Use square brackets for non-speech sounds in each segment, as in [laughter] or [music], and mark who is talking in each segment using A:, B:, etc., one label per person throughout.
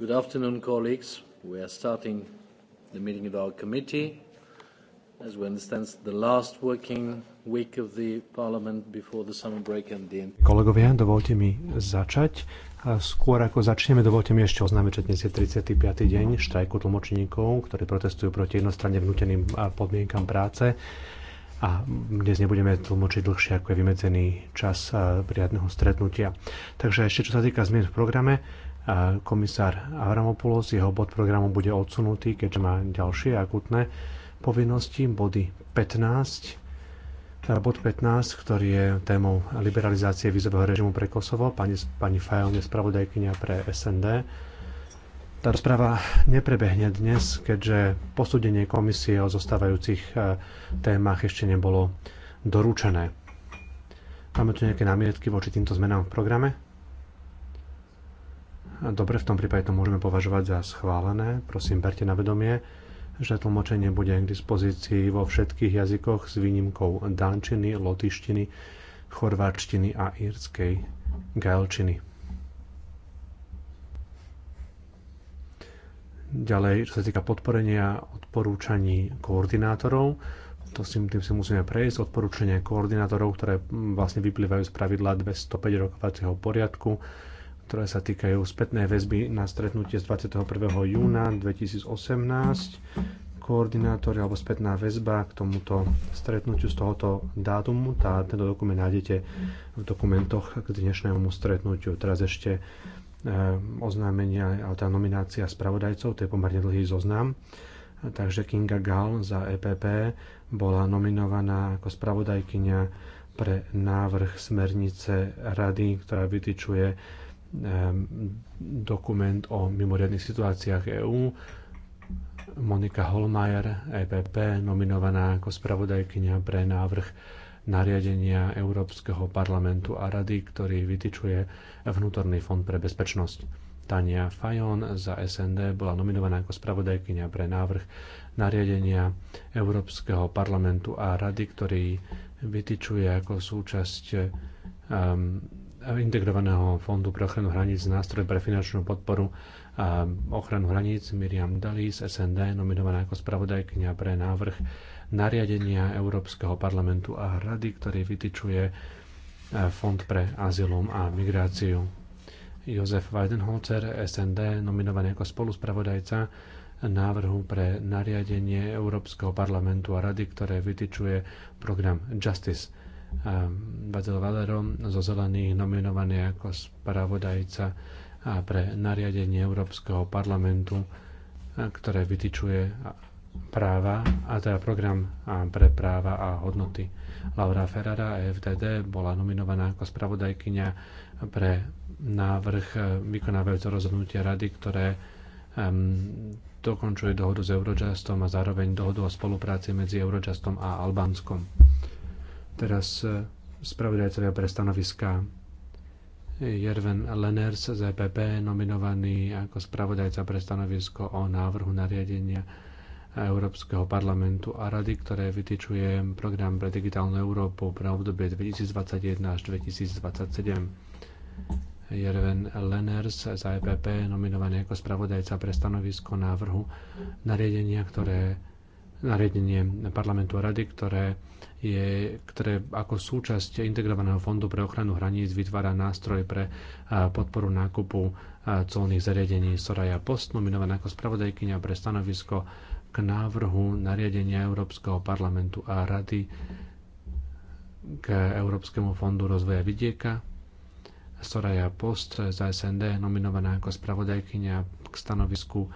A: Good afternoon, colleagues. We are starting the meeting of our committee. As we understand, the last working week of the parliament before the summer break and the...
B: Kolegovia, dovolte mi začať. skôr ako začneme, dovolte mi ešte oznámiť, že dnes je 35. deň štrajku tlmočníkov, ktorí protestujú proti jednostranne vnúteným podmienkam práce. A dnes nebudeme tlmočiť dlhšie, ako je vymedzený čas priadneho stretnutia. Takže ešte čo sa týka zmien v programe, Komisár Avramopoulos, jeho bod programu bude odsunutý, keďže má ďalšie akutné povinnosti. Body 15 teda bod 15, ktorý je témou liberalizácie vízového režimu pre Kosovo. Pani, pani Fajon je spravodajkynia pre SND. Tá rozpráva neprebehne dnes, keďže posúdenie komisie o zostávajúcich e, témach ešte nebolo doručené. Máme tu nejaké námietky voči týmto zmenám v programe? Dobre, v tom prípade to môžeme považovať za schválené. Prosím, berte na vedomie, že tlmočenie bude k dispozícii vo všetkých jazykoch s výnimkou dánčiny, lotištiny, chorváčtiny a írskej gaelčiny. Ďalej, čo sa týka podporenia odporúčaní koordinátorov, to si, tým si musíme prejsť, odporúčanie koordinátorov, ktoré vlastne vyplývajú z pravidla 205 rokovacieho poriadku, ktoré sa týkajú spätnej väzby na stretnutie z 21. júna 2018. Koordinátor alebo spätná väzba k tomuto stretnutiu z tohoto dátumu. Tá, tento dokument nájdete v dokumentoch k dnešnému stretnutiu. Teraz ešte e, oznámenia a tá nominácia spravodajcov, to je pomerne dlhý zoznam. Takže Kinga Gal za EPP bola nominovaná ako spravodajkyňa pre návrh smernice rady, ktorá vytyčuje dokument o mimoriadných situáciách EÚ. Monika Holmajer, EPP, nominovaná ako spravodajkynia pre návrh nariadenia Európskeho parlamentu a rady, ktorý vytyčuje vnútorný fond pre bezpečnosť. Tania Fajon za SND bola nominovaná ako spravodajkynia pre návrh nariadenia Európskeho parlamentu a rady, ktorý vytyčuje ako súčasť um, integrovaného fondu pre ochranu hraníc nástroj pre finančnú podporu a ochranu hraníc Miriam Dali z SND, nominovaná ako spravodajkňa pre návrh nariadenia Európskeho parlamentu a rady, ktorý vytyčuje e, Fond pre azylum a migráciu. Jozef Weidenholzer, SND, nominovaný ako spoluspravodajca návrhu pre nariadenie Európskeho parlamentu a rady, ktoré vytyčuje program Justice Ehm, Vadil Valerom zo Zelených nominovaný ako spravodajca pre nariadenie Európskeho parlamentu, e, ktoré vytyčuje práva, a teda program pre práva a hodnoty. Laura Ferrara e FDD bola nominovaná ako spravodajkyňa pre návrh e, vykonávajúce rozhodnutia rady, ktoré um, dokončuje dohodu s Eurojustom a zároveň dohodu o spolupráci medzi Eurojustom a Albánskom. Teraz e, spravodajcovia pre stanoviska Jerven Leners z EPP, nominovaný ako spravodajca pre stanovisko o návrhu nariadenia Európskeho parlamentu a rady, ktoré vytýčuje program pre digitálnu Európu pre obdobie 2021 až 2027. Jerven Lenners z EPP, nominovaný ako spravodajca pre stanovisko návrhu nariadenia, ktoré nariadenie parlamentu a rady, ktoré, je, ktoré ako súčasť integrovaného fondu pre ochranu hraníc vytvára nástroj pre podporu nákupu colných zariadení Soraya Post, nominovaná ako spravodajkynia pre stanovisko k návrhu nariadenia Európskeho parlamentu a rady k Európskemu fondu rozvoja vidieka. Soraya Post z SND nominovaná ako spravodajkynia k stanovisku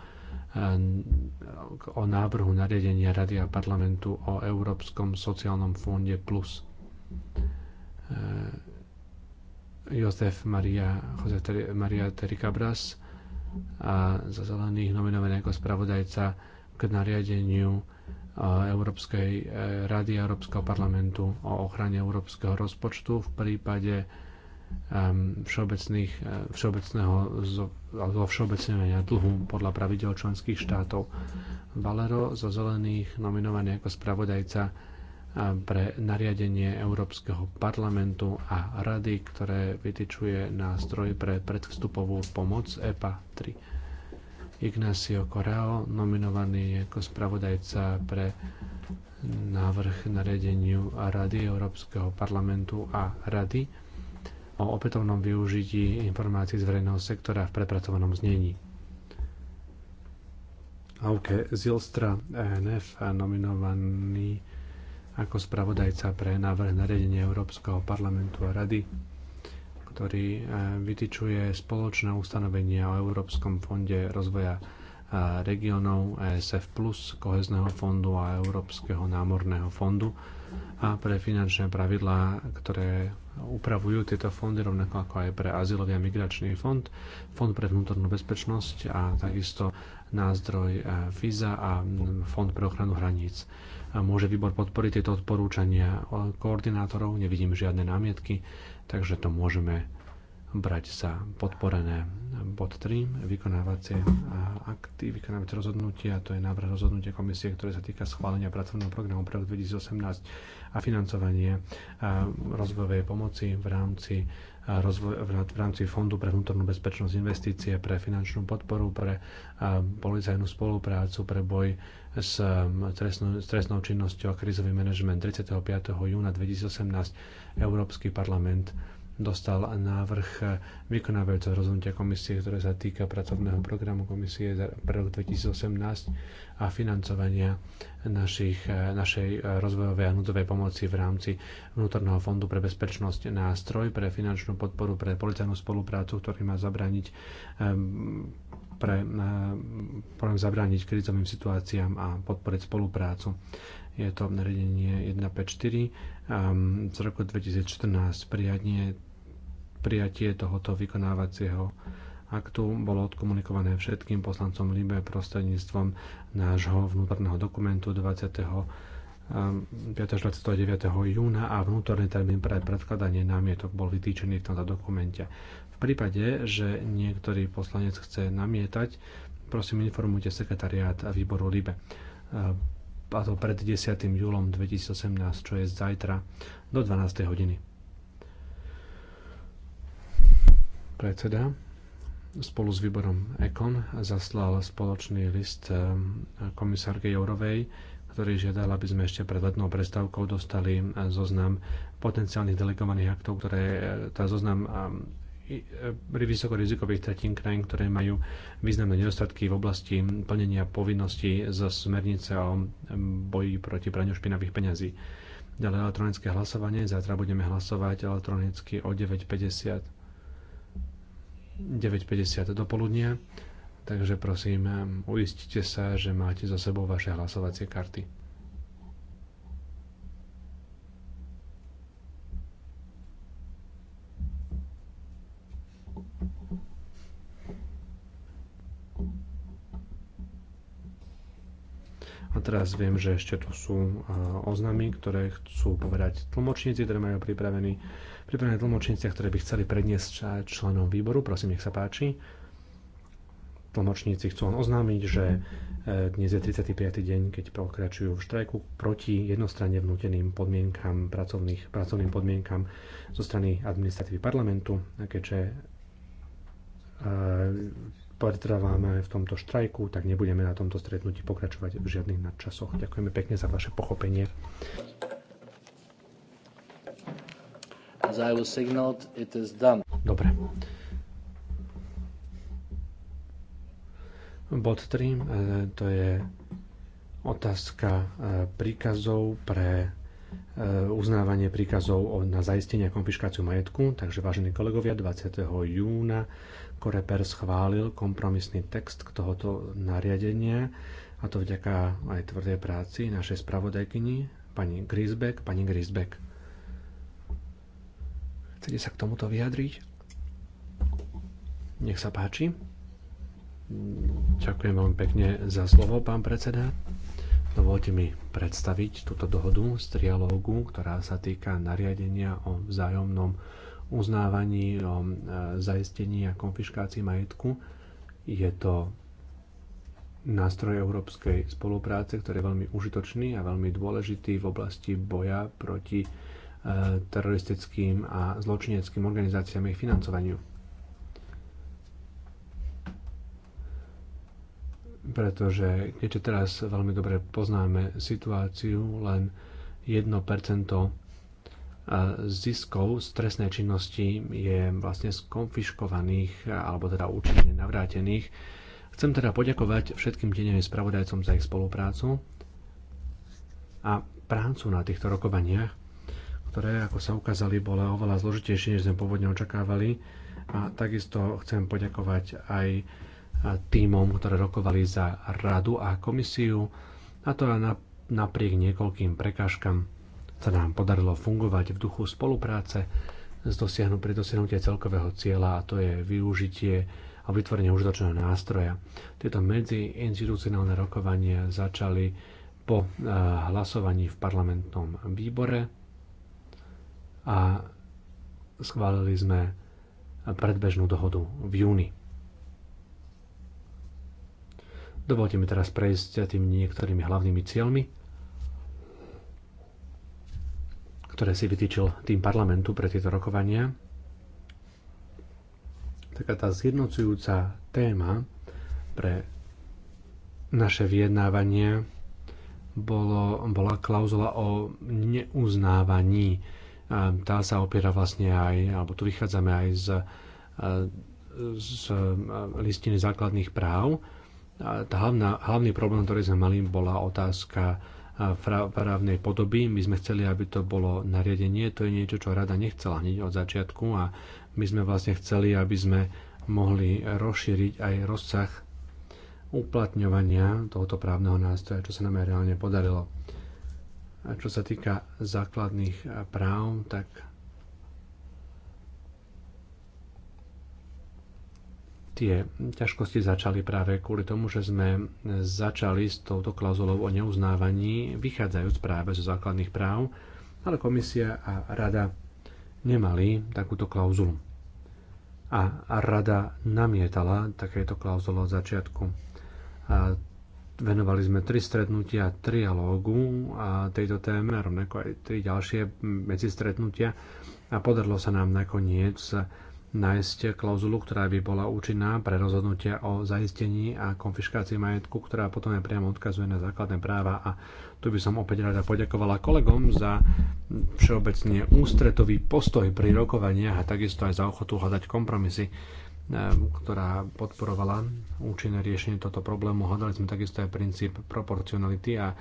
B: o návrhu nariadenia Rady a parlamentu o Európskom sociálnom fonde plus. E, Jozef Maria, Jose Ter, Maria Terikabras a za zelených nominovaný ako spravodajca k nariadeniu e, Európskej e, rady Európskeho parlamentu o ochrane európskeho rozpočtu v prípade Ehm, všeobecných, e, všeobecného, alebo všeobecnenia dlhu podľa pravidel členských štátov. Valero zo Zelených nominovaný ako spravodajca e, pre nariadenie Európskeho parlamentu a rady, ktoré vytyčuje nástroj pre predvstupovú pomoc EPA 3. Ignacio Correo, nominovaný ako spravodajca pre návrh nariadeniu Rady Európskeho parlamentu a rady o opätovnom využití informácií z verejného sektora v prepracovanom znení. Auke Zilstra ENF nominovaný ako spravodajca pre návrh nariadenia Európskeho parlamentu a rady, ktorý e, vytyčuje spoločné ustanovenia o Európskom fonde rozvoja e, regionov ESF+, kohezného fondu a Európskeho námorného fondu a pre finančné pravidlá, ktoré upravujú tieto fondy, rovnako ako aj pre azylový a migračný fond, fond pre vnútornú bezpečnosť a takisto nástroj FISA e, a fond pre ochranu hraníc. Môže výbor podporiť tieto odporúčania koordinátorov, nevidím žiadne námietky, takže to môžeme brať sa podporené bod 3, vykonávacie akty, vykonávacie rozhodnutia, to je návrh rozhodnutia komisie, ktoré sa týka schválenia pracovného programu pre rok 2018 a financovanie rozvojovej pomoci v rámci v rámci Fondu pre vnútornú bezpečnosť investície, pre finančnú podporu, pre policajnú spoluprácu, pre boj s trestnou, s trestnou činnosťou a krizový manažment 35. júna 2018 Európsky parlament dostal návrh vykonávajúceho rozhodnutia komisie, ktoré sa týka pracovného programu komisie pre rok 2018 a financovania našich, našej rozvojovej a núdzovej pomoci v rámci Vnútorného fondu pre bezpečnosť nástroj pre finančnú podporu pre policajnú spoluprácu, ktorý má zabrániť pre, pre zabrániť krizovým situáciám a podporiť spoluprácu. Je to nariadenie 154 z roku 2014 prijadne prijatie tohoto vykonávacieho aktu bolo odkomunikované všetkým poslancom Libe prostredníctvom nášho vnútorného dokumentu 20. 5. 29. júna a vnútorný termín pre predkladanie námietok bol vytýčený v tomto dokumente. V prípade, že niektorý poslanec chce namietať, prosím informujte sekretariát výboru LIBE ehm, a to pred 10. júlom 2018, čo je zajtra do 12. hodiny. Predseda spolu s výborom EKON zaslal spoločný list eh, komisárke Jourovej, ktorý žiadal, aby sme ešte pred letnou prestávkou dostali eh, zoznam potenciálnych delegovaných aktov, ktoré eh, tá zoznam pri vysokorizikových tretín krajín, ktoré majú významné nedostatky v oblasti plnenia povinností z smernice o boji proti praniu špinavých peňazí. Ďalej elektronické hlasovanie. Zajtra budeme hlasovať elektronicky o 9.50. 9.50 do poludnia, takže prosím, uistite sa, že máte za sebou vaše hlasovacie karty. A teraz viem, že ešte tu sú oznamy, ktoré chcú povedať tlmočníci, ktoré majú pripravený pripravené tlmočnice, ktoré by chceli predniesť členom výboru. Prosím, nech sa páči. Tlmočníci chcú len oznámiť, že mhm. eh, dnes je 35. deň, keď pokračujú v štrajku proti jednostranne vnúteným podmienkam, pracovných, pracovným podmienkam zo strany administratívy parlamentu, keďže eh, pretrváme v tomto štrajku, tak nebudeme na tomto stretnutí pokračovať v žiadnych nadčasoch. Ďakujeme pekne za vaše pochopenie.
A: As I was signaled, it is done. Dobre.
B: Bod 3, e, to je otázka e, príkazov pre e, uznávanie príkazov na zaistenie a konfiškáciu majetku. Takže, vážení kolegovia, 20. júna Koreper schválil kompromisný text k tohoto nariadenia a to vďaka aj tvrdej práci našej spravodajkyni, pani Grisbeck. Pani Grisbeck. Chcete sa k tomuto vyjadriť? Nech sa páči. Ďakujem veľmi pekne za slovo, pán predseda. Dovolte mi predstaviť túto dohodu z trialógu, ktorá sa týka nariadenia o vzájomnom uznávaní, o e, zaistení a konfiškácii majetku. Je to nástroj európskej spolupráce, ktorý je veľmi užitočný a veľmi dôležitý v oblasti boja proti Eh, teroristickým a zločineckým organizáciám ich financovaniu. Pretože keďže teraz veľmi dobre poznáme situáciu, len 1% eh, ziskov z trestnej činnosti je vlastne skonfiškovaných alebo teda účinne navrátených. Chcem teda poďakovať všetkým deňovým spravodajcom za ich spoluprácu a prácu na týchto rokovaniach ktoré, ako sa ukázali, bola oveľa zložitejšie, než sme pôvodne očakávali. A takisto chcem poďakovať aj týmom, ktoré rokovali za radu a komisiu. A to aj napriek niekoľkým prekážkam sa nám podarilo fungovať v duchu spolupráce s dosiahnu, pri dosiahnutí celkového cieľa a to je využitie a vytvorenie užitočného nástroja. Tieto medziinstitucionálne rokovania začali po hlasovaní v parlamentnom výbore a schválili sme predbežnú dohodu v júni. Dovolte mi teraz prejsť tým niektorými hlavnými cieľmi, ktoré si vytýčil tým parlamentu pre tieto rokovania. Taká tá zjednocujúca téma pre naše vyjednávanie bolo, bola klauzula o neuznávaní tá sa opiera vlastne aj, alebo tu vychádzame aj z, z listiny základných práv. Tá hlavná, hlavný problém, ktorý sme mali, bola otázka právnej podoby. My sme chceli, aby to bolo nariadenie. To je niečo, čo rada nechcela hneď od začiatku a my sme vlastne chceli, aby sme mohli rozšíriť aj rozsah uplatňovania tohoto právneho nástroja, čo sa nám aj reálne podarilo čo sa týka základných eh, práv, tak tie ťažkosti začali práve kvôli tomu, že sme začali s touto klauzulou o neuznávaní, vychádzajúc práve zo základných práv, ale komisia a rada nemali takúto klauzulu. A rada namietala takéto klauzulu od začiatku. A Venovali sme tri stretnutia trialógu a tejto téme, rovnako aj tri ďalšie medzistretnutia a podarilo sa nám nakoniec nájsť klauzulu, ktorá by bola účinná pre rozhodnutia o zaistení a konfiškácii majetku, ktorá potom aj priamo odkazuje na základné práva. A tu by som opäť rada poďakovala kolegom za všeobecne ústretový postoj pri rokovaniach a takisto aj za ochotu hľadať kompromisy ktorá podporovala účinné riešenie tohto problému. Hľadali sme takisto aj princíp proporcionality a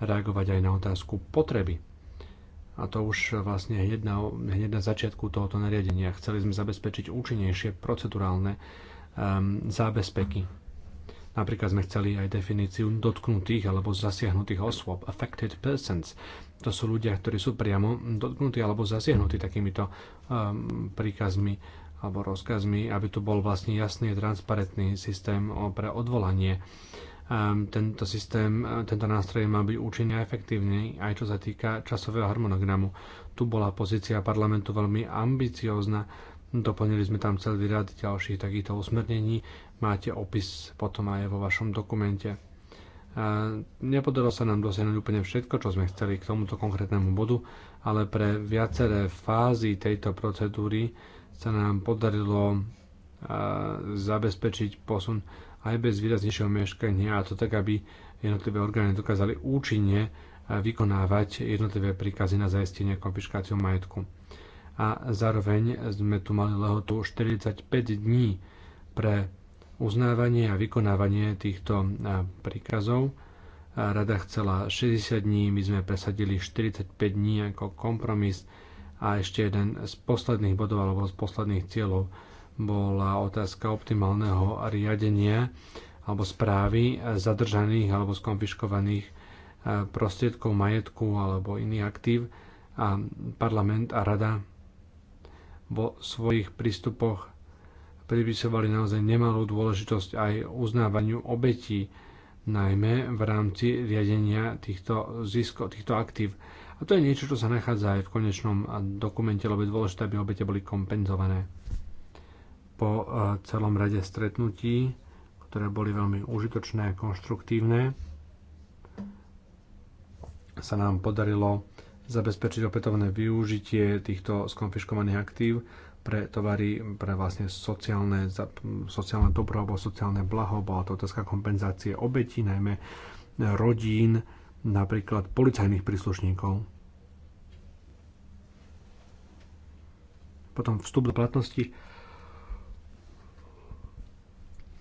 B: reagovať aj na otázku potreby. A to už vlastne hneď na, hneď na začiatku tohoto nariadenia. Chceli sme zabezpečiť účinnejšie procedurálne um, zábezpeky. Napríklad sme chceli aj definíciu dotknutých alebo zasiahnutých osôb, affected persons. To sú ľudia, ktorí sú priamo dotknutí alebo zasiahnutí takýmito um, príkazmi alebo rozkazmi, aby tu bol vlastne jasný, transparentný systém pre odvolanie. Ehm, tento systém, e, tento nástroj má byť účinný a efektívny, aj čo sa týka časového harmonogramu. Tu bola pozícia parlamentu veľmi ambiciózna, doplnili sme tam celý rad ďalších takýchto usmernení, máte opis potom aj vo vašom dokumente. Ehm, nepodarilo sa nám dosiahnuť úplne všetko, čo sme chceli k tomuto konkrétnemu bodu, ale pre viaceré fázy tejto procedúry sa nám podarilo e, zabezpečiť posun aj bez výraznejšieho meškania a to tak, aby jednotlivé orgány dokázali účinne e, vykonávať jednotlivé príkazy na zaistenie konfiškáciu majetku. A zároveň sme tu mali lehotu 45 dní pre uznávanie a vykonávanie týchto e, príkazov. Rada chcela 60 dní, my sme presadili 45 dní ako kompromis a ešte jeden z posledných bodov alebo z posledných cieľov bola otázka optimálneho riadenia alebo správy zadržaných alebo skonfiškovaných e, prostriedkov majetku alebo iných aktív a parlament a rada vo svojich prístupoch pripisovali naozaj nemalú dôležitosť aj uznávaniu obetí, najmä v rámci riadenia týchto zisko, týchto aktív. A to je niečo, čo sa nachádza aj v konečnom dokumente, lebo je dôležité, aby obete boli kompenzované. Po e, celom rade stretnutí, ktoré boli veľmi užitočné a konštruktívne, sa nám podarilo zabezpečiť opätovné využitie týchto skonfiškovaných aktív pre tovary, pre vlastne sociálne, sociálne dobro alebo sociálne blaho. Bola to otázka kompenzácie obetí, najmä rodín, napríklad policajných príslušníkov. Potom vstup do platnosti.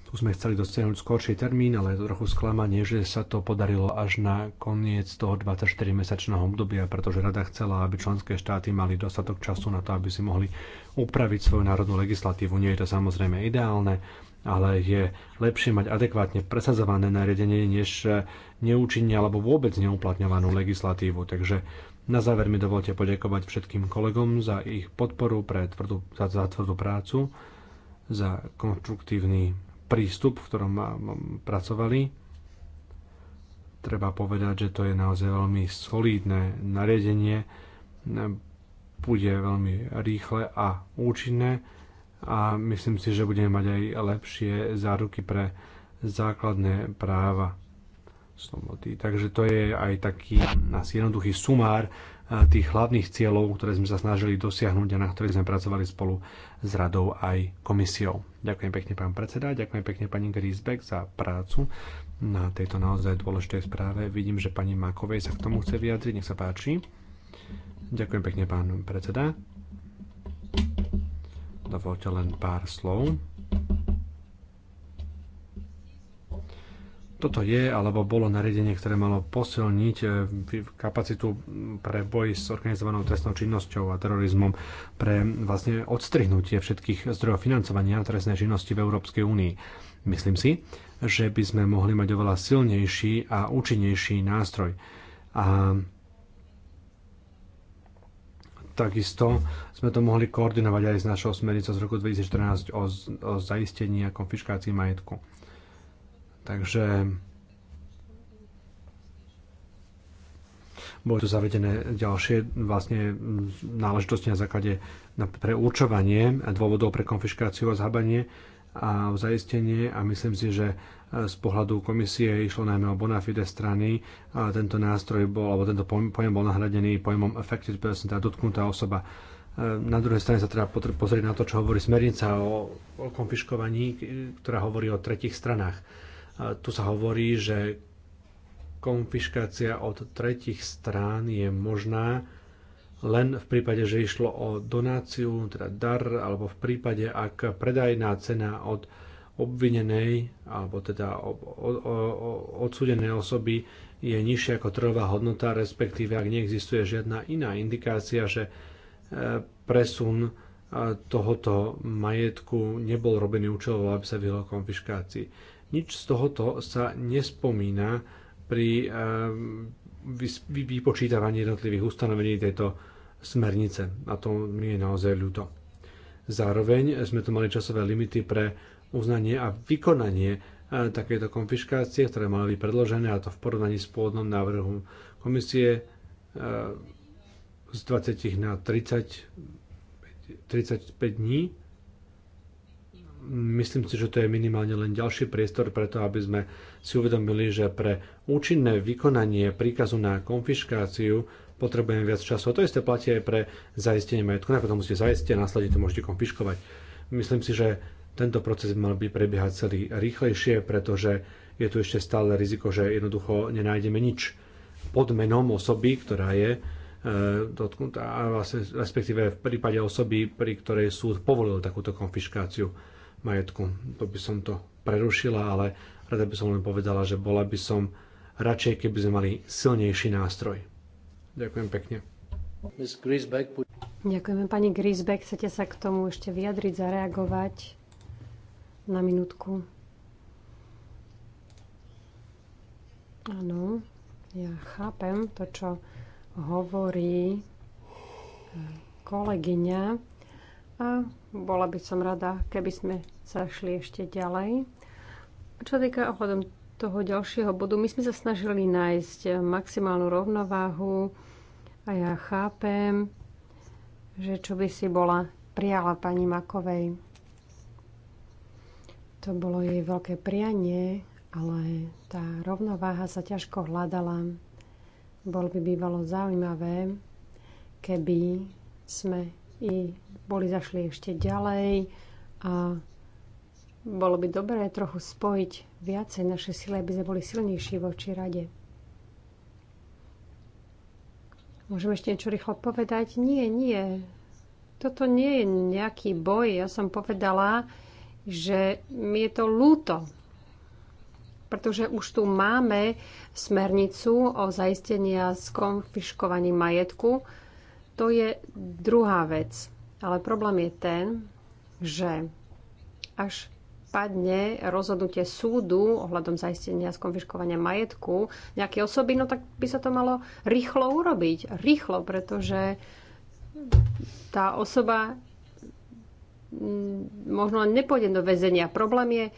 B: Tu sme chceli dosiahnuť skorší termín, ale je to trochu sklamanie, že sa to podarilo až na koniec toho 24-mesačného obdobia, pretože rada chcela, aby členské štáty mali dostatok času na to, aby si mohli upraviť svoju národnú legislatívu. Nie je to samozrejme ideálne, ale je lepšie mať adekvátne presadzované nariadenie, než neúčinne alebo vôbec neuplatňovanú legislatívu. Takže na záver mi dovolte poďakovať všetkým kolegom za ich podporu pre tvrdú, za, za tvrdú prácu, za konštruktívny prístup, v ktorom pracovali. Treba povedať, že to je naozaj veľmi solídne nariadenie, bude veľmi rýchle a účinné a myslím si, že budeme mať aj lepšie záruky pre základné práva slobody. Takže to je aj taký asi jednoduchý sumár eh, tých hlavných cieľov, ktoré sme sa snažili dosiahnuť a na ktorých sme pracovali spolu s radou aj komisiou. Ďakujem pekne pán predseda, ďakujem pekne pani Griesbeck za prácu na tejto naozaj dôležitej správe. Vidím, že pani Makovej sa k tomu chce vyjadriť, nech sa páči. Ďakujem pekne pán predseda dovolte len pár slov. toto je alebo bolo nariadenie, ktoré malo posilniť eh, kapacitu pre boj s organizovanou trestnou činnosťou a terorizmom, pre vlastne odstrihnutie všetkých zdrojov financovania trestnej činnosti v Európskej únii. Myslím si, že by sme mohli mať oveľa silnejší a účinnejší nástroj. A takisto sme to mohli koordinovať aj s našou smernicou z roku 2014 o, o zaistení a konfiškácii majetku. Takže boli tu zavedené ďalšie vlastne náležitosti na základe na, pre určovanie dôvodov pre konfiškáciu a zhabanie a o zaistenie a myslím si, že e, z pohľadu komisie išlo najmä o bona fide strany. A tento nástroj bol, alebo tento pojem bol nahradený pojmom affected person, teda dotknutá osoba. E, na druhej strane sa teda treba pozrieť na to, čo hovorí smernica o, o konfiškovaní, ktorá hovorí o tretich stranách. A tu sa hovorí, že konfiškácia od tretich strán je možná len v prípade, že išlo o donáciu, teda dar, alebo v prípade, ak predajná cena od obvinenej alebo teda odsudenej osoby je nižšia ako trhová hodnota, respektíve ak neexistuje žiadna iná indikácia, že e, presun e, tohoto majetku nebol robený účelovo, aby sa vyhlo konfiškácii. Nič z tohoto sa nespomína pri e, vypočítavaní jednotlivých ustanovení tejto smernice a to mi je naozaj ľúto. Zároveň sme tu mali časové limity pre uznanie a vykonanie e, takéto konfiškácie, ktoré mali byť predložené a to v porovnaní s pôvodnom návrhom komisie e, z 20 na 30, 35 dní. Myslím si, že to je minimálne len ďalší priestor preto, aby sme si uvedomili, že pre účinné vykonanie príkazu na konfiškáciu potrebujeme viac času. A to isté platí aj pre zaistenie majetku. Najprv to musíte zaistiť a následne to môžete konfiškovať. Myslím si, že tento proces by mal byť prebiehať celý rýchlejšie, pretože je tu ešte stále riziko, že jednoducho nenájdeme nič pod menom osoby, ktorá je e, dotknutá, vlastne, respektíve v prípade osoby, pri ktorej súd povolil takúto konfiškáciu majetku. To by som to prerušila, ale rada by som len povedala, že bola by som radšej, keby sme mali silnejší nástroj.
A: Ďakujem pekne.
C: Ďakujeme pani Grisbeck. Chcete sa k tomu ešte vyjadriť, zareagovať na minútku? Áno, ja chápem to, čo hovorí eh, kolegyňa a bola by som rada, keby sme sa šli ešte ďalej. Čo týka ohľadom toho ďalšieho bodu. My sme sa snažili nájsť eh, maximálnu rovnováhu a ja chápem, že čo by si bola prijala pani Makovej. To bolo jej veľké prianie, ale tá rovnováha sa ťažko hľadala. Bolo by bývalo zaujímavé, keby sme i boli zašli ešte ďalej a bolo by dobré trochu spojiť viacej naše sily, aby sme boli silnejší voči rade. Môžeme ešte niečo rýchlo povedať? Nie, nie. Toto nie je nejaký boj. Ja som povedala, že mi je to lúto. pretože už tu máme smernicu o zaistení a skonfiškovaní majetku. To je druhá vec. Ale problém je ten, že až padne rozhodnutie súdu ohľadom zaistenia a skonfiškovania majetku nejaké osoby, no tak by sa to malo rýchlo urobiť. Rýchlo, pretože tá osoba mm, možno nepôjde do väzenia. Problém je e,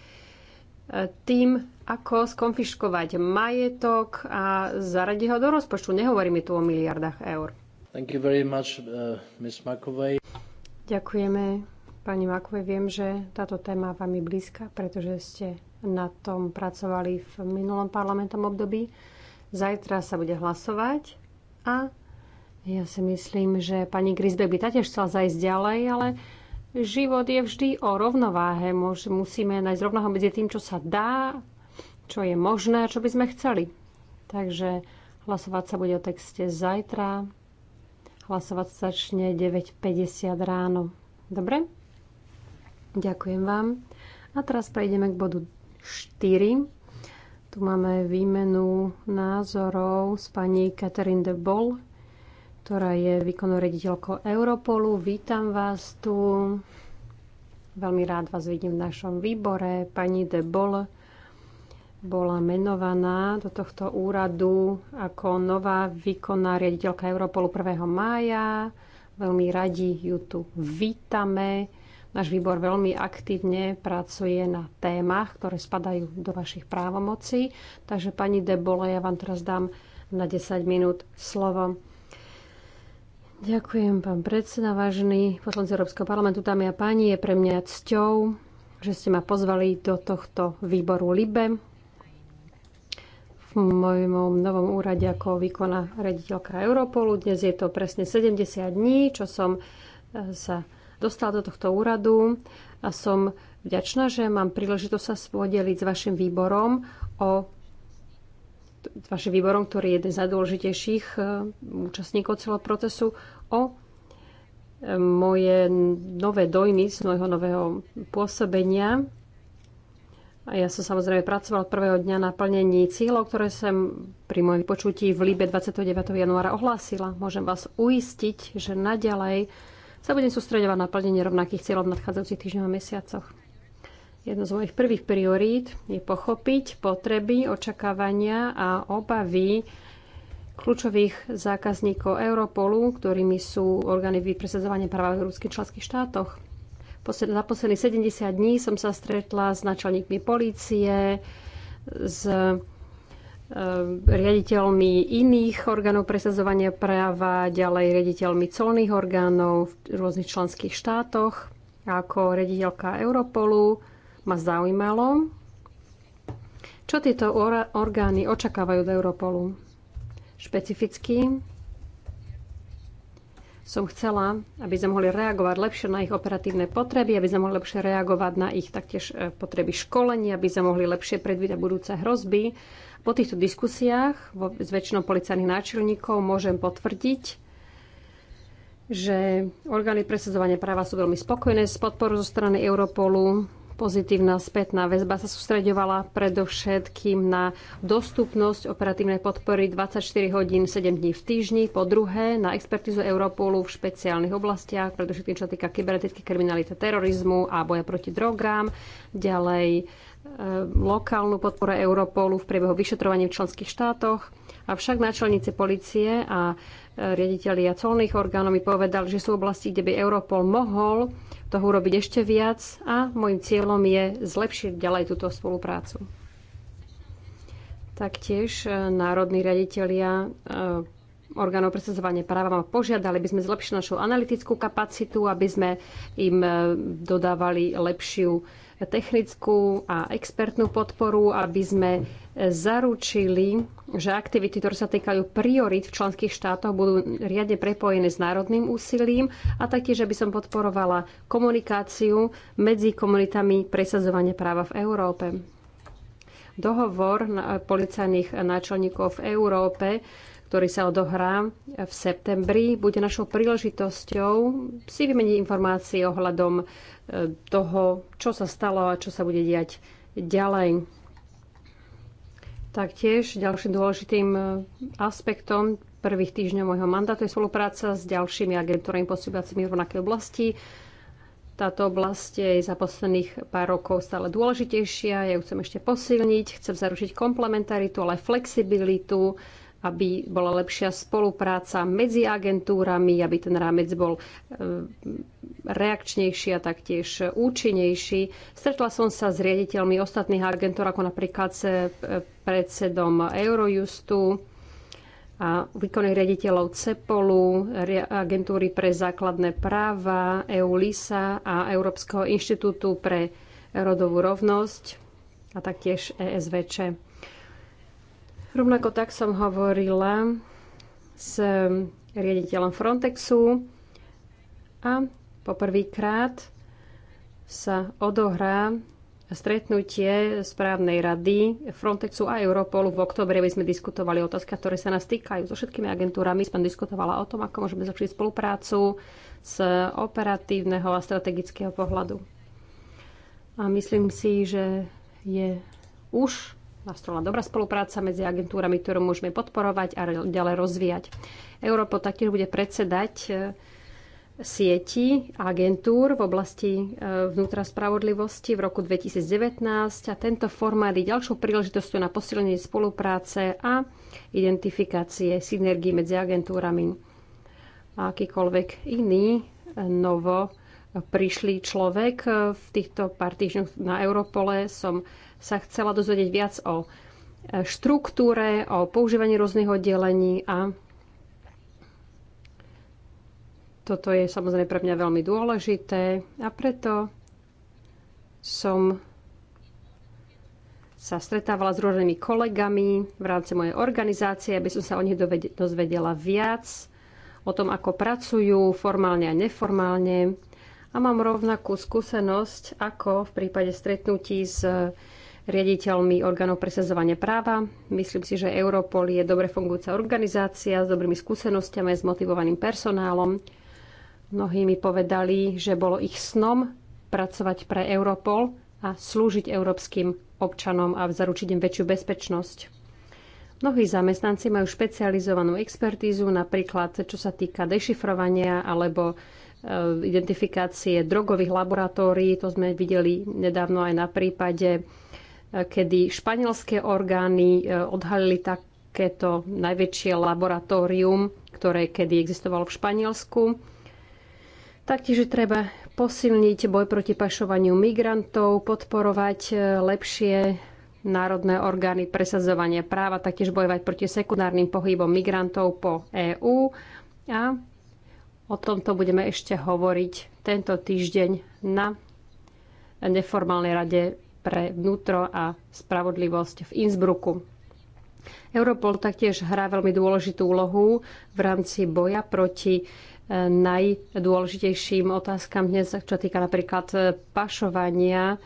C: tým, ako skonfiškovať majetok a zaradiť ho do rozpočtu. Nehovoríme tu o miliardách eur.
A: Thank you very much, uh, Ms.
C: Ďakujeme Pani Makove, viem, že táto téma vám je blízka, pretože ste na tom pracovali v minulom parlamentom období. Zajtra sa bude hlasovať a ja si myslím, že pani Grisbeck by tiež chcela zajsť ďalej, ale život je vždy o rovnováhe. Musíme nájsť rovnováhu medzi tým, čo sa dá, čo je možné a čo by sme chceli. Takže hlasovať sa bude o texte zajtra. Hlasovať začne 9.50 ráno. Dobre? Ďakujem vám. A teraz prejdeme k bodu 4. Tu máme výmenu názorov s pani Catherine de Boll, ktorá je výkonnou rediteľkou Europolu. Vítam vás tu. Veľmi rád vás vidím v našom výbore. Pani de Boll bola menovaná do tohto úradu ako nová výkonná riaditeľka Europolu 1. mája. Veľmi radi ju tu vítame. Náš výbor veľmi aktívne pracuje na témach, ktoré spadajú do vašich právomocí. Takže pani Debole, ja vám teraz dám na 10 minút slovo. Ďakujem, pán predseda, vážený poslanci Európskeho parlamentu, dámy a páni. Je pre mňa cťou, že ste ma pozvali do tohto výboru LIBE, mojom novom úrade ako výkona rediteľka Europolu. Dnes je to presne 70 dní, čo som e, sa dostala do tohto úradu a som vďačná, že mám príležitosť sa spodeliť s vašim výborom o s vašim výborom, ktorý je jeden z najdôležitejších e, účastníkov celého procesu, o e, moje nové dojmy z môjho nového pôsobenia. A ja som samozrejme pracoval od prvého dňa na plnení cieľov, ktoré som pri mojom počutí v Líbe 29. januára ohlásila. Môžem vás uistiť, že naďalej sa budem sústredovať na plnenie rovnakých cieľov v nadchádzajúcich týždňoch a mesiacoch. Jedno z mojich prvých priorít je pochopiť potreby, očakávania a obavy kľúčových zákazníkov Europolu, ktorými sú orgány vypresadzovania práva v európskych členských štátoch. Za posledných 70 dní som sa stretla s načelníkmi polície, s Eh, riaditeľmi iných orgánov presadzovania práva, ďalej riaditeľmi colných orgánov v rôznych členských štátoch. Ako riaditeľka Europolu ma zaujímalo, čo tieto orgány očakávajú od Europolu. Špecificky som chcela, aby sme mohli reagovať lepšie na ich operatívne potreby, aby sme mohli lepšie reagovať na ich taktiež eh, potreby školenia, aby sme mohli lepšie predvídať budúce hrozby, po týchto diskusiách s väčšinou policajných náčelníkov môžem potvrdiť, že orgány presadzovania práva sú veľmi spokojné s podporou zo strany Europolu. Pozitívna spätná väzba sa sústreďovala predovšetkým na dostupnosť operatívnej podpory 24 hodín 7 dní v týždni, po druhé na expertizu Europolu v špeciálnych oblastiach, predovšetkým čo týka kybernetické kriminality, terorizmu a boja proti drogám, ďalej E, lokálnu podporu Europolu v priebehu vyšetrovania v členských štátoch. Avšak náčelníci policie a e, riaditeľi a colných orgánov mi povedali, že sú oblasti, kde by Europol mohol toho urobiť ešte viac a môjim cieľom je zlepšiť ďalej túto spoluprácu. Taktiež e, národní riaditeľia orgánov presadzovania práva ma požiadali, aby sme zlepšili našu analytickú kapacitu, aby sme im dodávali lepšiu technickú a expertnú podporu, aby sme e, zaručili, že aktivity, ktoré sa týkajú priorit v členských štátoch, budú riadne prepojené s národným úsilím a taktiež, aby som podporovala komunikáciu medzi komunitami presadzovania práva v Európe. Dohovor na e, policajných náčelníkov v Európe ktorý sa odohrá v septembri, bude našou príležitosťou si vymeniť informácie ohľadom toho, čo sa stalo a čo sa bude diať ďalej. Taktiež ďalším dôležitým e, aspektom prvých týždňov môjho mandátu je spolupráca s ďalšími agentúrami pôsobiacimi v rovnakej oblasti. Táto oblasť je za posledných pár rokov stále dôležitejšia, ja ju chcem ešte posilniť, chcem zaručiť komplementaritu, ale aj flexibilitu, aby bola lepšia spolupráca medzi agentúrami, aby ten rámec bol e, reakčnejší a taktiež účinnejší. Stretla som sa s riaditeľmi ostatných agentúr, ako napríklad s e, predsedom Eurojustu, a výkonných riaditeľov CEPOLu, agentúry pre základné práva, EULISA a Európskeho inštitútu pre rodovú rovnosť a taktiež ESVČ. Rovnako tak som hovorila s riaditeľom Frontexu a poprvýkrát sa odohrá stretnutie správnej rady Frontexu a Europolu. V oktobre aby sme diskutovali o otázkach, ktoré sa nás týkajú. So všetkými agentúrami sme diskutovala o tom, ako môžeme zlepšiť spoluprácu z operatívneho a strategického pohľadu. A myslím si, že je už nastolená dobrá spolupráca medzi agentúrami, ktorú môžeme podporovať a ďalej rozvíjať. Európa taktiež bude predsedať e, sieti agentúr v oblasti e, vnútra spravodlivosti v roku 2019 a tento formát je ďalšou príležitosťou na posilnenie spolupráce a identifikácie synergií medzi agentúrami. A akýkoľvek iný e, novo prišlý človek v týchto pár týždňoch na Europole som sa chcela dozvedieť viac o e, štruktúre, o používaní rôznych oddelení a toto je samozrejme pre mňa veľmi dôležité a preto som sa stretávala s rôznymi kolegami v rámci mojej organizácie, aby som sa o nich dozvedela viac, o tom, ako pracujú formálne a neformálne. A mám rovnakú skúsenosť ako v prípade stretnutí s riaditeľmi orgánov presadzovania práva. Myslím si, že Europol je dobre fungujúca organizácia s dobrými skúsenostiami, s motivovaným personálom. Mnohí mi povedali, že bolo ich snom pracovať pre Europol a slúžiť európskym občanom a zaručiť im väčšiu bezpečnosť. Mnohí zamestnanci majú špecializovanú expertízu, napríklad čo sa týka dešifrovania alebo e, identifikácie drogových laboratórií. To sme videli nedávno aj na prípade E, kedy španielské orgány e, odhalili takéto najväčšie laboratórium, ktoré kedy existovalo v Španielsku. Taktiež treba posilniť boj proti pašovaniu migrantov, podporovať e, lepšie národné orgány presadzovania práva, taktiež bojovať proti sekundárnym pohybom migrantov po EÚ. A o tomto budeme ešte hovoriť tento týždeň na neformálnej rade pre vnútro a spravodlivosť v Innsbrucku. Europol taktiež hrá veľmi dôležitú úlohu v rámci boja proti e, najdôležitejším otázkam dnes, čo týka napríklad e, pašovania e,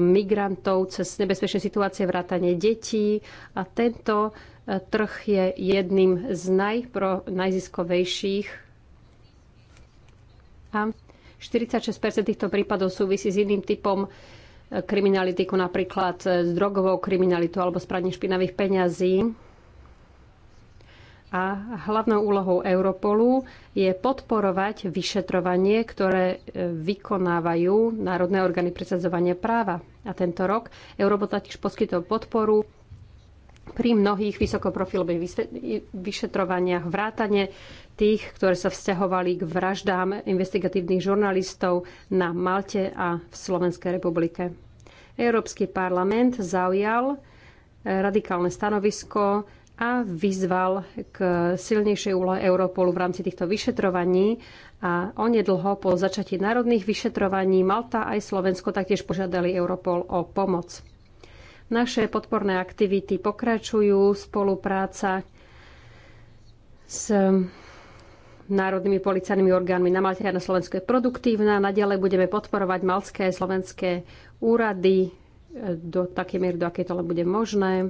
C: migrantov cez nebezpečné situácie, vrátanie detí. A tento trh je jedným z najpro, najziskovejších. A 46 týchto prípadov súvisí s iným typom kriminality, ako napríklad e, s drogovou kriminalitou alebo s praním špinavých peňazí. A hlavnou úlohou Europolu je podporovať vyšetrovanie, ktoré e, vykonávajú národné orgány presadzovania práva. A tento rok Europol taktiež poskytol podporu pri mnohých vysokoprofilových vyšetrovaniach vrátane tých, ktoré sa vzťahovali k vraždám investigatívnych žurnalistov na Malte a v Slovenskej republike. Európsky parlament zaujal eh, radikálne stanovisko a vyzval k silnejšej úlohe Europolu v rámci týchto vyšetrovaní. A onedlho po začatí národných vyšetrovaní Malta aj Slovensko taktiež požiadali Europol o pomoc. Naše podporné aktivity pokračujú, spolupráca s národnými policajnými orgánmi na Malte a na Slovensku je produktívna. Naďalej budeme podporovať malské a slovenské úrady e, do takej miery, do akej to len bude možné.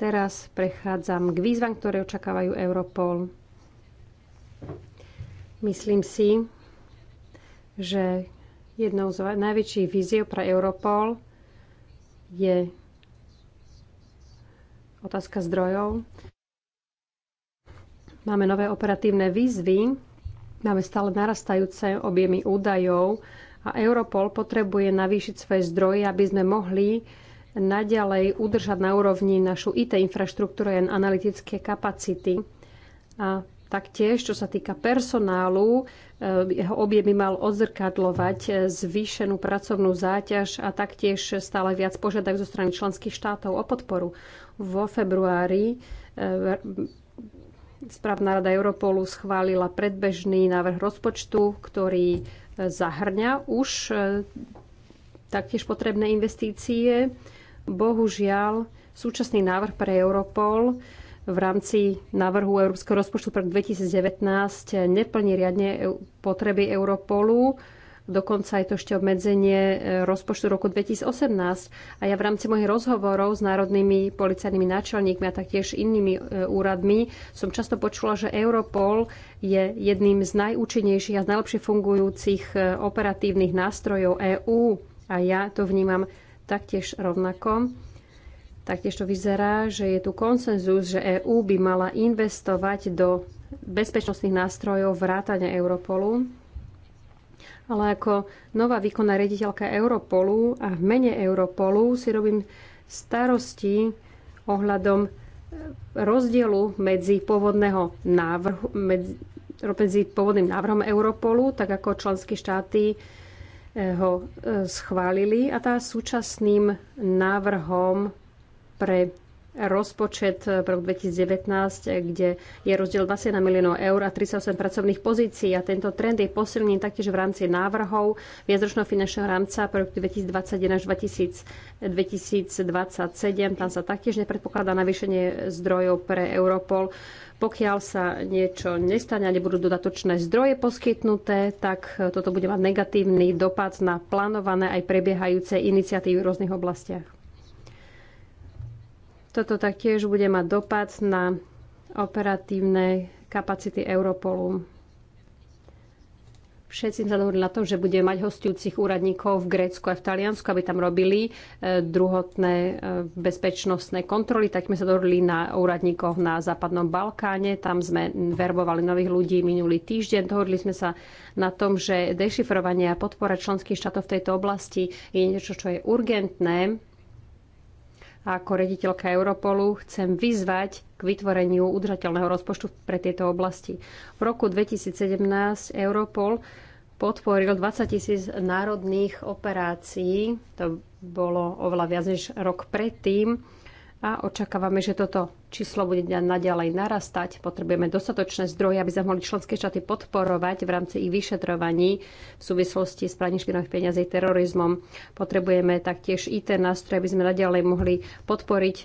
C: Teraz prechádzam k výzvam, ktoré očakávajú Europol. Myslím si, že jednou z najväčších víziev pre Europol je otázka zdrojov. Máme nové operatívne výzvy, máme stále narastajúce objemy údajov a Europol potrebuje navýšiť svoje zdroje, aby sme mohli naďalej udržať na úrovni našu IT infraštruktúru a analytické kapacity. A taktiež, čo sa týka personálu, e, jeho objem by mal odzrkadlovať e, zvýšenú pracovnú záťaž a taktiež stále viac požiadajú zo strany členských štátov o podporu. Vo februári e, Správna rada Europolu schválila predbežný návrh rozpočtu, ktorý e, zahrňa už e, taktiež potrebné investície. Bohužiaľ, súčasný návrh pre Europol v rámci návrhu Európskeho rozpočtu pre 2019 neplní riadne e, potreby Europolu Dokonca je to ešte obmedzenie e, rozpočtu roku 2018. A ja v rámci mojich rozhovorov s národnými policajnými náčelníkmi a taktiež inými e, úradmi som často počula, že Europol je jedným z najúčinnejších a z najlepšie fungujúcich e, operatívnych nástrojov EÚ. A ja to vnímam taktiež rovnako. Taktiež to vyzerá, že je tu konsenzus, že EÚ by mala investovať do bezpečnostných nástrojov vrátania Europolu ale ako nová výkonná rediteľka Europolu a v mene Europolu si robím starosti ohľadom eh, rozdielu medzi pôvodného návrhu, medzi, medzi pôvodným návrhom Europolu, tak ako členské štáty eh, ho eh, schválili a tá súčasným návrhom pre rozpočet pre 2019, kde je rozdiel 21 miliónov eur a 38 pracovných pozícií. A tento trend je posilný taktiež v rámci návrhov viacročného finančného rámca pre 2021 až 2027. Tam sa taktiež nepredpokladá navýšenie zdrojov pre Europol. Pokiaľ sa niečo nestane a nebudú dodatočné zdroje poskytnuté, tak toto bude mať negatívny dopad na plánované aj prebiehajúce iniciatívy v rôznych oblastiach. Toto taktiež bude mať dopad na operatívne kapacity Europolu. Všetci sa dohodli na tom, že bude mať hostujúcich úradníkov v Grécku a v Taliansku, aby tam robili e, druhotné e, bezpečnostné kontroly. Tak sme sa dohodli na úradníkoch na Západnom Balkáne. Tam sme verbovali nových ľudí minulý týždeň. Dohodli sme sa na tom, že dešifrovanie a podpora členských štátov v tejto oblasti je niečo, čo je urgentné ako rediteľka Europolu chcem vyzvať k vytvoreniu udržateľného rozpočtu pre tieto oblasti. V roku 2017 Europol podporil 20 tisíc národných operácií. To bolo oveľa viac než rok predtým a očakávame, že toto číslo bude naďalej narastať. Potrebujeme dostatočné zdroje, aby sa mohli členské štáty podporovať v rámci ich vyšetrovaní v súvislosti s praním špinavých peniazí terorizmom. Potrebujeme taktiež IT nástroje, aby sme naďalej mohli podporiť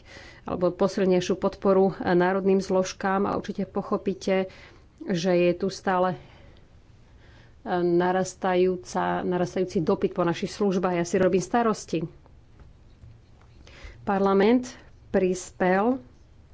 C: alebo posilnejšiu podporu eh, národným zložkám a určite pochopíte, že je tu stále eh, narastajúca, narastajúci dopyt po našich službách. Ja si robím starosti. Parlament prispel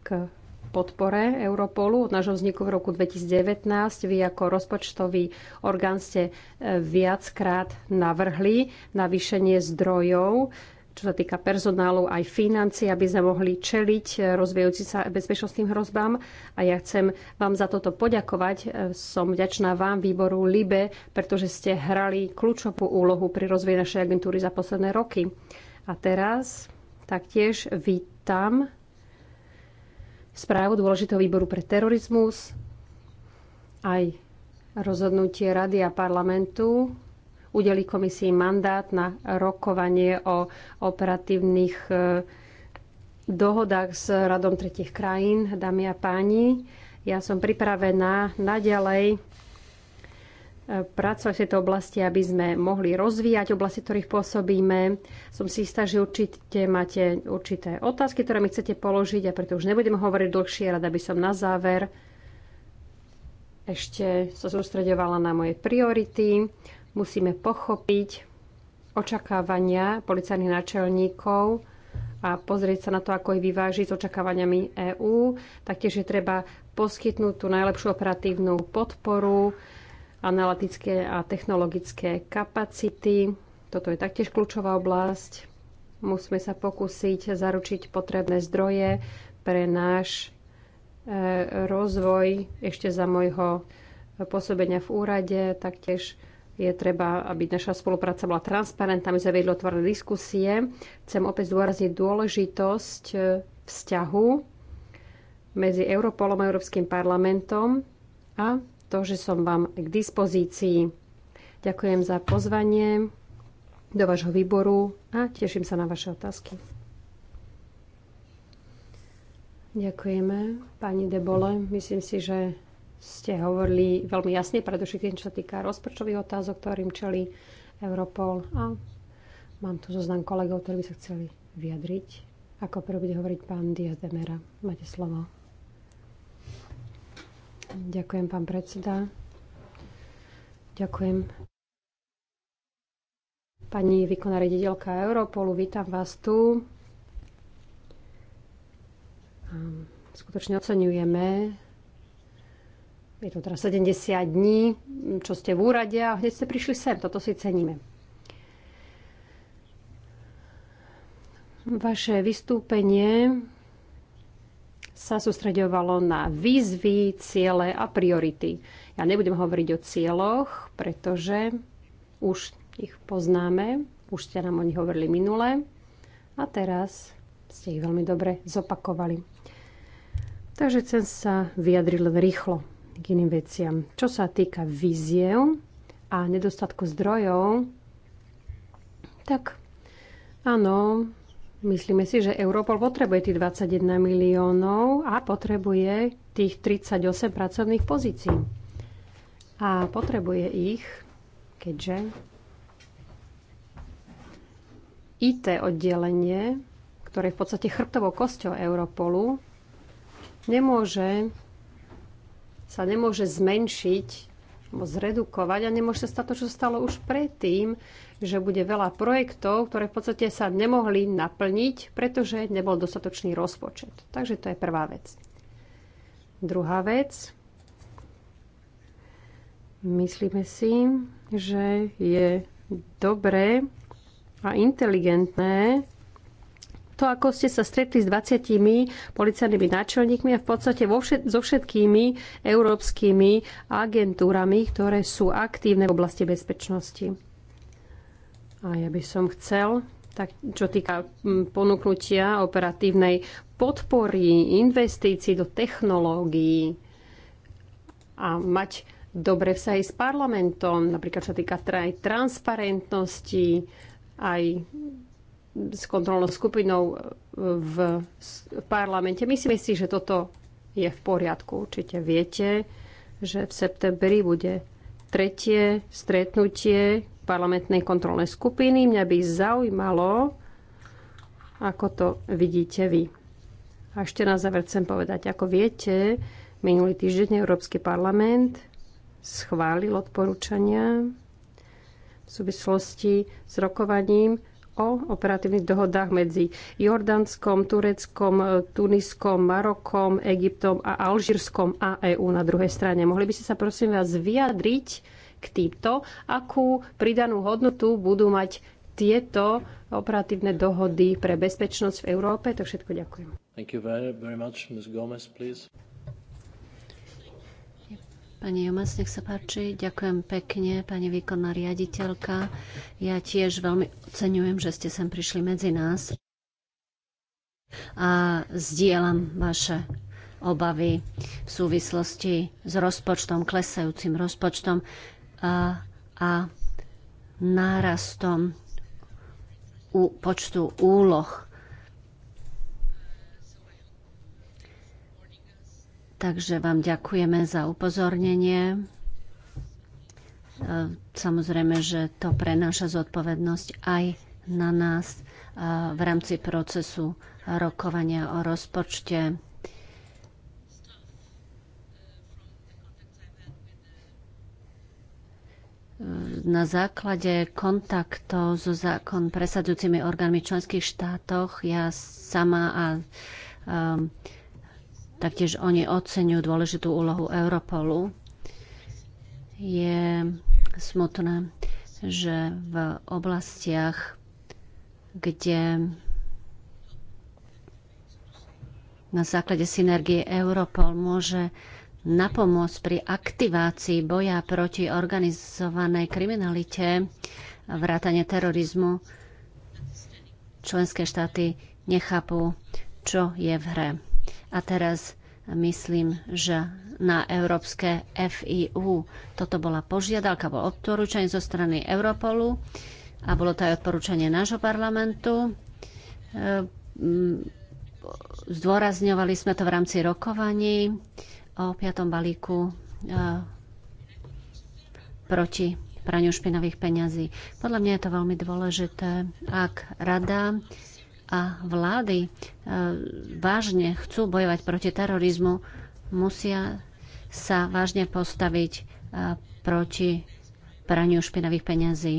C: k podpore Europolu od nášho vzniku v roku 2019. Vy ako rozpočtový orgán ste e, viackrát navrhli navýšenie zdrojov, čo sa týka personálu aj financí, aby sme mohli čeliť e, rozvíjajúci sa bezpečnostným hrozbám. A ja chcem vám za toto poďakovať. E, som vďačná vám, výboru LIBE, pretože ste hrali kľúčovú úlohu pri rozvoji našej agentúry za posledné roky. A teraz taktiež vítam tam správu dôležitého výboru pre terorizmus, aj rozhodnutie Rady a parlamentu udeli komisii mandát na rokovanie o operatívnych e, dohodách s radom tretich krajín. Dámy a páni, ja som pripravená naďalej pracovať v tejto oblasti, aby sme mohli rozvíjať oblasti, ktorých pôsobíme. Som si istá, že určite máte určité otázky, ktoré mi chcete položiť a preto už nebudem hovoriť dlhšie, rada by som na záver ešte sa sústredovala na moje priority. Musíme pochopiť očakávania policajných náčelníkov a pozrieť sa na to, ako ich vyvážiť s očakávaniami EÚ. Taktiež je treba poskytnúť tú najlepšiu operatívnu podporu analytické a technologické kapacity. Toto je taktiež kľúčová oblasť. Musíme sa pokúsiť zaručiť potrebné zdroje pre náš e, rozvoj ešte za môjho pôsobenia v úrade. Taktiež je treba, aby naša spolupráca bola transparentná, aby sme vedeli otvorené diskusie. Chcem opäť zdôrazniť dôležitosť e, vzťahu medzi Europolom a Európskym parlamentom a to, že som vám k dispozícii. Ďakujem za pozvanie do vášho výboru a teším sa na vaše otázky. Ďakujeme, pani Debole. Myslím si, že ste hovorili veľmi jasne, predovšetkým čo sa týka rozpočtových otázok, ktorým čeli Europol. A mám tu zoznam kolegov, ktorí by sa chceli vyjadriť. Ako prvý bude hovoriť pán Diaz Demera. Máte slovo. Ďakujem, pán predseda. Ďakujem. Pani výkonná rediteľka Europolu, vítam vás tu. Skutočne oceňujeme. Je to teraz 70 dní, čo ste v úrade a hneď ste prišli sem. Toto si ceníme. Vaše vystúpenie sa sústredovalo na výzvy, ciele a priority. Ja nebudem hovoriť o cieľoch, pretože už ich poznáme, už ste nám o nich hovorili minule a teraz ste ich veľmi dobre zopakovali. Takže chcem sa vyjadriť len rýchlo k iným veciam. Čo sa týka víziev a nedostatku zdrojov, tak áno, Myslíme si, že Europol potrebuje tých 21 miliónov a potrebuje tých 38 pracovných pozícií. A potrebuje ich, keďže IT oddelenie, ktoré je v podstate chrbtovou kosťou Europolu, nemôže sa nemôže zmenšiť alebo zredukovať a nemôže sa stať to, čo stalo už predtým, že bude veľa projektov, ktoré v podstate sa nemohli naplniť, pretože nebol dostatočný rozpočet. Takže to je prvá vec. Druhá vec. Myslíme si, že je dobré a inteligentné to, ako ste sa stretli s 20 policajnými náčelníkmi a v podstate vo všet, so všetkými európskymi agentúrami, ktoré sú aktívne v oblasti bezpečnosti. A ja by som chcel, tak čo týka mm, ponúknutia operatívnej podpory, investícií do technológií a mať dobre vzťahy s parlamentom, napríklad čo týka aj transparentnosti, aj s kontrolnou skupinou v parlamente. Myslím si, že toto je v poriadku. Určite viete, že v septembri bude tretie stretnutie parlamentnej kontrolnej skupiny. Mňa by zaujímalo, ako to vidíte vy. A ešte na záver chcem povedať, ako viete, minulý týždeň Európsky parlament schválil odporúčania v súvislosti s rokovaním o operatívnych dohodách medzi Jordánskom, Tureckom, Tuniskom, Marokom, Egyptom a Alžírskom a EÚ na druhej strane. Mohli by ste sa prosím vás vyjadriť, k týmto, akú pridanú hodnotu budú mať tieto operatívne dohody pre bezpečnosť v Európe.
D: To všetko ďakujem.
A: Thank you very, very much. Ms. Gomez, please.
D: Pani Jomas, nech sa páči. Ďakujem pekne, pani výkonná riaditeľka. Ja tiež veľmi oceňujem, že ste sem prišli medzi nás a zdieľam vaše obavy v súvislosti s rozpočtom, klesajúcim rozpočtom a nárastom u počtu úloh. Takže vám ďakujeme za upozornenie. E, samozrejme, že to prenáša zodpovednosť aj na nás e, v rámci procesu rokovania o rozpočte na základe kontaktov so zákon presadzujúcimi orgánmi v členských štátoch ja sama a um, taktiež oni oceňujú dôležitú úlohu Europolu. Je smutné, že v oblastiach, kde na základe synergie Europol môže napomôcť pri aktivácii boja proti organizovanej kriminalite, vrátane terorizmu. Členské štáty nechápu, čo je v hre. A teraz myslím, že na európske FIU. Toto bola požiadavka, bol odporúčanie zo strany Europolu a bolo to aj odporúčanie nášho parlamentu. Ehm, zdôrazňovali sme to v rámci rokovaní o piatom balíku e, proti praniu špinavých peňazí. Podľa mňa je to veľmi dôležité, ak rada a vlády e, vážne chcú bojovať proti terorizmu, musia sa vážne postaviť e, proti praniu špinavých peňazí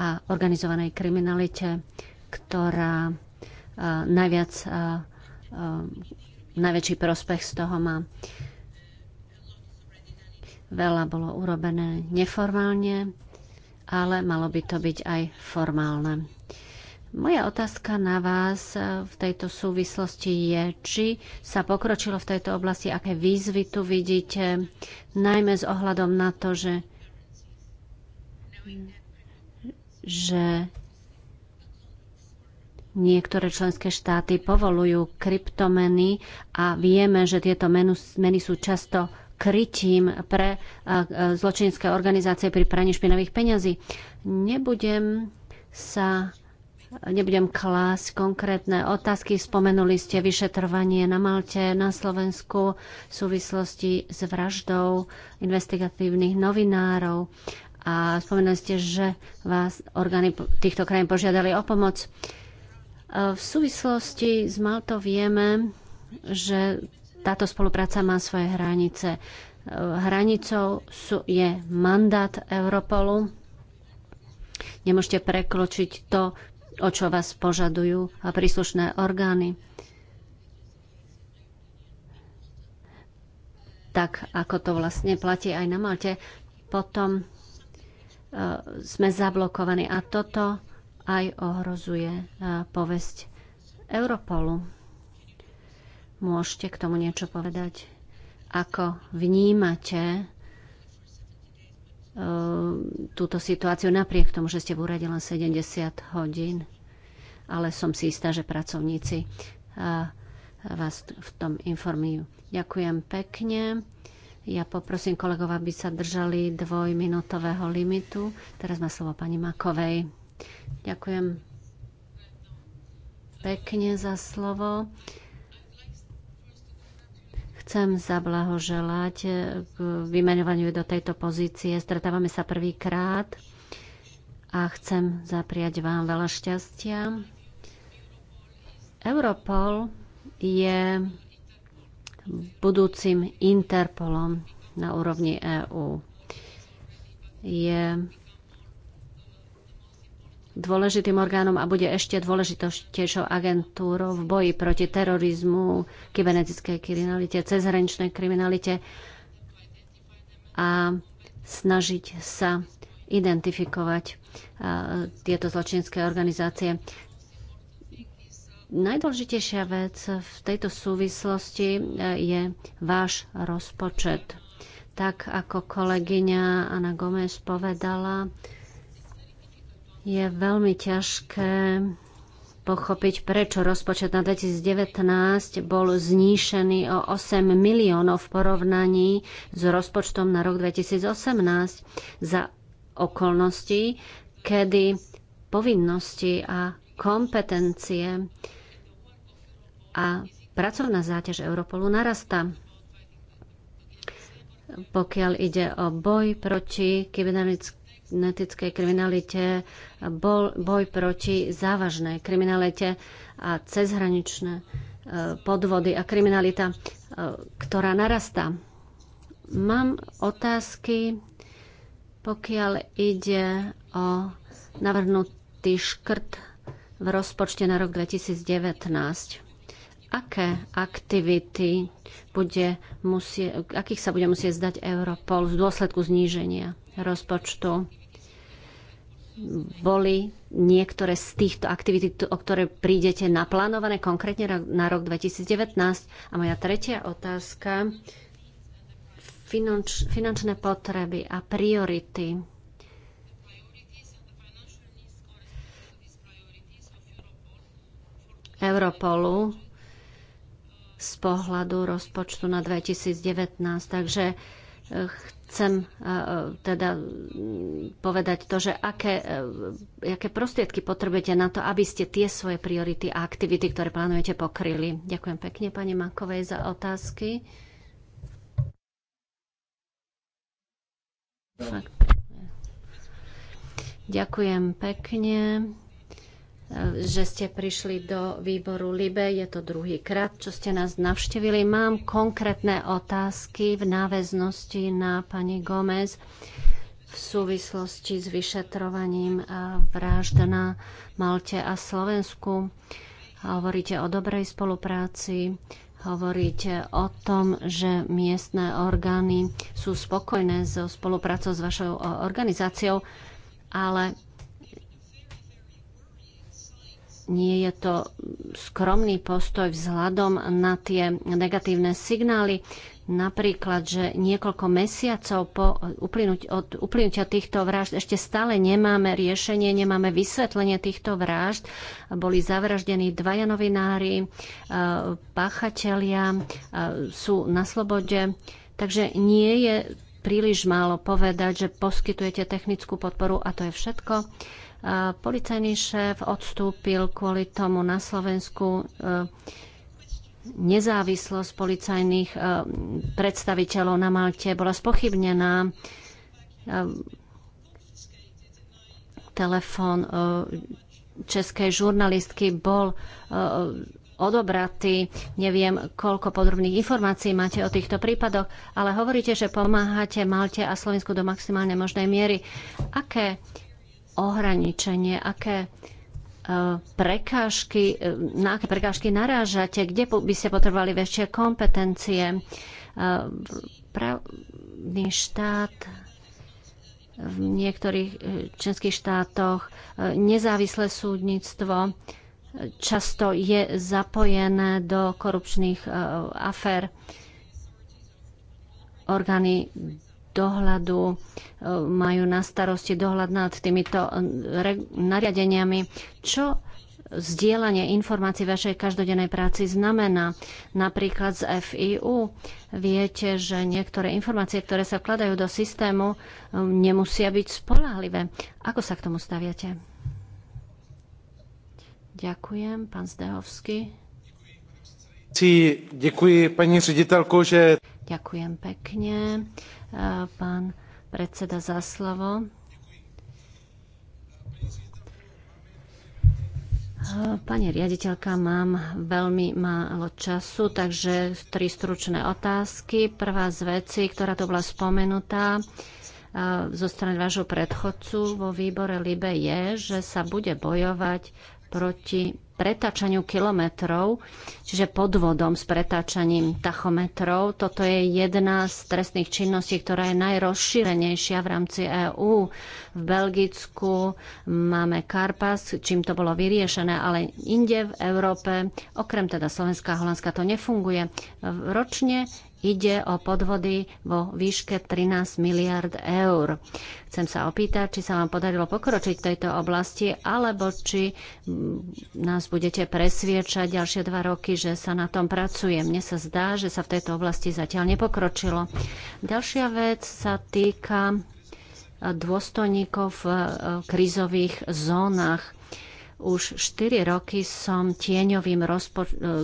D: a organizovanej kriminalite, ktorá najviac, najväčší prospech z toho má. Veľa bolo urobené neformálne, ale malo by to byť aj formálne. Moja otázka na vás e, v tejto súvislosti je, či sa pokročilo v tejto oblasti, aké výzvy tu vidíte, najmä s ohľadom na to, že, že niektoré členské štáty povolujú kryptomeny a vieme, že tieto meny sú často krytím pre zločinecké organizácie pri praní špinavých peňazí. Nebudem sa nebudem klásť konkrétne otázky. Spomenuli ste vyšetrovanie na Malte, na Slovensku v súvislosti s vraždou investigatívnych novinárov a spomenuli ste, že vás orgány týchto krajín požiadali o pomoc. V súvislosti s Malto vieme, že táto spolupráca má svoje hranice. E, hranicou sú, je mandát Europolu. Nemôžete prekročiť to, o čo vás požadujú a príslušné orgány. Tak, ako to vlastne platí aj na Malte. Potom e, sme zablokovaní. A toto aj ohrozuje e, povesť Europolu. Môžete k tomu niečo povedať? Ako vnímate e, túto situáciu napriek tomu, že ste v úrade len 70 hodín, ale som si istá, že pracovníci e, vás v tom informujú. Ďakujem pekne. Ja poprosím kolegov, aby sa držali dvojminútového limitu. Teraz má slovo pani Makovej. Ďakujem pekne za slovo. Chcem zablahoželať k vymenovaniu do tejto pozície. Stretávame sa prvýkrát a chcem zapriať vám veľa šťastia. Europol je budúcim Interpolom na úrovni EÚ. Je dôležitým orgánom a bude ešte dôležitejšou agentúrou v boji proti terorizmu, kybernetickej kriminalite, cezhraničnej kriminalite a snažiť sa identifikovať tieto zločinské organizácie. Najdôležitejšia vec v tejto súvislosti e, je váš rozpočet. Tak ako kolegyňa Ana Gomez povedala, je veľmi ťažké pochopiť, prečo rozpočet na 2019 bol zníšený o 8 miliónov v porovnaní s rozpočtom na rok 2018 za okolnosti, kedy povinnosti a kompetencie a pracovná záťaž Europolu narastá. Pokiaľ ide o boj proti kybernetickým kybernetickej kriminalite, boj proti závažnej kriminalite a cezhraničné e, podvody a kriminalita, e, ktorá narastá. Mám otázky, pokiaľ ide o navrhnutý škrt v rozpočte na rok 2019 aké aktivity bude musie, akých sa bude musieť zdať Europol v dôsledku zníženia rozpočtu. Boli niektoré z týchto aktivít, o ktoré prídete naplánované konkrétne na rok 2019? A moja tretia otázka. Finanč, finančné potreby a priority. Europolu z pohľadu rozpočtu na 2019. Takže e, chcem e, e, teda povedať to, že aké, aké prostriedky potrebujete na to, aby ste tie svoje priority a aktivity, ktoré plánujete, pokryli. Ďakujem pekne pani Makovej za otázky. Ďakujem pekne. E, že ste prišli do výboru LIBE. Je to druhý krát, čo ste nás navštívili. Mám konkrétne otázky v náväznosti na pani Gomez v súvislosti s vyšetrovaním e, vražd na Malte a Slovensku. Hovoríte o dobrej spolupráci, hovoríte o tom, že miestne orgány sú spokojné so spoluprácou s vašou organizáciou, ale nie je to skromný postoj vzhľadom na tie negatívne signály, napríklad, že niekoľko mesiacov po od uplynutia týchto vražd ešte stále nemáme riešenie, nemáme vysvetlenie týchto vražd. Boli zavraždení dvaja novinári, e, páchatelia e, sú na slobode. Takže nie je príliš málo povedať, že poskytujete technickú podporu a to je všetko. Policajný šéf odstúpil kvôli tomu na Slovensku e, nezávislosť policajných e, predstaviteľov na Malte bola spochybnená. E, Telefón českej žurnalistky bol odobratý. Neviem, koľko podrobných informácií máte o týchto prípadoch, ale hovoríte, že pomáhate Malte a Slovensku do maximálnej možnej miery. Aké ohraničenie, aké e, prekážky, e, na aké prekážky narážate, kde by ste potrebovali väčšie kompetencie. E, právny štát v niektorých členských štátoch, nezávislé súdnictvo často je zapojené do korupčných afér. Orgány dohľadu, e, majú na starosti dohľad nad týmito e, nariadeniami. Čo zdieľanie informácií vašej každodennej práci znamená. Napríklad z FIU viete, že niektoré informácie, ktoré sa vkladajú do systému, e, nemusia byť spolahlivé. Ako sa k tomu staviate? Ďakujem, pán Zdehovský.
B: Ďakujem, pani riaditeľko, že...
D: Ďakujem pekne, pán predseda, za slovo. Pani riaditeľka, mám veľmi málo času, takže tri stručné otázky. Prvá z vecí, ktorá tu bola spomenutá zo strany vášho predchodcu vo výbore LIBE je, že sa bude bojovať proti pretáčaniu kilometrov, čiže podvodom s pretáčaním tachometrov. Toto je jedna z trestných činností, ktorá je najrozšírenejšia v rámci EÚ. V Belgicku máme Karpas, čím to bolo vyriešené, ale inde v Európe, okrem teda Slovenska a Holandska, to nefunguje. Ročne Ide o podvody vo výške 13 miliard eur. Chcem sa opýtať, či sa vám podarilo pokročiť v tejto oblasti, alebo či mm, nás budete presviečať ďalšie dva roky, že sa na tom pracuje. Mne sa zdá, že sa v tejto oblasti zatiaľ nepokročilo. Ďalšia vec sa týka dôstojníkov v e, krízových zónach. Už 4 roky som tieňovým e,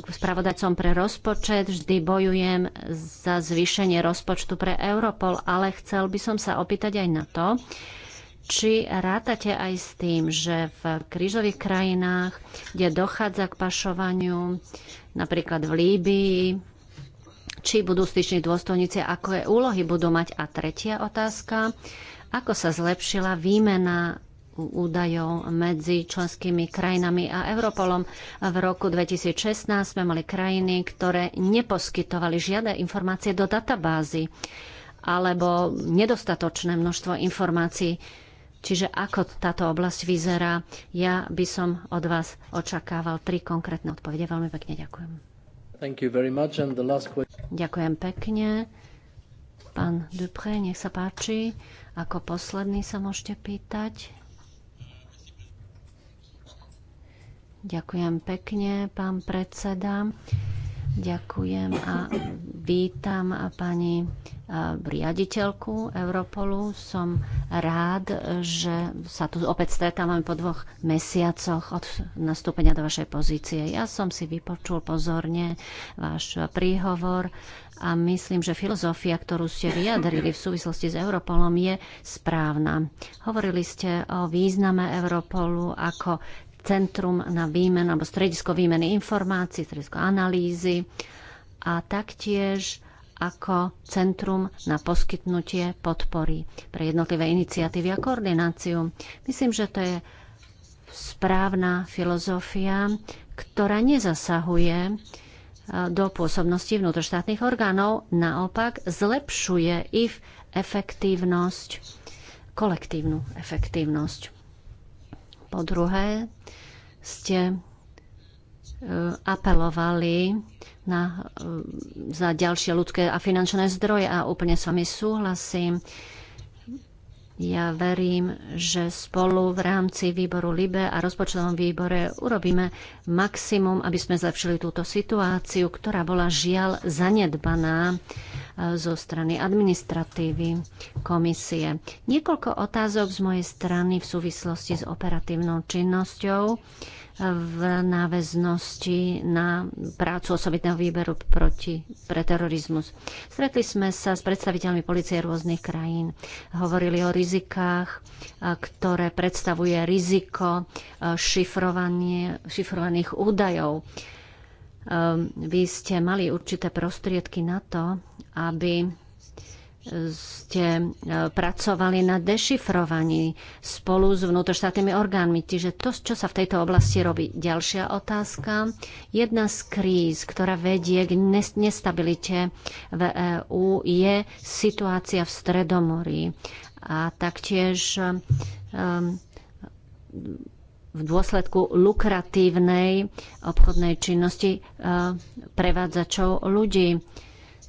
D: spravodajcom pre rozpočet, vždy bojujem za zvýšenie rozpočtu pre Europol, ale chcel by som sa opýtať aj na to, či rátate aj s tým, že v krížových krajinách, kde dochádza k pašovaniu, napríklad v Líbii, či budú styční dôstojníci, aké úlohy budú mať. A tretia otázka, ako sa zlepšila výmena údajov medzi členskými krajinami a Europolom. V roku 2016 sme mali krajiny, ktoré neposkytovali žiadne informácie do databázy alebo nedostatočné množstvo informácií. Čiže ako táto oblasť vyzerá, ja by som od vás očakával tri konkrétne odpovede. Veľmi pekne ďakujem. Last... Ďakujem pekne. Pán Dupré, nech sa páči. Ako posledný sa môžete pýtať. Ďakujem pekne, pán predseda. Ďakujem a vítam pani riaditeľku Europolu. Som rád, že sa tu opäť stretávame po dvoch mesiacoch od nastúpenia do vašej pozície. Ja som si vypočul pozorne váš príhovor a myslím, že filozofia, ktorú ste vyjadrili v súvislosti s Europolom, je správna. Hovorili ste o význame Europolu ako centrum na výmenu alebo stredisko výmeny informácií, stredisko analýzy a taktiež ako centrum na poskytnutie podpory pre jednotlivé iniciatívy a koordináciu. Myslím, že to je správna filozofia, ktorá nezasahuje e, do pôsobnosti vnútroštátnych orgánov, naopak zlepšuje ich efektívnosť, kolektívnu efektívnosť. Po druhé, ste e, apelovali na, e, za ďalšie ľudské a finančné zdroje a úplne s vami súhlasím. Ja verím, že spolu v rámci výboru LIBE a rozpočtovom výbore urobíme maximum, aby sme zlepšili túto situáciu, ktorá bola žiaľ zanedbaná e, zo strany administratívy komisie. Niekoľko otázok z mojej strany v súvislosti s operatívnou činnosťou v náväznosti na prácu osobitného výberu proti, pre terorizmus. Stretli sme sa s predstaviteľmi policie rôznych krajín. Hovorili o rizikách, ktoré predstavuje riziko šifrovanie, šifrovaných údajov. Vy ste mali určité prostriedky na to, aby ste e, pracovali na dešifrovaní spolu s vnútroštátnymi orgánmi. Čiže to, čo sa v tejto oblasti robí. Ďalšia otázka. Jedna z kríz, ktorá vedie k nestabilite v EÚ, je situácia v Stredomorí. A taktiež um, v dôsledku lukratívnej obchodnej činnosti e, prevádzačov ľudí.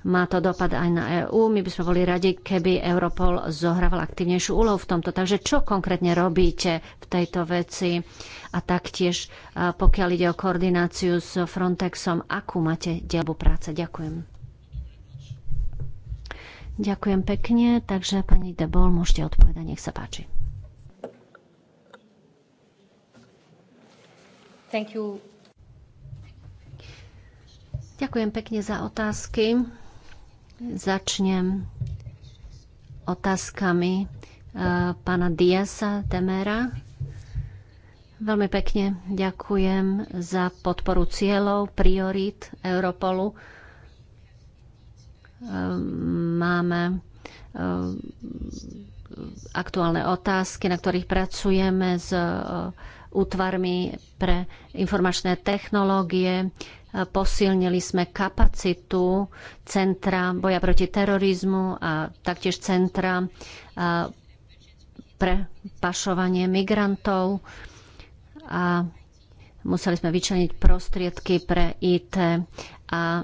D: Má to dopad aj na EÚ. My by sme boli radi, keby Europol zohrával aktívnejšiu úlohu v tomto. Takže čo konkrétne robíte v tejto veci? A taktiež, pokiaľ ide o koordináciu s Frontexom, akú máte dielbu práce? Ďakujem. Ďakujem pekne. Takže, pani Debol, môžete odpovedať. Nech sa páči. Thank you. Ďakujem pekne za otázky. Začnem otázkami eh, pána Diasa Temera. Veľmi pekne ďakujem za podporu cieľov, priorít Europolu. Eh, máme eh, aktuálne otázky, na ktorých pracujeme s útvarmi pre informačné technológie. Posilnili sme kapacitu Centra boja proti terorizmu a taktiež Centra pre pašovanie migrantov a museli sme vyčleniť prostriedky pre IT a e,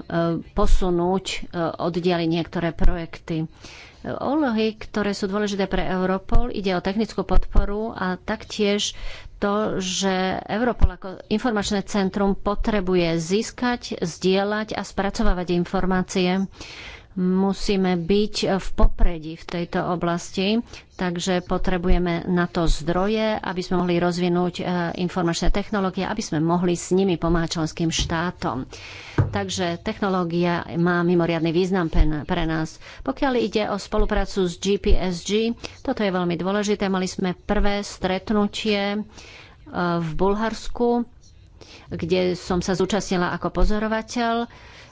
D: posunúť, e, oddiali niektoré projekty. E, úlohy, ktoré sú dôležité pre Europol, ide o technickú podporu a taktiež to, že Europol ako informačné centrum potrebuje získať, zdieľať a spracovávať informácie musíme byť v popredí v tejto oblasti, takže potrebujeme na to zdroje, aby sme mohli rozvinúť e, informačné technológie, aby sme mohli s nimi pomáhať členským štátom. Takže technológia má mimoriadný význam pre nás. Pokiaľ ide o spoluprácu s GPSG, toto je veľmi dôležité. Mali sme prvé stretnutie e, v Bulharsku, kde som sa zúčastnila ako pozorovateľ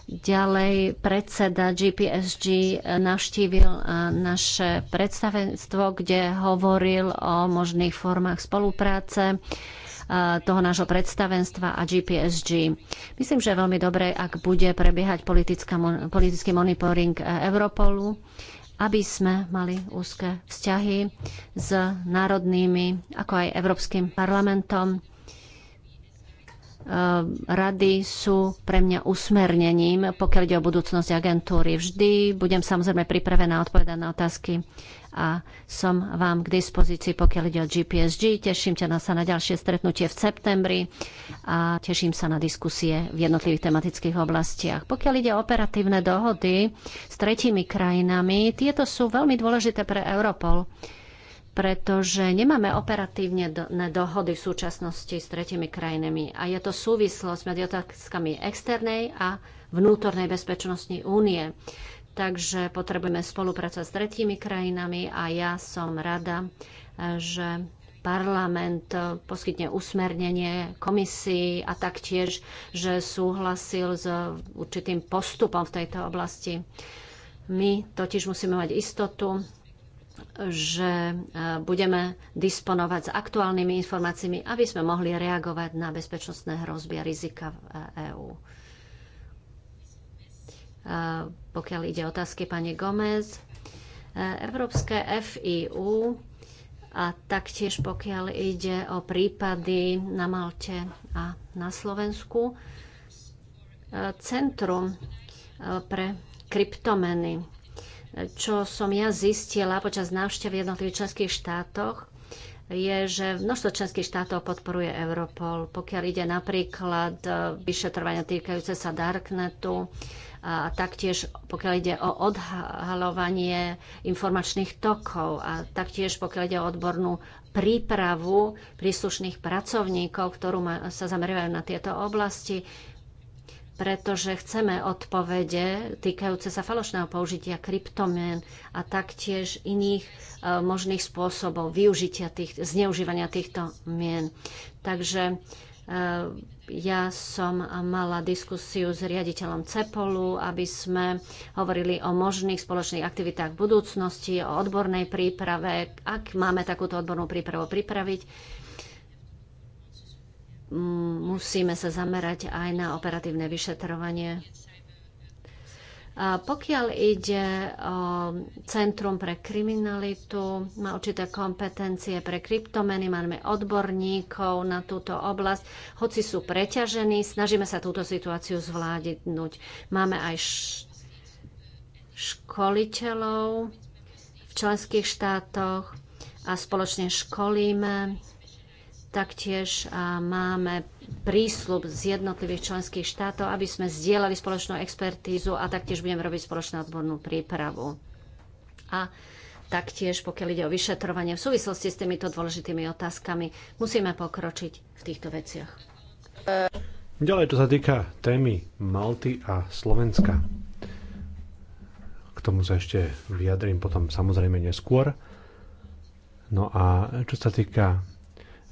D: Ďalej predseda GPSG navštívil naše predstavenstvo, kde hovoril o možných formách spolupráce toho nášho predstavenstva a GPSG. Myslím, že je veľmi dobré, ak bude prebiehať politický monitoring e, Europolu, aby sme mali úzke vzťahy s národnými, ako aj Európskym parlamentom Ehm, rady sú pre mňa usmernením, pokiaľ ide o budúcnosť agentúry. Vždy budem samozrejme pripravená odpovedať na otázky a som vám k dispozícii, pokiaľ ide o GPSG. Teším ťa na sa na ďalšie stretnutie v septembri a teším sa na diskusie v jednotlivých tematických oblastiach. Pokiaľ ide o operatívne dohody s tretími krajinami, tieto sú veľmi dôležité pre Europol pretože nemáme operatívne do, dohody v súčasnosti s tretimi krajinami a je to súvislosť medzi otázkami externej a vnútornej bezpečnosti únie. Takže potrebujeme spolupracovať s tretimi krajinami a ja som rada, že parlament poskytne usmernenie komisii a taktiež, že súhlasil s určitým postupom v tejto oblasti. My totiž musíme mať istotu, že e, budeme disponovať s aktuálnymi informáciami, aby sme mohli reagovať na bezpečnostné hrozby a rizika v EÚ. E e, pokiaľ ide otázky pani Gomez, Európske FIU a taktiež pokiaľ ide o prípady na Malte a na Slovensku, Centrum pre kryptomeny čo som ja zistila počas návštevy jednotlivých členských štátoch, je, že množstvo členských štátov podporuje Europol, pokiaľ ide napríklad e, vyšetrovania týkajúce sa Darknetu a taktiež pokiaľ ide o odhalovanie informačných tokov a taktiež pokiaľ ide o odbornú prípravu príslušných pracovníkov, ktorú sa zameriavajú na tieto oblasti pretože chceme odpovede týkajúce sa falošného použitia kryptomien a taktiež iných e, možných spôsobov využitia tých, zneužívania týchto mien. Takže e, ja som mala diskusiu s riaditeľom CEPOLu, aby sme hovorili o možných spoločných aktivitách v budúcnosti, o odbornej príprave, ak máme takúto odbornú prípravu pripraviť musíme sa zamerať aj na operatívne vyšetrovanie. A pokiaľ ide o Centrum pre kriminalitu, má určité kompetencie pre kryptomeny, máme odborníkov na túto oblasť. Hoci sú preťažení, snažíme sa túto situáciu zvládnuť. Máme aj školiteľov v členských štátoch a spoločne školíme Taktiež máme prísľub z jednotlivých členských štátov, aby sme zdieľali spoločnú expertízu a taktiež budeme robiť spoločnú odbornú prípravu. A taktiež, pokiaľ ide o vyšetrovanie v súvislosti s týmito dôležitými otázkami, musíme pokročiť v týchto veciach.
B: Ďalej, čo sa týka témy Malty a Slovenska. K tomu sa ešte vyjadrím potom samozrejme neskôr. No a čo sa týka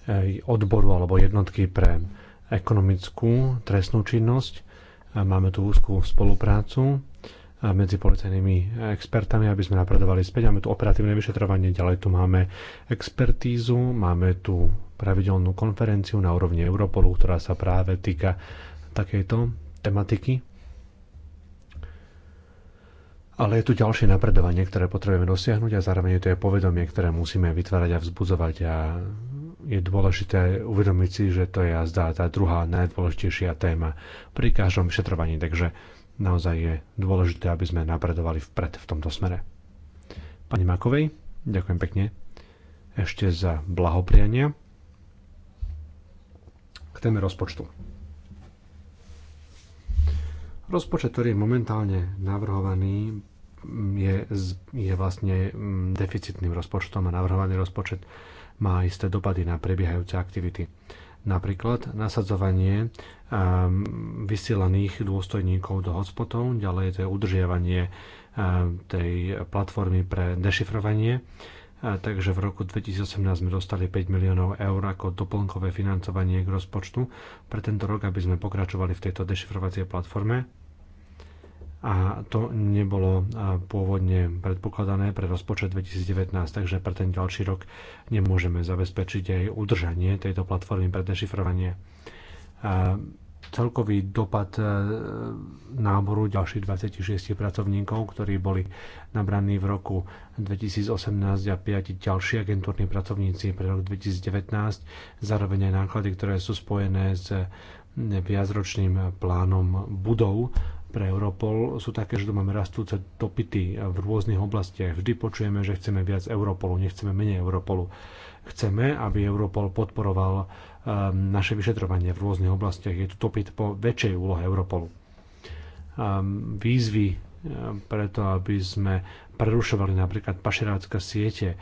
B: Eh, odboru alebo jednotky pre ekonomickú trestnú činnosť. Máme tu úzkú spoluprácu eh, medzi policajnými expertami, aby sme napredovali späť. Máme tu operatívne vyšetrovanie, ďalej tu máme expertízu, máme tu pravidelnú konferenciu na úrovni Europolu, ktorá sa práve týka takejto tematiky. Ale je tu ďalšie napredovanie, ktoré potrebujeme dosiahnuť a zároveň je to aj povedomie, ktoré musíme vytvárať a vzbudzovať. A je dôležité uvedomiť si, že to je jazda tá druhá najdôležitejšia téma pri každom vyšetrovaní, takže naozaj je dôležité, aby sme napredovali vpred v tomto smere. Pani Makovej, ďakujem pekne ešte za blahopriania k téme rozpočtu. Rozpočet, ktorý je momentálne navrhovaný, je, je vlastne mm, deficitným rozpočtom a navrhovaný rozpočet má isté dopady na prebiehajúce aktivity. Napríklad nasadzovanie ehm, vysielaných dôstojníkov do hotspotov, ďalej to je udržiavanie ehm, tej platformy pre dešifrovanie. E, takže v roku 2018 sme dostali 5 miliónov eur ako doplnkové financovanie k rozpočtu pre tento rok, aby sme pokračovali v tejto dešifrovacej platforme a to nebolo pôvodne predpokladané pre rozpočet 2019, takže pre ten ďalší rok nemôžeme zabezpečiť aj udržanie tejto platformy pre dešifrovanie. Celkový dopad e, náboru ďalších 26 pracovníkov, ktorí boli nabraní v roku 2018 a 5 ďalší agentúrni pracovníci pre rok 2019, zároveň aj náklady, ktoré sú spojené s e, viacročným plánom budov pre Europol sú také, že tu máme rastúce dopity v rôznych oblastiach. Vždy počujeme, že chceme viac Europolu, nechceme menej Europolu. Chceme, aby Europol podporoval um, naše vyšetrovanie v rôznych oblastiach. Je tu topit po väčšej úlohe Europolu. Um, výzvy um, preto, aby sme prerušovali napríklad pašerácké siete,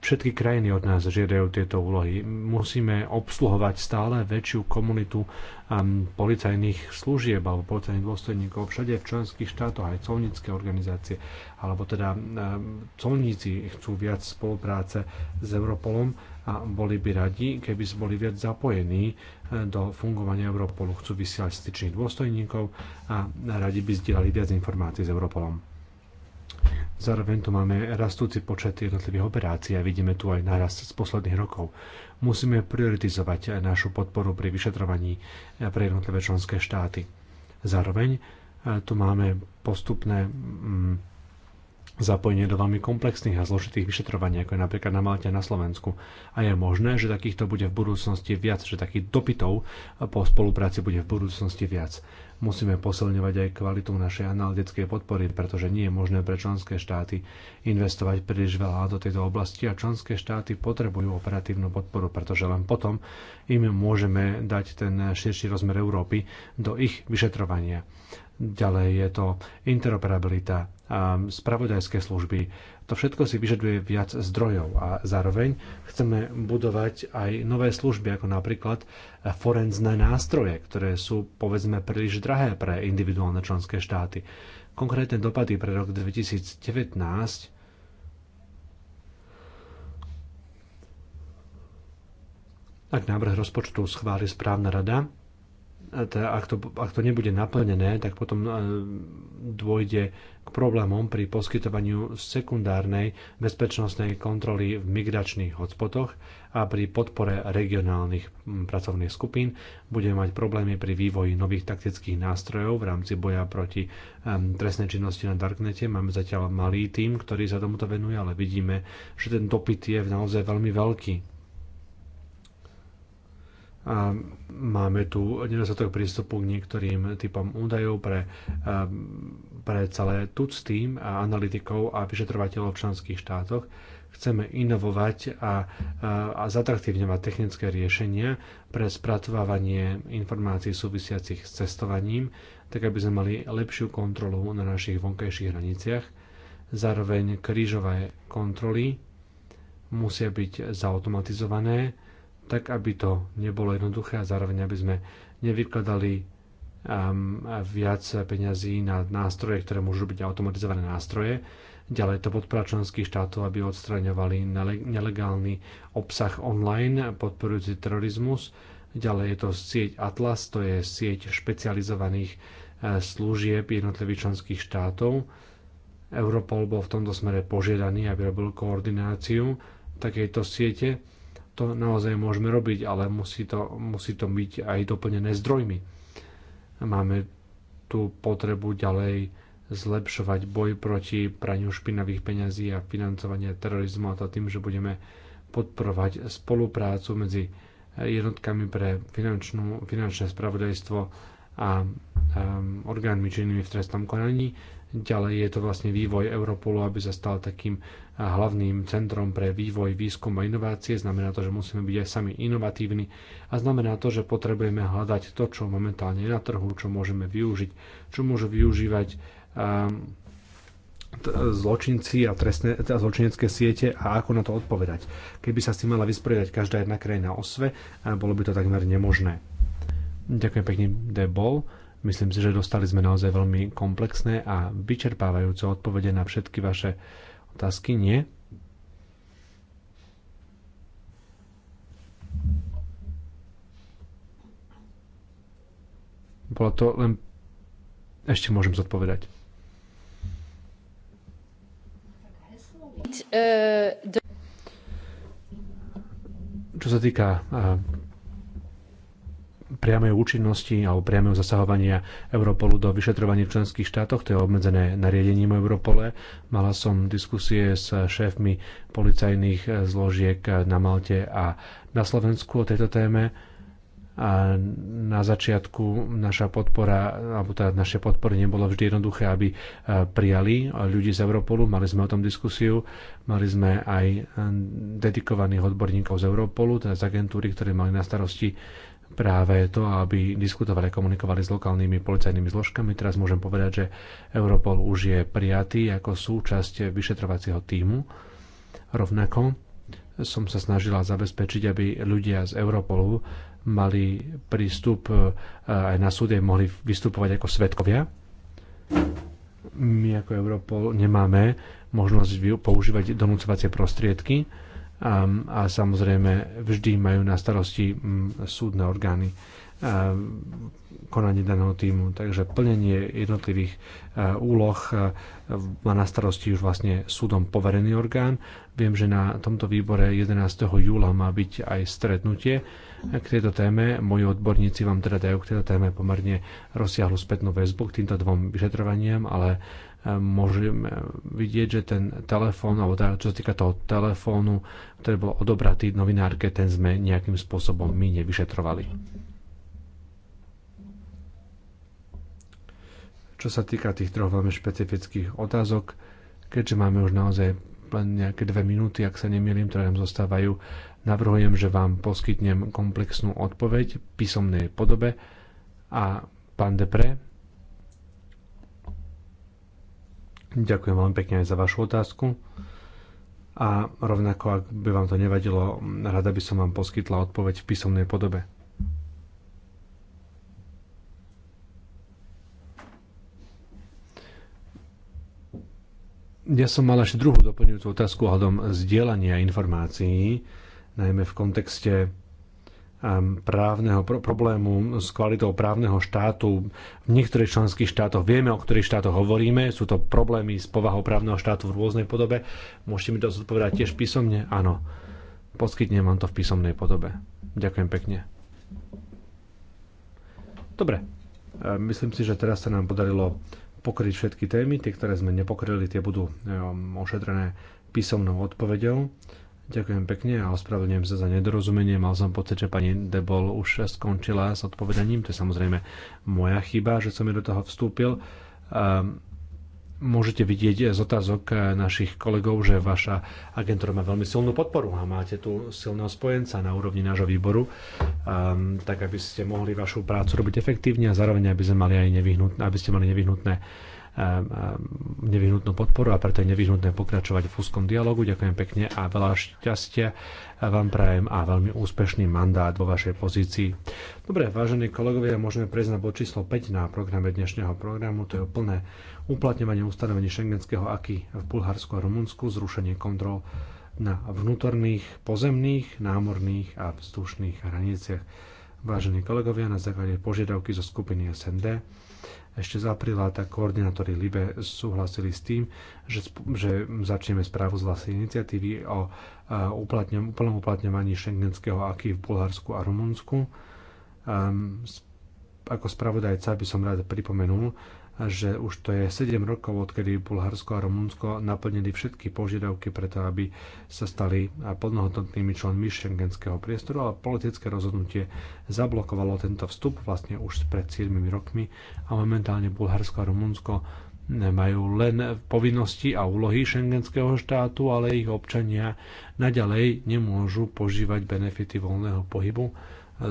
B: Všetky krajiny od nás žiadajú tieto úlohy. Musíme obsluhovať stále väčšiu komunitu um, policajných služieb alebo policajných dôstojníkov všade v členských štátoch, aj colnícke organizácie. Alebo teda um, colníci chcú viac spolupráce s Europolom a boli by radi, keby boli viac zapojení uh, do fungovania Europolu. Chcú vysielať styčných dôstojníkov a radi by zdieľali viac informácií s Europolom. Zároveň tu máme rastúci počet jednotlivých operácií a vidíme tu aj nárast z posledných rokov. Musíme prioritizovať našu podporu pri vyšetrovaní pre jednotlivé členské štáty. Zároveň eh, tu máme postupné mm, zapojenie do veľmi komplexných a zložitých vyšetrovaní, ako je napríklad na Malte a na Slovensku. A je možné, že takýchto bude v budúcnosti viac, že takých dopytov po spolupráci bude v budúcnosti viac. Musíme posilňovať aj kvalitu našej analytickej podpory, pretože nie je možné pre členské štáty investovať príliš veľa do tejto oblasti a členské štáty potrebujú operatívnu podporu, pretože len potom im môžeme dať ten širší rozmer Európy do ich vyšetrovania. Ďalej je to interoperabilita, spravodajské služby. To všetko si vyžaduje viac zdrojov a zároveň chceme budovať aj nové služby, ako napríklad forenzné nástroje, ktoré sú povedzme príliš drahé pre individuálne členské štáty. Konkrétne dopady pre rok 2019 ak návrh rozpočtu schváli správna rada, teda ak, to, ak to nebude naplnené, tak potom e, dôjde k problémom pri poskytovaniu sekundárnej bezpečnostnej kontroly v migračných hotspotoch a pri podpore regionálnych pracovných skupín bude mať problémy pri vývoji nových taktických nástrojov v rámci boja proti trestnej činnosti na Darknete. Máme zatiaľ malý tím, ktorý sa tomuto venuje, ale vidíme, že ten dopyt je naozaj veľmi veľký a máme tu nedostatok prístupu k niektorým typom údajov pre, pre celé TUC tým a analytikov a vyšetrovateľov v členských štátoch. Chceme inovovať a, a zatraktívňovať technické riešenia pre spracovávanie informácií súvisiacich s cestovaním, tak aby sme mali lepšiu kontrolu na našich vonkajších hraniciach. Zároveň krížové kontroly musia byť zautomatizované, tak aby to nebolo jednoduché a zároveň aby sme nevykladali um, viac peňazí na nástroje, ktoré môžu byť automatizované nástroje. Ďalej to podpora členských štátov, aby odstraňovali nelegálny obsah online podporujúci terorizmus. Ďalej je to sieť Atlas, to je sieť špecializovaných eh, služieb jednotlivých členských štátov. Europol bol v tomto smere požiadaný, aby robil koordináciu takejto siete to naozaj môžeme robiť, ale musí to, musí to byť aj doplnené zdrojmi. Máme tú potrebu ďalej zlepšovať boj proti praniu špinavých peňazí a financovania terorizmu a to tým, že budeme podporovať spoluprácu medzi jednotkami pre finančnú, finančné spravodajstvo a um, orgánmi činnými v trestnom konaní Ďalej je to vlastne vývoj Europolu, aby sa stal takým hlavným centrom pre vývoj, výskum a inovácie. Znamená to, že musíme byť aj sami inovatívni a znamená to, že potrebujeme hľadať to, čo momentálne je na trhu, čo môžeme využiť, čo môžu využívať um, zločinci a trestné, teda zločinecké siete a ako na to odpovedať. Keby sa s tým mala vysporiadať každá jedna krajina osve, bolo by to takmer nemožné. Ďakujem pekne, Debol. Myslím si, že dostali sme naozaj veľmi komplexné a vyčerpávajúce odpovede na všetky vaše otázky. Nie? Bolo to len... Ešte môžem zodpovedať. E, Čo sa týka priamej účinnosti alebo priameho zasahovania Europolu do vyšetrovania v členských štátoch. To je obmedzené nariadením Europole. Mala som diskusie s šéfmi policajných zložiek na Malte a na Slovensku o tejto téme. A na začiatku naša podpora, alebo tá teda naše podpory nebolo vždy jednoduché, aby e, prijali ľudí z Europolu. Mali sme o tom diskusiu, mali sme aj dedikovaných odborníkov z Europolu, teda z agentúry, ktoré mali na starosti práve to, aby diskutovali a komunikovali s lokálnymi policajnými zložkami. Teraz môžem povedať, že Europol už je prijatý ako súčasť vyšetrovacieho týmu. Rovnako som sa snažila zabezpečiť, aby ľudia z Europolu mali prístup e, aj na súde, mohli vystupovať ako svetkovia. My ako Europol nemáme možnosť používať donúcovacie prostriedky, a, a samozrejme vždy majú na starosti súdne orgány konanie daného týmu. Takže plnenie jednotlivých úloh má na starosti už vlastne súdom poverený orgán. Viem, že na tomto výbore 11. júla má byť aj stretnutie k tejto téme. Moji odborníci vám teda dajú k tejto téme pomerne rozsiahlu spätnú väzbu k týmto dvom vyšetrovaniam, ale môžeme vidieť, že ten telefón, alebo teda, čo sa týka toho telefónu, ktorý bol odobratý novinárke, ten sme nejakým spôsobom my nevyšetrovali. Čo sa týka tých troch veľmi špecifických otázok, keďže máme už naozaj len nejaké dve minúty, ak sa nemýlim, ktoré nám zostávajú, navrhujem, že vám poskytnem komplexnú odpoveď v písomnej podobe a pán Depre, Ďakujem veľmi pekne aj za vašu otázku. A rovnako, ak by vám to nevadilo, rada by som vám poskytla odpoveď v písomnej podobe. Ja som mal ešte druhú doplňujúcu otázku ohľadom zdieľania informácií, najmä v kontexte Ehm, právneho problému s kvalitou právneho štátu. V niektorých členských štátoch vieme, o ktorých štátoch hovoríme. Sú to problémy s povahou právneho štátu v rôznej podobe. Môžete mi to zodpovedať tiež písomne? Áno. Poskytnem vám to v písomnej podobe. Ďakujem pekne. Dobre. Ehm, myslím si, že teraz sa nám podarilo pokryť všetky témy. Tie, ktoré sme nepokryli, tie budú ehm, ošetrené písomnou odpoveďou. Ďakujem pekne a ospravedlňujem sa za nedorozumenie. Mal som pocit, že pani Debol už skončila s odpovedaním. To je samozrejme moja chyba, že som jej do toho vstúpil. Ehm, môžete vidieť z otázok eh, našich kolegov, že vaša agentúra má veľmi silnú podporu a máte tu silného spojenca na úrovni nášho výboru, ehm, tak aby ste mohli vašu prácu robiť efektívne a zároveň aby, sme mali aj nevyhnutné, aby ste mali nevyhnutné Eh, eh, nevyhnutnú podporu a preto je nevyhnutné pokračovať v úzkom dialogu. Ďakujem pekne a veľa šťastia vám prajem a veľmi úspešný mandát vo vašej pozícii. Dobre, vážení kolegovia, môžeme prejsť na bod číslo 5 na programe dnešného programu. To je plné uplatňovanie ustanovení šengenského aky v Bulharsku a Rumunsku, zrušenie kontrol na vnútorných, pozemných, námorných a vzdušných hraniciach. Vážení kolegovia, na základe požiadavky zo skupiny SND ešte z apríla tak koordinátori LIBE súhlasili s tým, že, že začneme správu z vlastnej iniciatívy o uplatňom, úplnom uplatňovaní šengenského aký v Bulharsku a Rumunsku. Um, ako spravodajca by som rád pripomenul, že už to je 7 rokov, odkedy Bulharsko a Rumunsko naplnili všetky požiadavky preto, aby sa stali plnohodnotnými členmi šengenského priestoru, ale politické rozhodnutie zablokovalo tento vstup vlastne už pred 7 rokmi a momentálne Bulharsko a Rumunsko nemajú len povinnosti a úlohy šengenského štátu, ale ich občania naďalej nemôžu požívať benefity voľného pohybu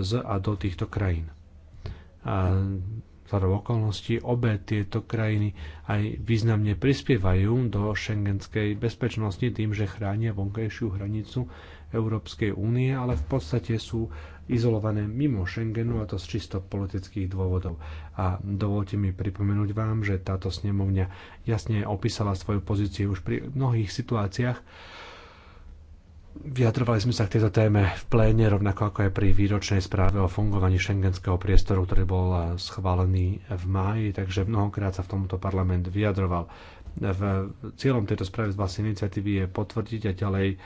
B: z a do týchto krajín. A Vzhľadom okolností obe tieto krajiny aj významne prispievajú do šengenskej bezpečnosti tým, že chránia vonkajšiu hranicu Európskej únie, ale v podstate sú izolované mimo Schengenu a to z čisto politických dôvodov. A dovolte mi pripomenúť vám, že táto snemovňa jasne opísala svoju pozíciu už pri mnohých situáciách, Vyjadrovali sme sa k tejto téme v pléne, rovnako ako aj pri výročnej správe o fungovaní šengenského priestoru, ktorý bol eh, schválený v máji, takže mnohokrát sa v tomto parlament vyjadroval. V cieľom tejto správy z vlastnej iniciatívy je potvrdiť a ďalej eh,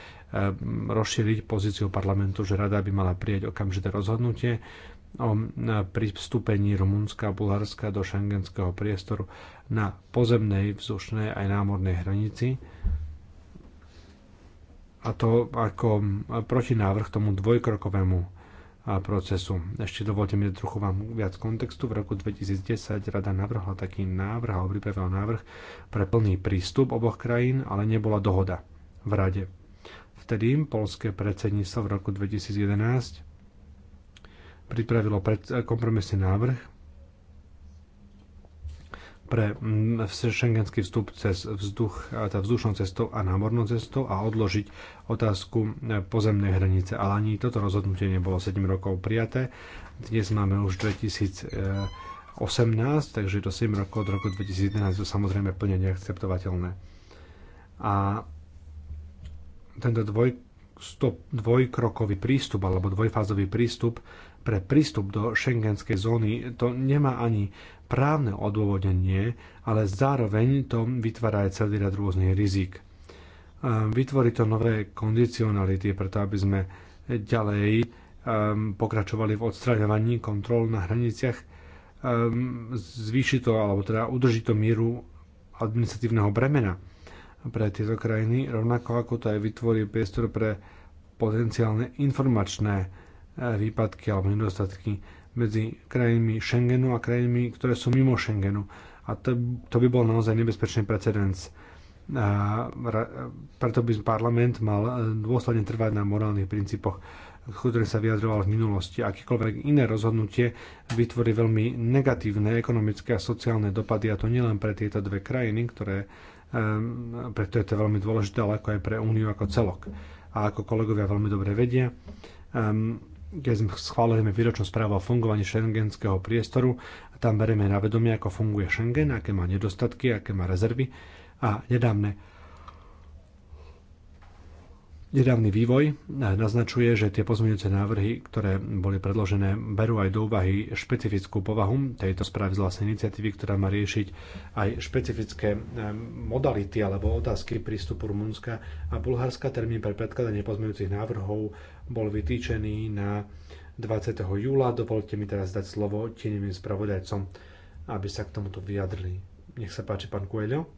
B: rozšíriť pozíciu parlamentu, že rada by mala prijať okamžité rozhodnutie o eh, pristúpení Rumunska a Bulharska do šengenského priestoru na pozemnej, vzdušnej aj námornej hranici a to ako protinávrh tomu dvojkrokovému procesu. Ešte dovolte mi trochu vám viac kontextu. V roku 2010 rada navrhla taký návrh a pripravila návrh pre plný prístup oboch krajín, ale nebola dohoda v rade. Vtedy polské predsedníctvo v roku 2011 pripravilo kompromisný návrh, pre mm, šengenský vstup cez vzduch, tá vzdušnou cestou a námornou cestou a odložiť otázku e, pozemnej hranice. Ale ani toto rozhodnutie nebolo 7 rokov prijaté. Dnes máme už 2018, e, takže to 7 rokov od roku 2011 je samozrejme plne neakceptovateľné. A tento dvoj, stop, dvojkrokový prístup alebo dvojfázový prístup pre prístup do šengenskej zóny to nemá ani právne odôvodnenie, ale zároveň to vytvára aj celý rad rôznych rizik. Vytvorí to nové kondicionality, preto aby sme ďalej um, pokračovali v odstraňovaní kontrol na hraniciach, um, zvýši to, alebo teda udrží to mieru administratívneho bremena pre tieto krajiny, rovnako ako to aj vytvorí priestor pre potenciálne informačné uh, výpadky alebo nedostatky medzi krajinami Schengenu a krajinami, ktoré sú mimo Schengenu. A to, to by bol naozaj nebezpečný precedens. A preto by parlament mal e, dôsledne trvať na morálnych princípoch, ktoré sa vyjadroval v minulosti. Akýkoľvek iné rozhodnutie vytvorí veľmi negatívne ekonomické a sociálne dopady, a to nielen pre tieto dve krajiny, ktoré, e, preto je to veľmi dôležité, ale ako aj pre Úniu ako celok. A ako kolegovia veľmi dobre vedia, e, keď schválujeme výročnú správu o fungovaní šengenského priestoru, a tam bereme na vedomie, ako funguje Schengen, aké má nedostatky, aké má rezervy a nedávne Nedávny vývoj naznačuje, že tie pozmeňujúce návrhy, ktoré boli predložené, berú aj do úvahy špecifickú povahu tejto správy z vlastnej iniciatívy, ktorá má riešiť aj špecifické eh, modality alebo otázky prístupu Rumunska a Bulharska. Termín pre predkladanie pozmeňujúcich návrhov bol vytýčený na 20. júla. Dovolte mi teraz dať slovo tieňovým spravodajcom, aby sa k tomuto vyjadrili. Nech sa páči, pán Coelho.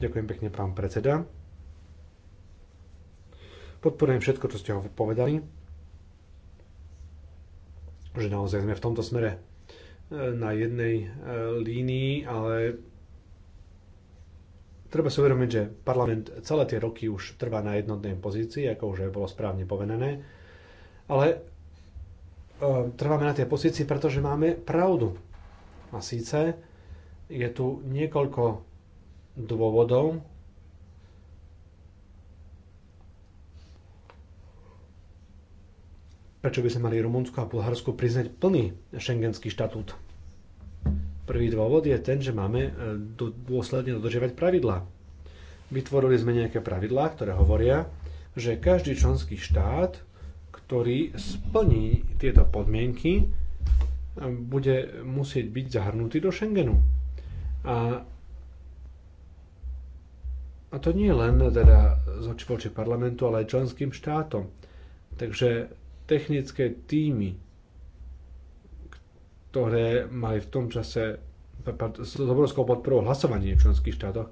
B: Ďakujem pekne, pán predseda. Podporujem všetko, čo ste ho povedali. Že naozaj sme v tomto smere eh, na jednej eh, línii, ale Treba si uvedomiť, že parlament celé tie roky už trvá na jednotnej pozícii, ako už aj bolo správne povedané, ale e, trváme na tej pozícii, pretože máme pravdu. A síce je tu niekoľko dôvodov, prečo by sme mali Rumunsko a Bulharsko priznať plný šengenský štatút. Prvý dôvod je ten, že máme e, dôsledne dodržiavať pravidlá. Vytvorili sme nejaké pravidlá, ktoré hovoria, že každý členský štát, ktorý splní tieto podmienky, e, bude musieť byť zahrnutý do Schengenu. A, a to nie len teda z oči parlamentu, ale aj členským štátom. Takže technické týmy ktoré mali v tom čase s obrovskou podporou hlasovanie v členských štátoch,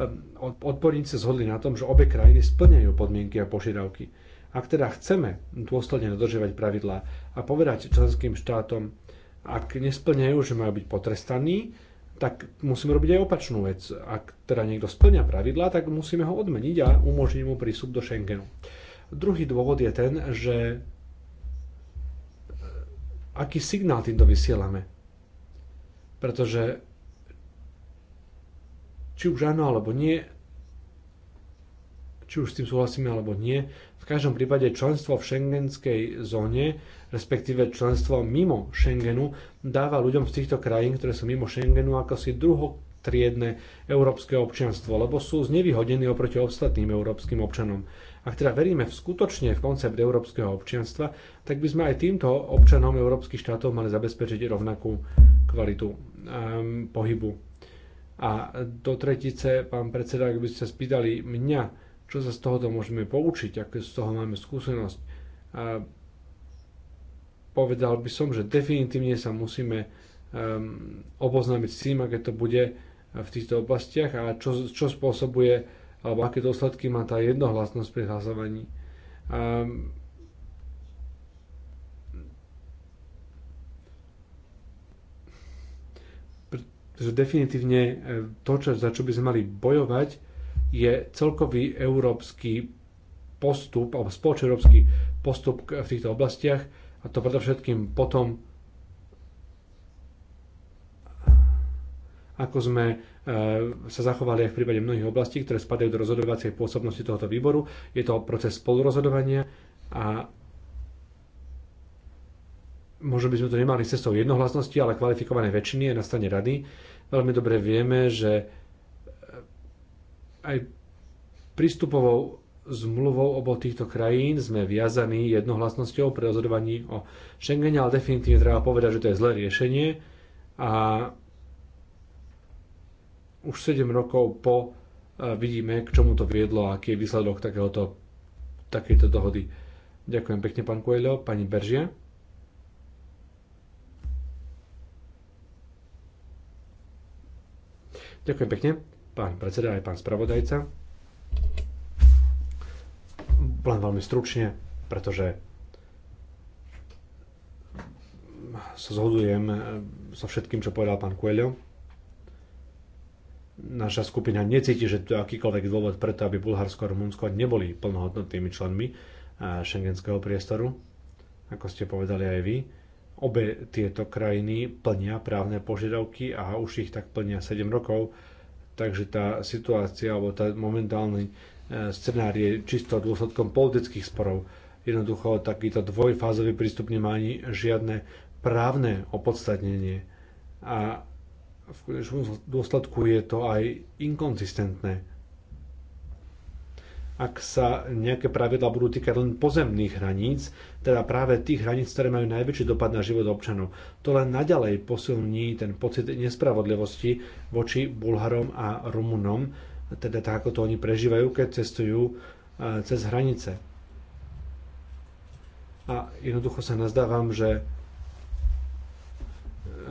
B: ehm, sa zhodli na tom, že obe krajiny splňajú podmienky a požiadavky. Ak teda chceme dôsledne dodržiavať pravidlá a povedať členským štátom, ak nesplňajú, že majú byť potrestaní, tak musíme robiť aj opačnú vec. Ak teda niekto splňa pravidlá, tak musíme ho odmeniť a umožniť mu prístup do Schengenu. Druhý dôvod je ten, že aký signál týmto vysielame. Pretože či už áno alebo nie, či už s tým súhlasíme alebo nie, v každom prípade členstvo v šengenskej zóne, respektíve členstvo mimo Schengenu, dáva ľuďom z týchto krajín, ktoré sú mimo Schengenu, ako si druho triedne európske občianstvo, lebo sú znevýhodnení oproti ostatným európskym občanom. Ak teda veríme v skutočne v koncept európskeho občianstva, tak by sme aj týmto občanom európskych štátov mali zabezpečiť rovnakú kvalitu um, pohybu. A do tretice, pán predseda, ak by ste spýtali mňa, čo sa z tohoto môžeme poučiť, aké z toho máme skúsenosť, a povedal by som, že definitívne sa musíme um, oboznámiť s tým, aké to bude v týchto oblastiach a čo, čo spôsobuje alebo aké dôsledky má tá jednohlasnosť pri hlasovaní. Um, pretože definitívne e, to, čo, za čo by sme mali bojovať, je celkový európsky postup, alebo spoločeurópsky postup v týchto oblastiach, a to predovšetkým potom, ako sme E, sa zachovali aj v prípade mnohých oblastí, ktoré spadajú do rozhodovacej pôsobnosti tohoto výboru. Je to proces spolurozhodovania a možno by sme to nemali cestou jednohlasnosti, ale kvalifikované väčšiny je na strane rady. Veľmi dobre vieme, že e, aj prístupovou zmluvou obo týchto krajín sme viazaní jednohlasnosťou pri rozhodovaní o Schengene, ale definitívne treba povedať, že to je zlé riešenie a už 7 rokov po e, vidíme, k čomu to viedlo a aký je výsledok takéhoto, takéto dohody. Ďakujem pekne, pán Coelho. Pani Beržia. Ďakujem pekne, pán predseda aj pán spravodajca. Len veľmi stručne, pretože sa zhodujem e, so všetkým, čo povedal pán Coelho naša skupina necíti, že to je akýkoľvek dôvod preto, aby Bulharsko a Rumunsko neboli plnohodnotnými členmi eh, šengenského priestoru, ako ste povedali aj vy. Obe tieto krajiny plnia právne požiadavky a už ich tak plnia 7 rokov, takže tá situácia alebo tá momentálny eh, scenár je čisto dôsledkom politických sporov. Jednoducho takýto dvojfázový prístup nemá ani žiadne právne opodstatnenie. A v konečnom dôsledku je to aj inkonzistentné. Ak sa nejaké pravidla budú týkať len pozemných hraníc, teda práve tých hraníc, ktoré majú najväčší dopad na život občanov, to len naďalej posilní ten pocit nespravodlivosti voči Bulharom a Rumunom, teda tak, ako to oni prežívajú, keď cestujú e, cez hranice. A jednoducho sa nazdávam, že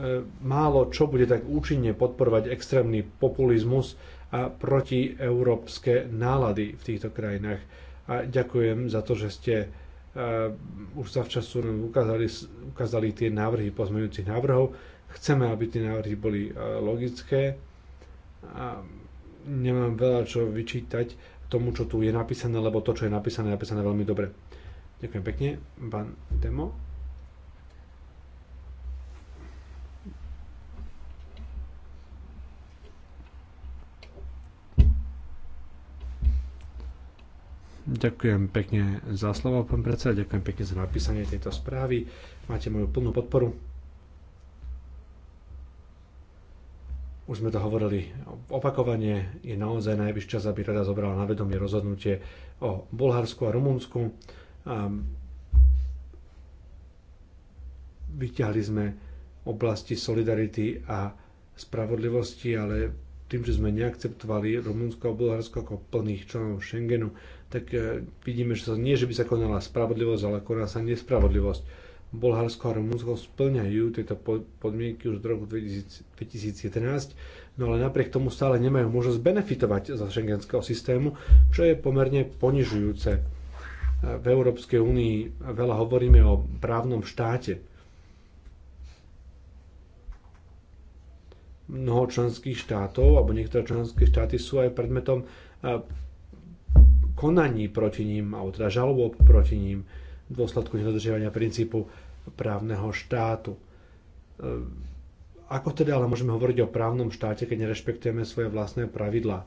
B: E, málo čo bude tak účinne podporovať extrémny populizmus a protieurópske nálady v týchto krajinách. A ďakujem za to, že ste uh, už sa včas ukázali, ukázali tie návrhy pozmeňujúcich návrhov. Chceme, aby tie návrhy boli uh, logické. A nemám veľa čo vyčítať tomu, čo tu je napísané, lebo to, čo je napísané, je napísané veľmi dobre. Ďakujem pekne, pán Demo. Ďakujem pekne za slovo, pán predseda, ďakujem pekne za napísanie tejto správy. Máte moju plnú podporu. Už sme to hovorili, opakovane, je naozaj najvyšší čas, aby rada zobrala na vedomie rozhodnutie o Bulharsku a Rumunsku. Ehm, vyťahli sme oblasti solidarity a spravodlivosti, ale tým, že sme neakceptovali Rumunsko a Bulharsko ako plných členov Schengenu, tak e, vidíme, že sa nie, že by sa konala spravodlivosť, ale koná sa nespravodlivosť. Bulharsko a Rumunsko splňajú tieto podmienky už od roku 2011, no ale napriek tomu stále nemajú možnosť benefitovať zo šengenského systému, čo je pomerne ponižujúce. E, v Európskej únii veľa hovoríme o právnom štáte, mnoho členských štátov, alebo niektoré členské štáty sú aj predmetom e, konaní proti ním, alebo teda žalobou proti ním v dôsledku nedodržiavania princípu právneho štátu. E, ako teda ale môžeme hovoriť o právnom štáte, keď nerešpektujeme svoje vlastné pravidlá?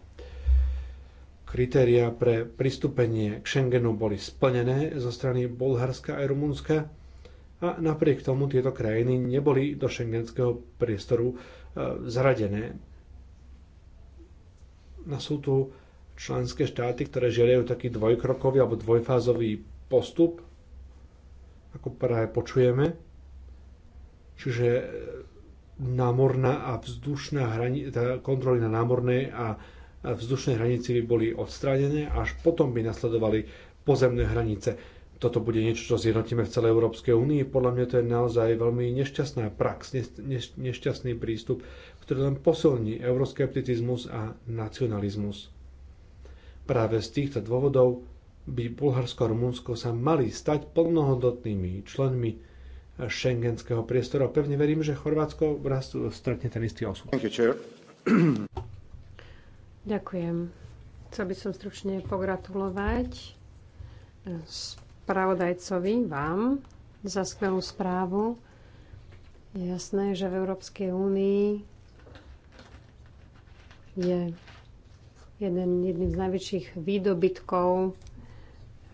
B: Kritéria pre pristúpenie k Schengenu boli splnené zo strany Bulharska a Rumunska a napriek tomu tieto krajiny neboli do šengenského priestoru E, zradené. No sú tu členské štáty, ktoré žiadajú taký dvojkrokový alebo dvojfázový postup, ako práve počujeme. Čiže e, námorná a vzdušná hrani- teda kontroly na námornej a vzdušnej hranici by boli odstránené, až potom by nasledovali pozemné hranice toto bude niečo, čo zjednotíme v celej Európskej únii. Podľa mňa to je naozaj veľmi nešťastná prax, nešťastný prístup, ktorý len posilní euroskepticizmus a nacionalizmus. Práve z týchto dôvodov by Bulharsko a Rumunsko sa mali stať plnohodnotnými členmi šengenského priestoru. Pevne verím, že Chorvátsko raz stretne ten istý osud.
C: Ďakujem. Chcel by som stručne pogratulovať spravodajcovi, vám, za skvelú správu. Je jasné, že v Európskej únii je jeden, jedným z najväčších výdobytkov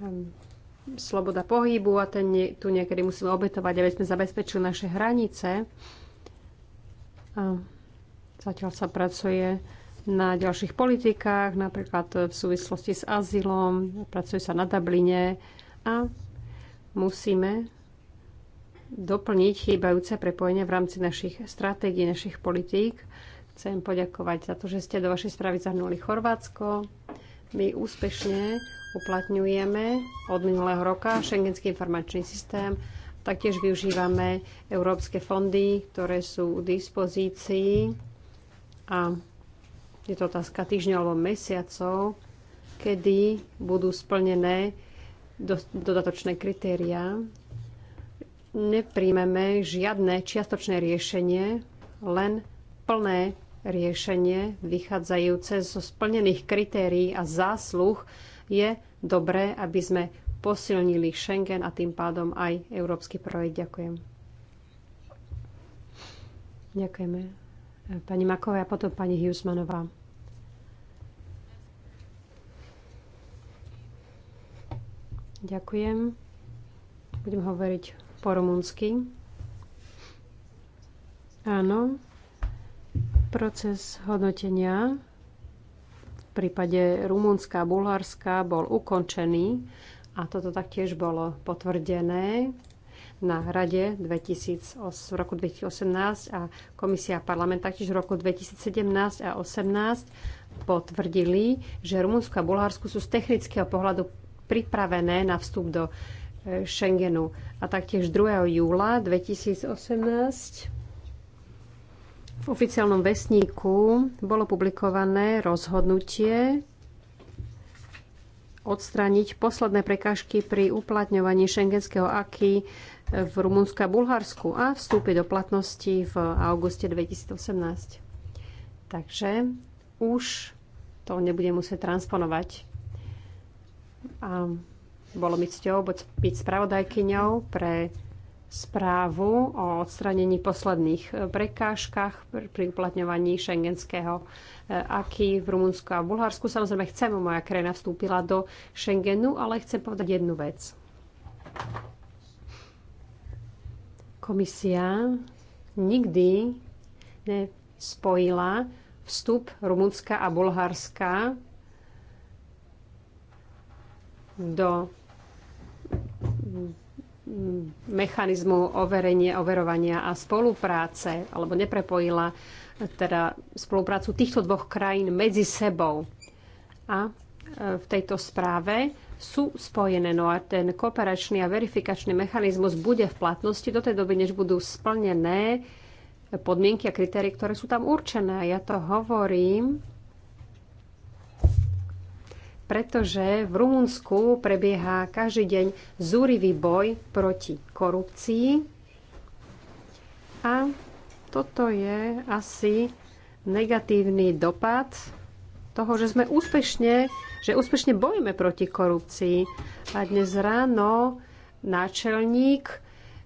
C: ehm, sloboda pohybu a ten nie, tu niekedy musíme obetovať, aby sme zabezpečili naše hranice. A zatiaľ sa pracuje na ďalších politikách, napríklad v súvislosti s azylom, pracuje sa na Dubline, a musíme doplniť chýbajúce prepojenia v rámci našich stratégií, našich politík. Chcem poďakovať za to, že ste do vašej správy zahrnuli Chorvátsko. My úspešne uplatňujeme od minulého roka šengenský informačný systém. Taktiež využívame európske fondy, ktoré sú k dispozícii. A je to otázka týždňa alebo mesiacov, kedy budú splnené dodatočné kritériá. Nepríjmeme žiadne čiastočné riešenie, len plné riešenie vychádzajúce zo splnených kritérií a zásluh je dobré, aby sme posilnili Schengen a tým pádom aj európsky projekt. Ďakujem. Ďakujeme. Eh, pani Maková a potom pani Hiusmanová. Ďakujem. Budem hovoriť po rumúnsky. Áno. Proces hodnotenia v prípade Rumúnska a Bulharska bol ukončený a toto taktiež bolo potvrdené na Rade 2008, v roku 2018 a Komisia a parlament taktiež v roku 2017 a 2018 potvrdili, že Rumunsko a Bulharsko sú z technického pohľadu pripravené na vstup do e, Schengenu. A taktiež 2. júla 2018 v oficiálnom vesníku bolo publikované rozhodnutie odstrániť posledné prekážky pri uplatňovaní šengenského aky v Rumunsku a Bulharsku a vstúpiť do platnosti v auguste 2018. Takže už to nebude musieť transponovať. A bolo mi cťou byť spravodajkyňou pre správu o odstranení posledných e, prekážkach pri uplatňovaní šengenského e, aký v Rumunsku a Bulharsku. Samozrejme, chcem, moja krajina vstúpila do Schengenu, ale chcem povedať jednu vec. Komisia nikdy nespojila vstup Rumunska a Bulharska do mechanizmu overenie, overovania a spolupráce, alebo neprepojila teda spoluprácu týchto dvoch krajín medzi sebou. A e, v tejto správe sú spojené. No a ten kooperačný a verifikačný mechanizmus bude v platnosti do tej doby, než budú splnené podmienky a kritérie, ktoré sú tam určené. Ja to hovorím pretože v Rumunsku prebieha každý deň zúrivý boj proti korupcii. A toto je asi negatívny dopad toho, že sme úspešne, že úspešne bojíme proti korupcii. A dnes ráno náčelník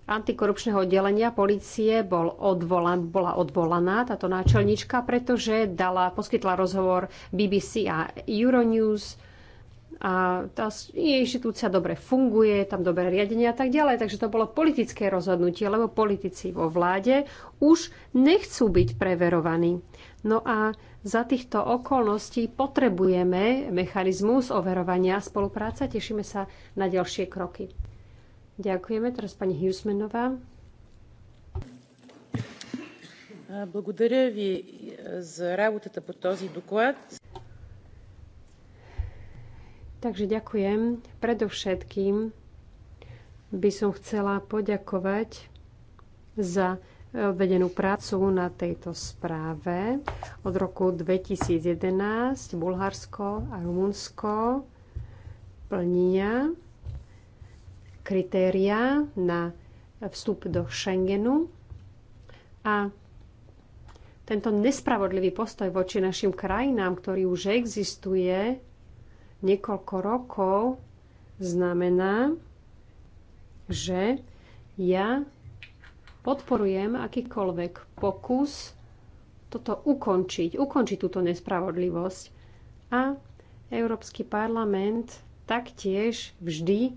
C: antikorupčného oddelenia policie bol odvolan, bola odvolaná táto náčelníčka, pretože dala, poskytla rozhovor BBC a Euronews a tá inštitúcia dobre funguje, tam dobré riadenie a tak ďalej. Takže to bolo politické rozhodnutie, lebo politici vo vláde už nechcú byť preverovaní. No a za týchto okolností potrebujeme mechanizmus overovania a spolupráca. Tešíme sa na ďalšie kroky. Ďakujeme. Teraz pani Hiusmenová. Благодаря ви за работата по този доклад. Takže ďakujem. Predovšetkým by som chcela poďakovať za e, vedenú prácu na tejto správe. Od roku 2011 Bulharsko a Rumunsko plnia kritéria na vstup do Schengenu a tento nespravodlivý postoj voči našim krajinám, ktorý už existuje, niekoľko rokov znamená, že ja podporujem akýkoľvek pokus toto ukončiť, ukončiť túto nespravodlivosť. A Európsky parlament taktiež vždy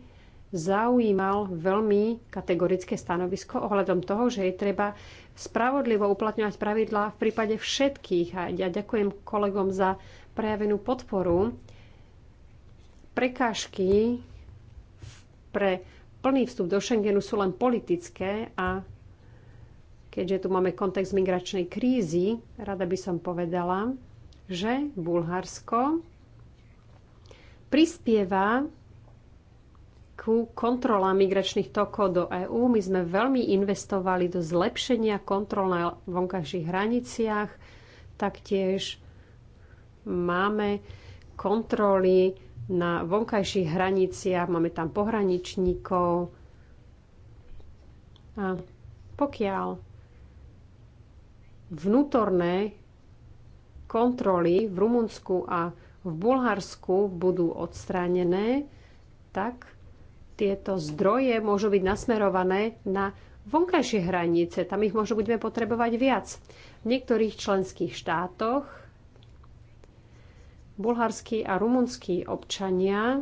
C: zaujímal veľmi kategorické stanovisko ohľadom toho, že je treba spravodlivo uplatňovať pravidlá v prípade všetkých. A ja ďakujem kolegom za prejavenú podporu prekážky pre plný vstup do Schengenu sú len politické a keďže tu máme kontext migračnej krízy, rada by som povedala, že Bulharsko prispieva ku kontrolám migračných tokov do EÚ. My sme veľmi investovali do zlepšenia kontrol na vonkajších hraniciach. Taktiež máme kontroly na vonkajších hraniciach, máme tam pohraničníkov. A pokiaľ vnútorné kontroly v Rumunsku a v Bulharsku budú odstránené, tak tieto zdroje môžu byť nasmerované na vonkajšie hranice. Tam ich možno budeme potrebovať viac. V niektorých členských štátoch Bulharskí a rumunskí občania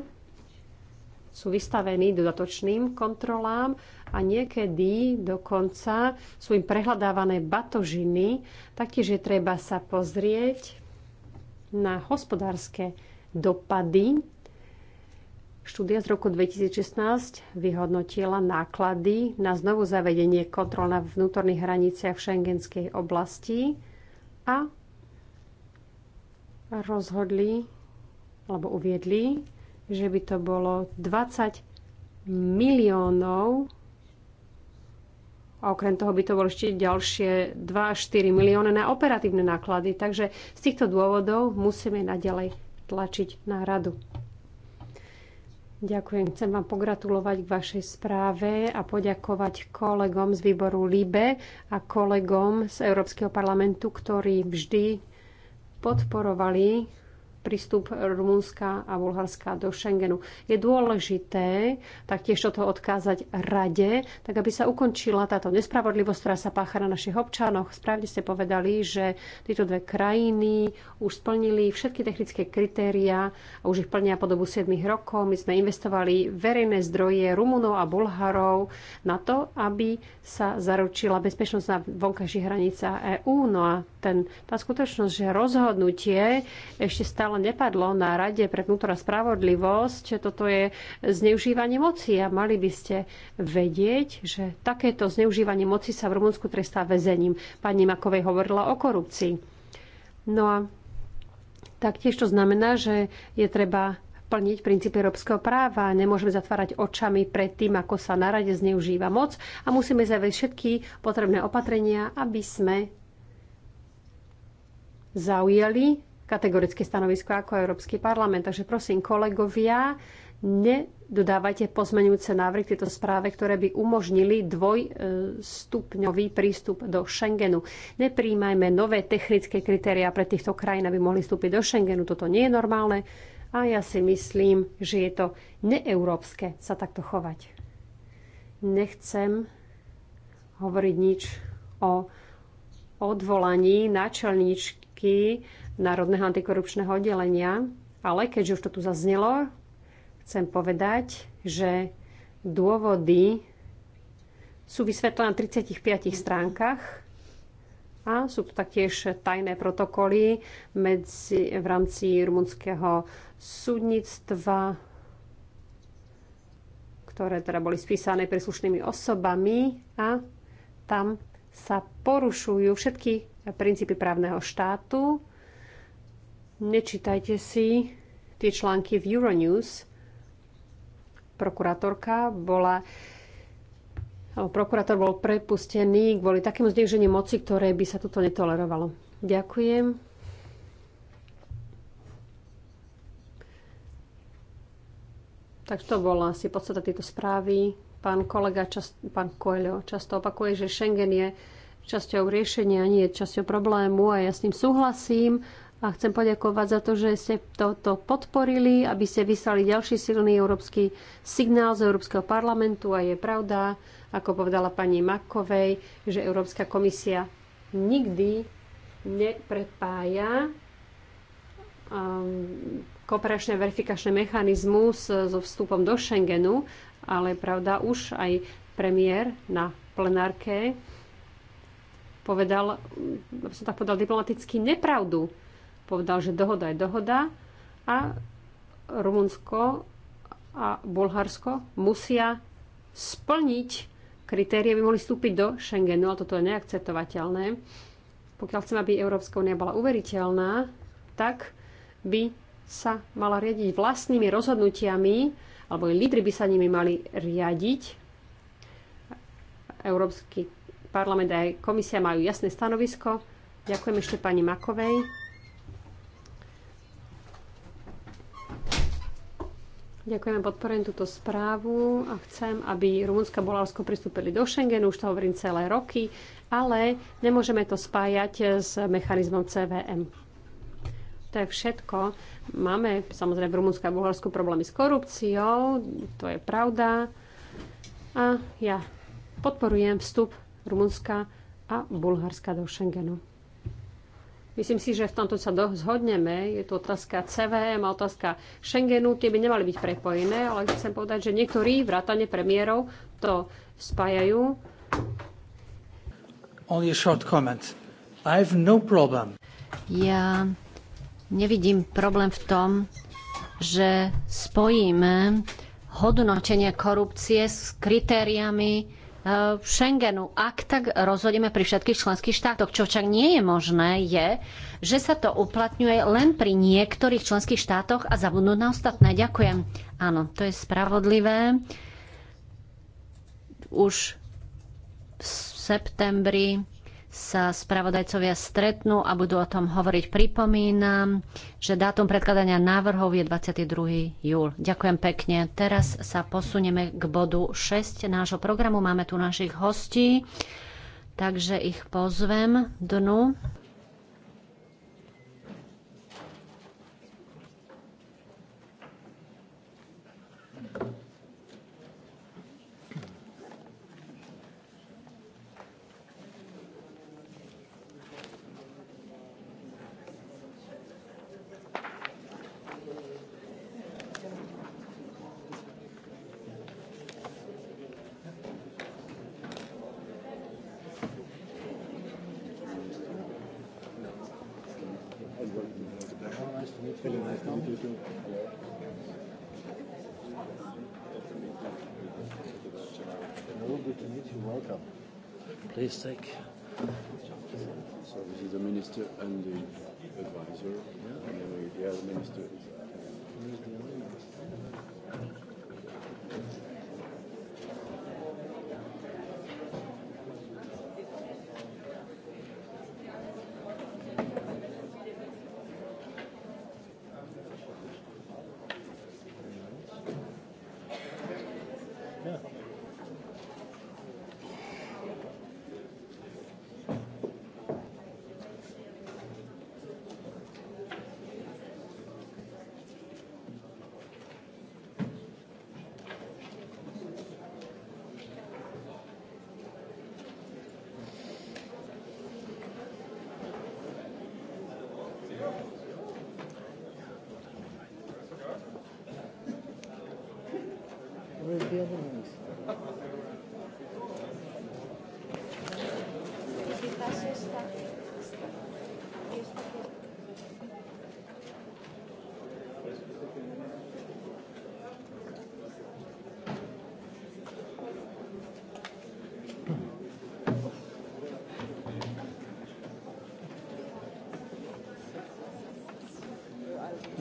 C: sú vystavení dodatočným kontrolám a niekedy dokonca sú im prehľadávané batožiny. Taktiež je treba sa pozrieť na hospodárske dopady. Štúdia z roku 2016 vyhodnotila náklady na znovu zavedenie kontrol na vnútorných hraniciach v šengenskej oblasti a rozhodli alebo uviedli, že by to bolo 20 miliónov a okrem toho by to bolo ešte ďalšie 2 až 4 milióny na operatívne náklady. Takže z týchto dôvodov musíme naďalej tlačiť na radu. Ďakujem. Chcem vám pogratulovať k vašej správe a poďakovať kolegom z výboru LIBE a kolegom z Európskeho parlamentu, ktorí vždy podporovali prístup Rumunska a Bulharska do Schengenu. Je dôležité taktiež toto odkázať rade, tak aby sa ukončila táto nespravodlivosť, ktorá sa pácha na našich občanoch. Správne ste povedali, že tieto dve krajiny už splnili všetky technické kritériá a už ich plnia po dobu 7 rokov. My sme investovali verejné zdroje Rumunov a Bulharov na to, aby sa zaručila bezpečnosť na vonkajších hranicách EÚ. No a ten, tá skutočnosť, že rozhodnutie ešte stále ale nepadlo na Rade pre vnútorná spravodlivosť, že toto je zneužívanie moci a mali by ste vedieť, že takéto zneužívanie moci sa v Rumunsku trestá väzením. Pani Makovej hovorila o korupcii. No a taktiež to znamená, že je treba plniť princípy európskeho práva. Nemôžeme zatvárať očami pred tým, ako sa na rade zneužíva moc a musíme zaviesť všetky potrebné opatrenia, aby sme zaujali kategorické stanovisko ako Európsky parlament. Takže prosím, kolegovia, nedodávajte pozmenujúce návrhy k tejto správe, ktoré by umožnili dvojstupňový prístup do Schengenu. Nepríjmajme nové technické kritériá pre týchto krajín, aby mohli vstúpiť do Schengenu. Toto nie je normálne a ja si myslím, že je to neeurópske sa takto chovať. Nechcem hovoriť nič o odvolaní náčelníčky Národného antikorupčného oddelenia, ale keďže už to tu zaznelo, chcem povedať, že dôvody sú vysvetlené na 35 stránkach a sú tu taktiež tajné protokoly medzi, v rámci rumunského súdnictva, ktoré teda boli spísané príslušnými osobami a tam sa porušujú všetky princípy právneho štátu Nečítajte si tie články v Euronews. Prokurátorka bola prokurátor bol prepustený kvôli takému zdieženiu moci, ktoré by sa toto netolerovalo. Ďakujem. Tak to bola asi podstata tejto správy. Pán kolega, čas, pán Koelho, často opakuje, že Schengen je časťou riešenia, nie je časťou problému a ja s ním súhlasím, a chcem poďakovať za to, že ste toto podporili, aby ste vyslali ďalší silný európsky signál z Európskeho parlamentu a je pravda, ako povedala pani Makovej, že Európska komisia nikdy neprepája um, kooperačný a verifikačný mechanizmus so vstupom do Schengenu, ale pravda už aj premiér na plenárke povedal, som tak povedal diplomaticky, nepravdu povedal, že dohoda je dohoda a Rumunsko a Bulharsko musia splniť kritérie, by mohli vstúpiť do Schengenu, ale toto je neakceptovateľné. Pokiaľ chcem, aby Európska únia bola uveriteľná, tak by sa mala riadiť vlastnými rozhodnutiami, alebo lídry by sa nimi mali riadiť. Európsky parlament a aj komisia majú jasné stanovisko. Ďakujem ešte pani Makovej. Ďakujem, podporujem túto správu a chcem, aby Rumunsko a Bulharsko pristúpili do Schengenu, už to hovorím celé roky, ale nemôžeme to spájať s mechanizmom CVM. To je všetko. Máme samozrejme v Rumunsku a Bulharsku problémy s korupciou, to je pravda. A ja podporujem vstup Rumunska a Bulharska do Schengenu. Myslím si, že v tomto sa zhodneme. Je to otázka CVM a otázka Schengenu. Tie by nemali byť prepojené, ale chcem povedať, že niektorí vrátane premiérov to
D: spájajú.
A: Only a short comment. I have no problem.
D: Ja nevidím problém v tom, že spojíme hodnotenie korupcie s kritériami v e, Schengenu, ak tak rozhodneme pri všetkých členských štátoch. Čo však nie je možné, je, že sa to uplatňuje len pri niektorých členských štátoch a zabudnú na ostatné. Ďakujem. Áno, to je spravodlivé. Už v septembri sa spravodajcovia stretnú a budú o tom hovoriť. Pripomínam, že dátum predkladania návrhov je 22. júl. Ďakujem pekne. Teraz sa posunieme k bodu 6 nášho programu. Máme tu našich hostí, takže ich pozvem dnu. mistake.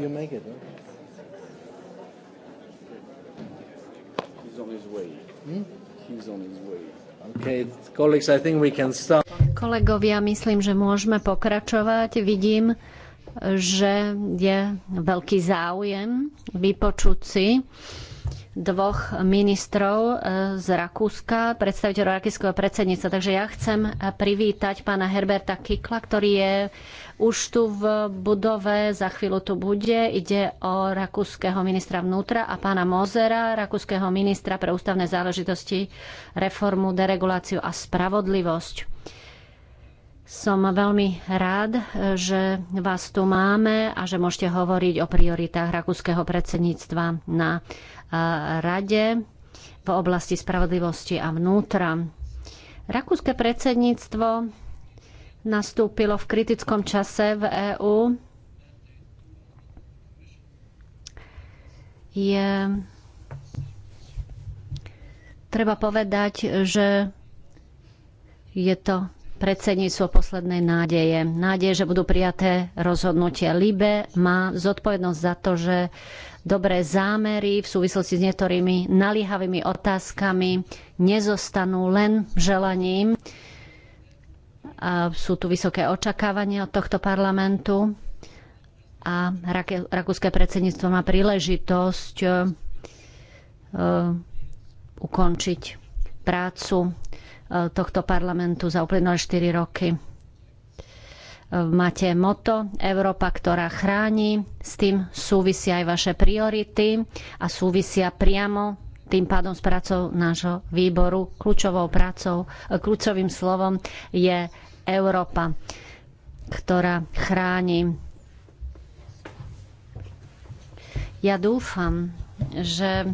D: you make it? Huh?
A: He's on his way. Hmm? He's on his way. Okay, colleagues, I think we can stop.
D: Kolegovia, myslím, že môžeme pokračovať. Vidím, že je veľký záujem vypočuť si dvoch ministrov eh, z Rakúska, predstaviteľov rakúskeho predsedníctva. Takže ja chcem eh, privítať pána Herberta Kikla, ktorý je už tu v budove, za chvíľu tu bude. Ide o rakúskeho ministra vnútra a pána Mozera, rakúskeho ministra pre ústavné záležitosti, reformu, dereguláciu a spravodlivosť. Som veľmi rád, že vás tu máme a že môžete hovoriť o prioritách rakúskeho predsedníctva na eh, rade v oblasti spravodlivosti a vnútra. Rakúske predsedníctvo nastúpilo v kritickom čase v EÚ. Je treba povedať, že je to predsedníctvo poslednej nádeje. Nádej, že budú prijaté rozhodnutie. Libe má zodpovednosť za to, že dobré zámery v súvislosti s niektorými nalíhavými otázkami nezostanú len želaním. A sú tu vysoké očakávania od tohto parlamentu a rakúske predsedníctvo má príležitosť e, ukončiť prácu Eh, tohto parlamentu za uplynulé 4 roky. Eh, máte moto Európa, ktorá chráni, s tým súvisia aj vaše priority a súvisia priamo tým pádom s prácou nášho výboru. Kľúčovou prácou, eh, kľúčovým slovom je Európa, ktorá chráni. Ja dúfam, že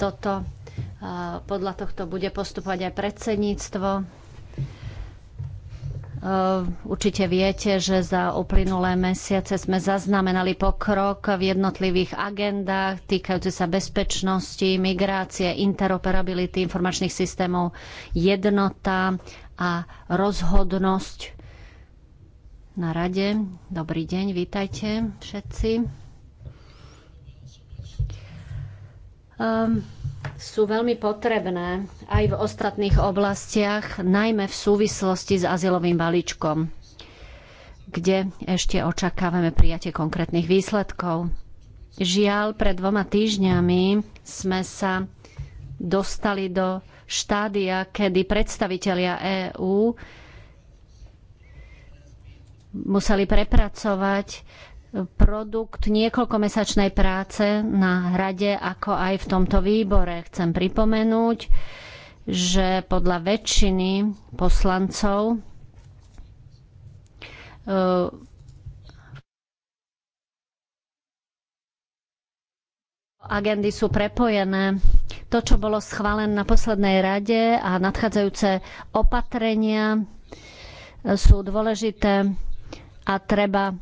D: toto podľa tohto bude postupovať aj predsedníctvo. E, určite viete, že za uplynulé mesiace sme zaznamenali pokrok v jednotlivých agendách týkajúce sa bezpečnosti, migrácie, interoperability informačných systémov, jednota a rozhodnosť na rade. Dobrý deň, vítajte všetci. Um, sú veľmi potrebné aj v ostatných oblastiach, najmä v súvislosti s azylovým balíčkom, kde ešte očakávame prijatie konkrétnych výsledkov. Žiaľ, pred dvoma týždňami sme sa dostali do štádia, kedy predstavitelia EÚ museli prepracovať produkt niekoľkomesačnej práce na rade, ako aj v tomto výbore. Chcem pripomenúť, že podľa väčšiny poslancov e, agendy sú prepojené. To, čo bolo schválené na poslednej rade a nadchádzajúce opatrenia e, sú dôležité a treba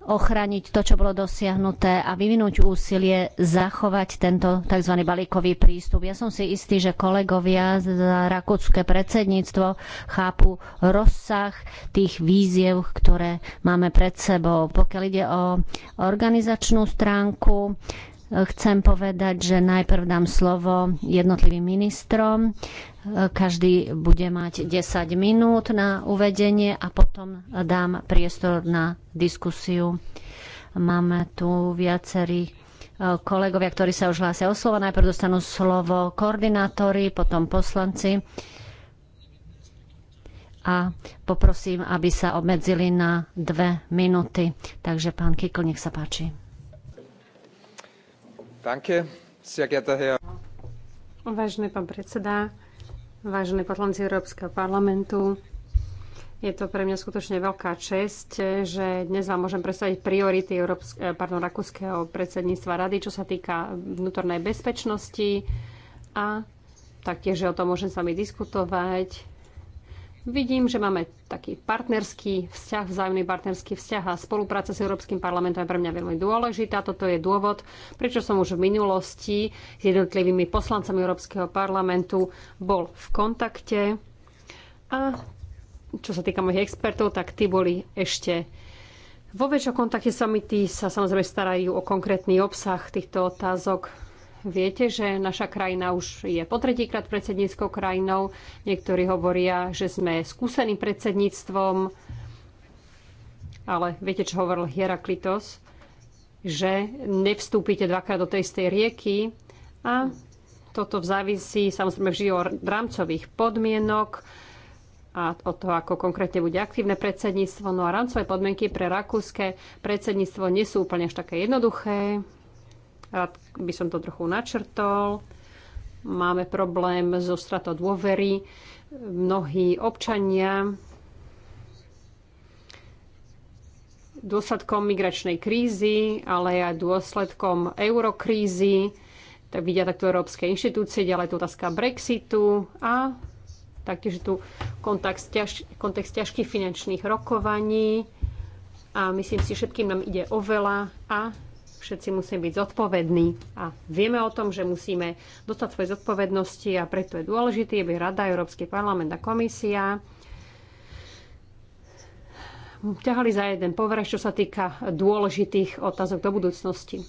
D: ochraniť to, čo bolo dosiahnuté a vyvinúť úsilie zachovať tento tzv. balíkový prístup. Ja som si istý, že kolegovia za rakúske predsedníctvo chápu rozsah tých víziev, ktoré máme pred sebou. Pokiaľ ide o organizačnú stránku, Chcem povedať, že najprv dám slovo jednotlivým ministrom. Každý bude mať 10 minút na uvedenie a potom dám priestor na diskusiu. Máme tu viacerí e, kolegovia, ktorí sa už hlásia o slovo. Najprv dostanú slovo koordinátori, potom poslanci. A poprosím, aby sa obmedzili na dve minúty. Takže pán Kikl, nech sa páči.
A: Danke, sehr geehrter Herr.
D: Vážený pán predseda,
C: vážení poslanci Európskeho parlamentu, je to pre mňa skutočne veľká čest, že dnes vám môžem predstaviť priority Európske, eh, pardon, rakúskeho predsedníctva rady, čo sa týka vnútornej bezpečnosti a taktiež, že o tom môžem s vami diskutovať Vidím, že máme taký partnerský vzťah, vzájomný partnerský vzťah a spolupráca s Európskym parlamentom je pre mňa veľmi dôležitá. Toto je dôvod, prečo som už v minulosti s jednotlivými poslancami Európskeho parlamentu bol v kontakte. A čo sa týka mojich expertov, tak tí boli ešte vo väčšom kontakte s vami. Tí sa samozrejme starajú o konkrétny obsah týchto otázok Viete, že naša krajina už je po tretíkrát predsedníckou krajinou. Niektorí hovoria, že sme skúseným predsedníctvom. Ale viete, čo hovoril Heraklitos? Že nevstúpite dvakrát do tej istej rieky a toto závisí samozrejme vždy od rámcových podmienok a o to, ako konkrétne bude aktívne predsedníctvo. No a rámcové podmienky pre rakúske predsedníctvo nie sú úplne až také jednoduché by som to trochu načrtol. Máme problém so stratou dôvery. Mnohí občania dôsledkom migračnej krízy, ale aj dôsledkom eurokrízy, tak vidia takto európske inštitúcie, ďalej tu otázka Brexitu a taktiež tu kontext, ťaž, kontext ťažkých finančných rokovaní a myslím si, všetkým nám ide o veľa a všetci musíme byť zodpovední a vieme o tom, že musíme dostať svoje zodpovednosti a preto je dôležité, aby Rada, Európsky parlament a komisia ťahali za jeden povrch, čo sa týka dôležitých otázok do budúcnosti.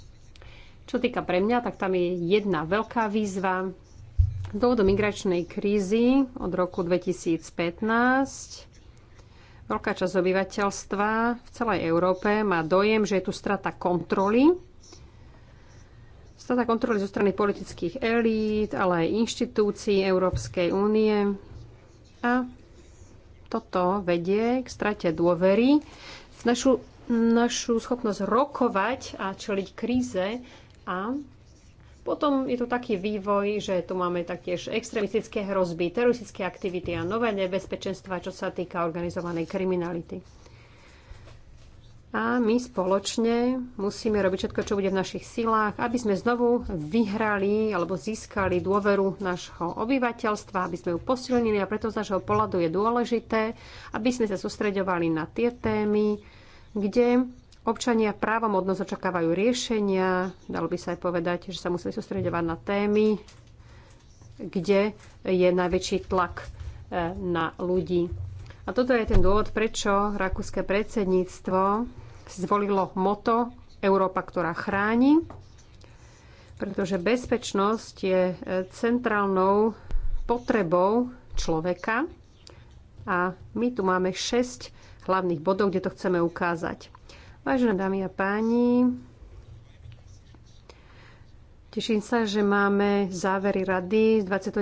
C: Čo týka pre mňa, tak tam je jedna veľká výzva. Z dôvodu migračnej krízy od roku 2015 Veľká časť obyvateľstva v celej Európe má dojem, že je tu strata kontroly. Strata kontroly zo strany politických elít, ale aj inštitúcií Európskej únie. A toto vedie k strate dôvery v našu, našu schopnosť rokovať a čeliť kríze a potom je to taký vývoj, že tu máme taktiež extremistické hrozby, teroristické aktivity a nové nebezpečenstva, čo sa týka organizovanej kriminality. A my spoločne musíme robiť všetko, čo bude v našich silách, aby sme znovu vyhrali alebo získali dôveru našho obyvateľstva, aby sme ju posilnili a preto z našho pohľadu je dôležité, aby sme sa sústreďovali na tie témy, kde Občania právom od nás očakávajú riešenia, dalo by sa aj povedať, že sa museli sústredovať na témy, kde je najväčší tlak e, na ľudí. A toto je ten dôvod, prečo rakúske predsedníctvo zvolilo moto Európa, ktorá chráni, pretože bezpečnosť je e, centrálnou potrebou človeka a my tu máme 6 hlavných bodov, kde to chceme ukázať. Vážené dámy a páni, teším sa, že máme závery rady z 29.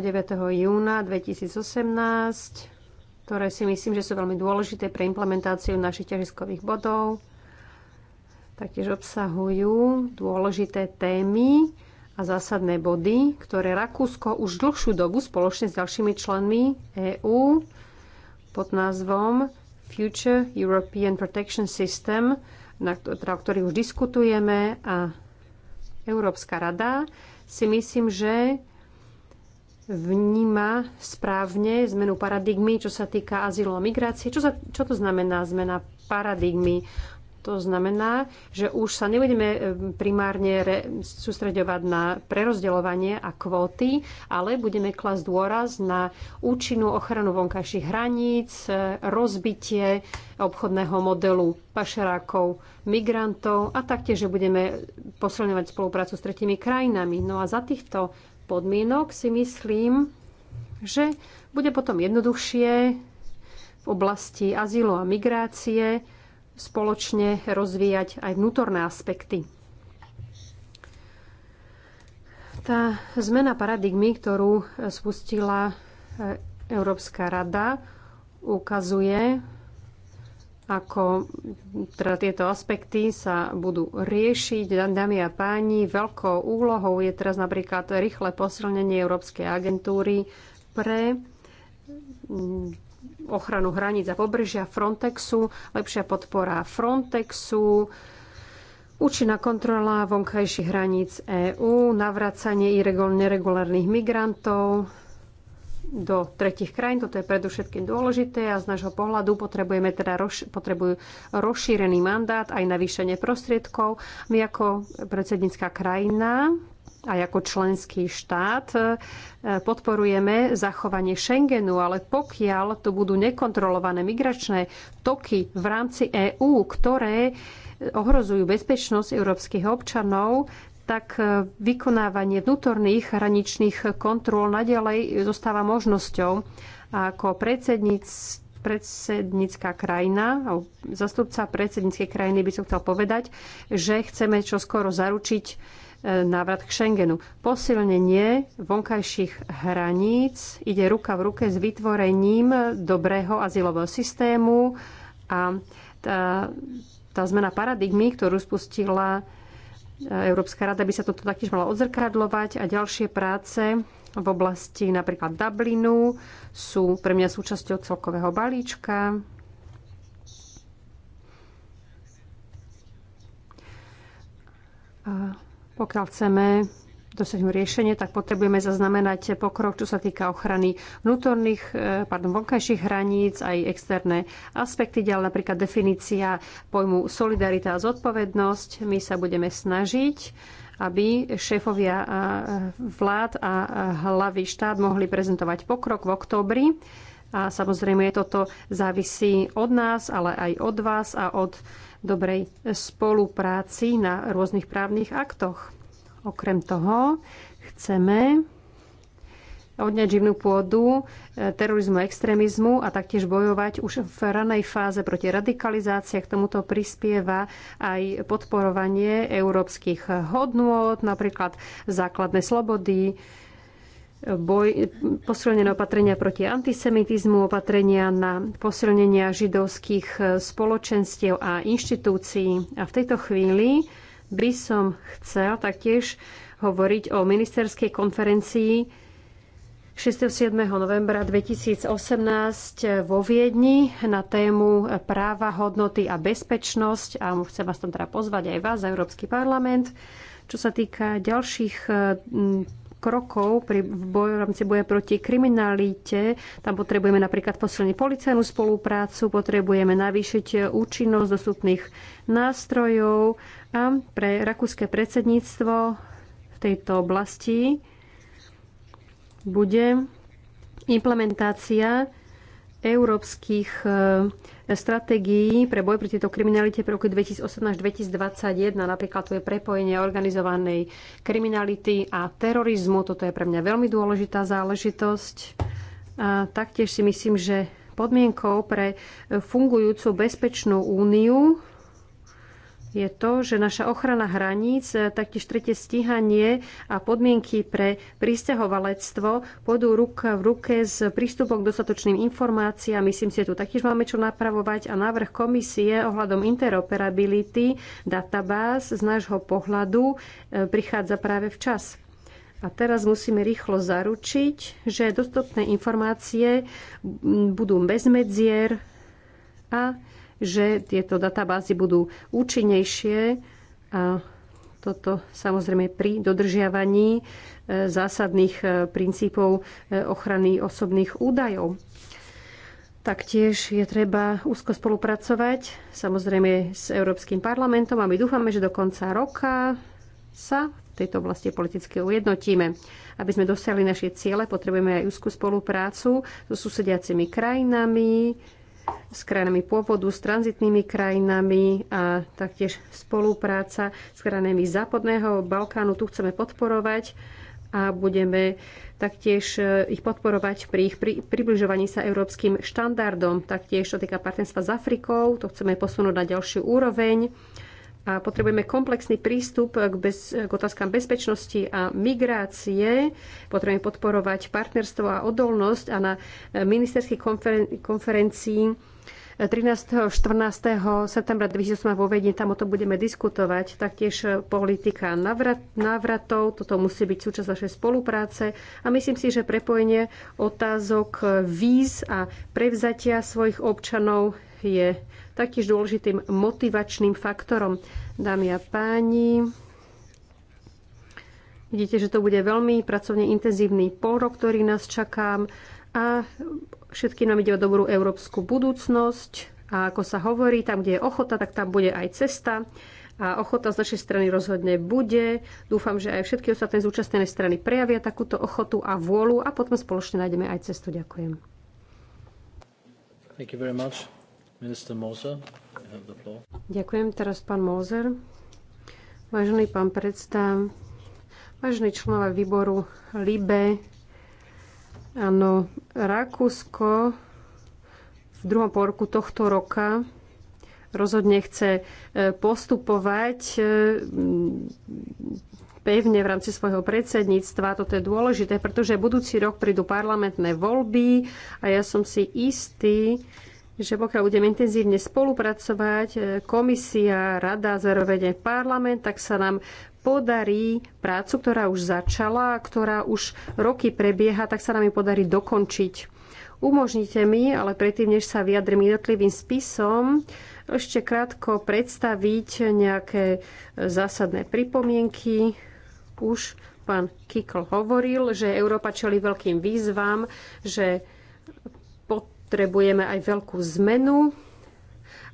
C: júna 2018, ktoré si myslím, že sú veľmi dôležité pre implementáciu našich ťažiskových bodov. Taktiež obsahujú dôležité témy a zásadné body, ktoré Rakúsko už dlhšiu dobu spoločne s ďalšími členmi EÚ pod názvom Future European Protection System na, teda, o ktorých už diskutujeme a Európska rada si myslím, že vníma správne zmenu paradigmy, čo sa týka azylu a migrácie. Čo, sa, čo to znamená zmena paradigmy? To znamená, že už sa nebudeme e, primárne re- sústreďovať na prerozdeľovanie a kvóty, ale budeme klasť dôraz na účinnú ochranu vonkajších hraníc, e, rozbitie obchodného modelu pašerákov, migrantov a taktiež, že budeme posilňovať spoluprácu s tretimi krajinami. No a za týchto podmienok si myslím, že bude potom jednoduchšie v oblasti azylu a migrácie spoločne rozvíjať aj vnútorné aspekty. Tá zmena paradigmy, ktorú e, spustila e, Európska rada, ukazuje, ako teda tieto aspekty sa budú riešiť. Dámy a páni, veľkou úlohou je teraz napríklad rýchle posilnenie Európskej agentúry pre ochranu hraníc a pobrežia Frontexu, lepšia podpora Frontexu, účinná kontrola vonkajších hraníc EÚ, navracanie neregulárnych migrantov do tretich krajín. Toto je predovšetkým dôležité a z nášho pohľadu potrebujeme teda roš- potrebujú rozšírený mandát aj vyšenie prostriedkov. My ako predsednícká krajina a ako členský štát e, podporujeme zachovanie Schengenu, ale pokiaľ tu budú nekontrolované migračné toky v rámci EÚ, ktoré e, ohrozujú bezpečnosť európskych občanov, tak e, vykonávanie vnútorných hraničných kontrol nadalej zostáva možnosťou. A ako predsedníc, predsednícká krajina, alebo zastupca predsedníckej krajiny by som chcel povedať, že chceme čoskoro zaručiť návrat k Schengenu. Posilnenie vonkajších hraníc ide ruka v ruke s vytvorením dobrého azylového systému a tá, tá zmena paradigmy, ktorú spustila e, Európska rada, by sa toto taktiež mala odzrkadlovať a ďalšie práce v oblasti napríklad Dublinu sú pre mňa súčasťou celkového balíčka. A pokiaľ chceme dosiahnuť riešenie, tak potrebujeme zaznamenať pokrok, čo sa týka ochrany vnútorných, eh, pardon, vonkajších hraníc, aj externé aspekty, ďalej napríklad definícia pojmu solidarita a zodpovednosť. My sa budeme snažiť aby šéfovia eh, vlád a eh, hlavy štát mohli prezentovať pokrok v októbri. A samozrejme toto závisí od nás, ale aj od vás a od dobrej spolupráci na rôznych právnych aktoch. Okrem toho chceme odňať živnú pôdu e, terorizmu, extrémizmu a taktiež bojovať už v ranej fáze proti radikalizácii. K tomuto prispieva aj podporovanie európskych hodnôt, napríklad základné slobody, boj, posilnené opatrenia proti antisemitizmu, opatrenia na posilnenia židovských eh, spoločenstiev a inštitúcií. A v tejto chvíli by som chcel taktiež hovoriť o ministerskej konferencii 6. 7. novembra 2018 eh, vo Viedni na tému práva, hodnoty a bezpečnosť. A chcem vás tam teda pozvať aj vás, Európsky parlament. Čo sa týka ďalších eh, krokov pri, v, boju v rámci boja proti kriminalite. Tam potrebujeme napríklad posilniť policajnú spoluprácu, potrebujeme navýšiť účinnosť dostupných nástrojov a pre rakúske predsedníctvo v tejto oblasti bude implementácia európskych stratégií pre boj proti tejto kriminalite pre roky 2018 až 2021. Napríklad tu je prepojenie organizovanej kriminality a terorizmu. Toto je pre mňa veľmi dôležitá záležitosť. A taktiež si myslím, že podmienkou pre fungujúcu bezpečnú úniu je to, že naša ochrana hraníc, e, taktiež tretie stíhanie a podmienky pre pristahovalectvo pôjdu ruka v ruke s prístupom k dostatočným informáciám. Myslím si, že tu taktiež máme čo napravovať a návrh komisie ohľadom interoperability databáz z nášho pohľadu e, prichádza práve včas. A teraz musíme rýchlo zaručiť, že dostupné informácie budú bez medzier a že tieto databázy budú účinnejšie a toto samozrejme pri dodržiavaní e, zásadných e, princípov e, ochrany osobných údajov. Taktiež je treba úzko spolupracovať samozrejme s Európskym parlamentom a my dúfame, že do konca roka sa v tejto oblasti politicky ujednotíme. Aby sme dosiahli naše ciele, potrebujeme aj úzkú spoluprácu so susediacimi krajinami, s krajinami pôvodu, s tranzitnými krajinami a taktiež spolupráca s krajinami Západného Balkánu. Tu chceme podporovať a budeme taktiež e, ich podporovať pri ich pri, približovaní sa európskym štandardom. Taktiež, čo týka partnerstva s Afrikou, to chceme posunúť na ďalšiu úroveň a potrebujeme komplexný prístup k, bez, k otázkam bezpečnosti a migrácie. Potrebujeme podporovať partnerstvo a odolnosť a na ministerskej konferen- konferencii 13. Eh, 14. septembra 2008 vo Vedni, tam o tom budeme diskutovať. Taktiež eh, politika navrat, návratov, toto musí byť súčasť našej spolupráce a myslím si, že prepojenie otázok eh, víz a prevzatia svojich občanov je taktiež dôležitým motivačným faktorom. Dámy a páni, vidíte, že to bude veľmi pracovne intenzívny polrok, ktorý nás čakám a všetkým nám ide o dobrú európsku budúcnosť a ako sa hovorí, tam, kde je ochota, tak tam bude aj cesta a ochota z našej strany rozhodne bude. Dúfam, že aj všetky ostatné zúčastnené strany prejavia takúto ochotu a vôľu a potom spoločne nájdeme aj cestu. Ďakujem.
A: Thank you very much.
C: Ďakujem teraz pán Moser. Vážený pán predstav, vážení členové výboru LIBE, áno, Rakúsko v druhom porku tohto roka rozhodne chce e, postupovať e, pevne v rámci svojho predsedníctva. Toto je dôležité, pretože budúci rok prídu parlamentné voľby a ja som si istý, že pokiaľ budeme intenzívne spolupracovať, e, komisia, rada, zároveň aj parlament, tak sa nám podarí prácu, ktorá už začala, ktorá už roky prebieha, tak sa nám ju podarí dokončiť. Umožnite mi, ale predtým, než sa vyjadrím jednotlivým spisom, ešte krátko predstaviť nejaké e, zásadné pripomienky. Už pán Kikl hovoril, že Európa čeli veľkým výzvam, že Potrebujeme aj veľkú zmenu,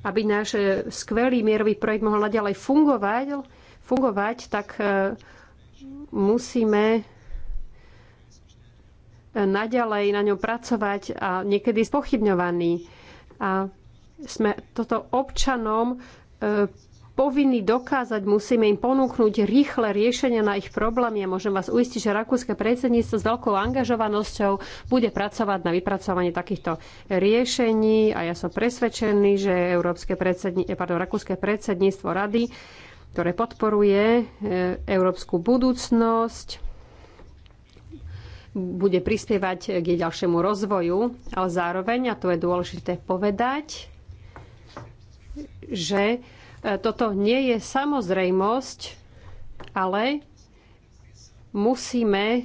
C: aby náš e, skvelý mierový projekt mohol naďalej fungovať, fungovať tak e, musíme e, naďalej na ňom pracovať a niekedy spochybňovaný. A sme toto občanom povinní dokázať, musíme im ponúknuť rýchle riešenia na ich problémy. a môžem vás uistiť, že rakúske predsedníctvo s veľkou angažovanosťou bude pracovať na vypracovanie takýchto riešení a ja som presvedčený, že Európske predsední, eh, pardon, rakúske predsedníctvo rady, ktoré podporuje eh, európsku budúcnosť, bude prispievať k jej ďalšiemu rozvoju, ale zároveň, a to je dôležité povedať, že E, toto nie je samozrejmosť, ale musíme e,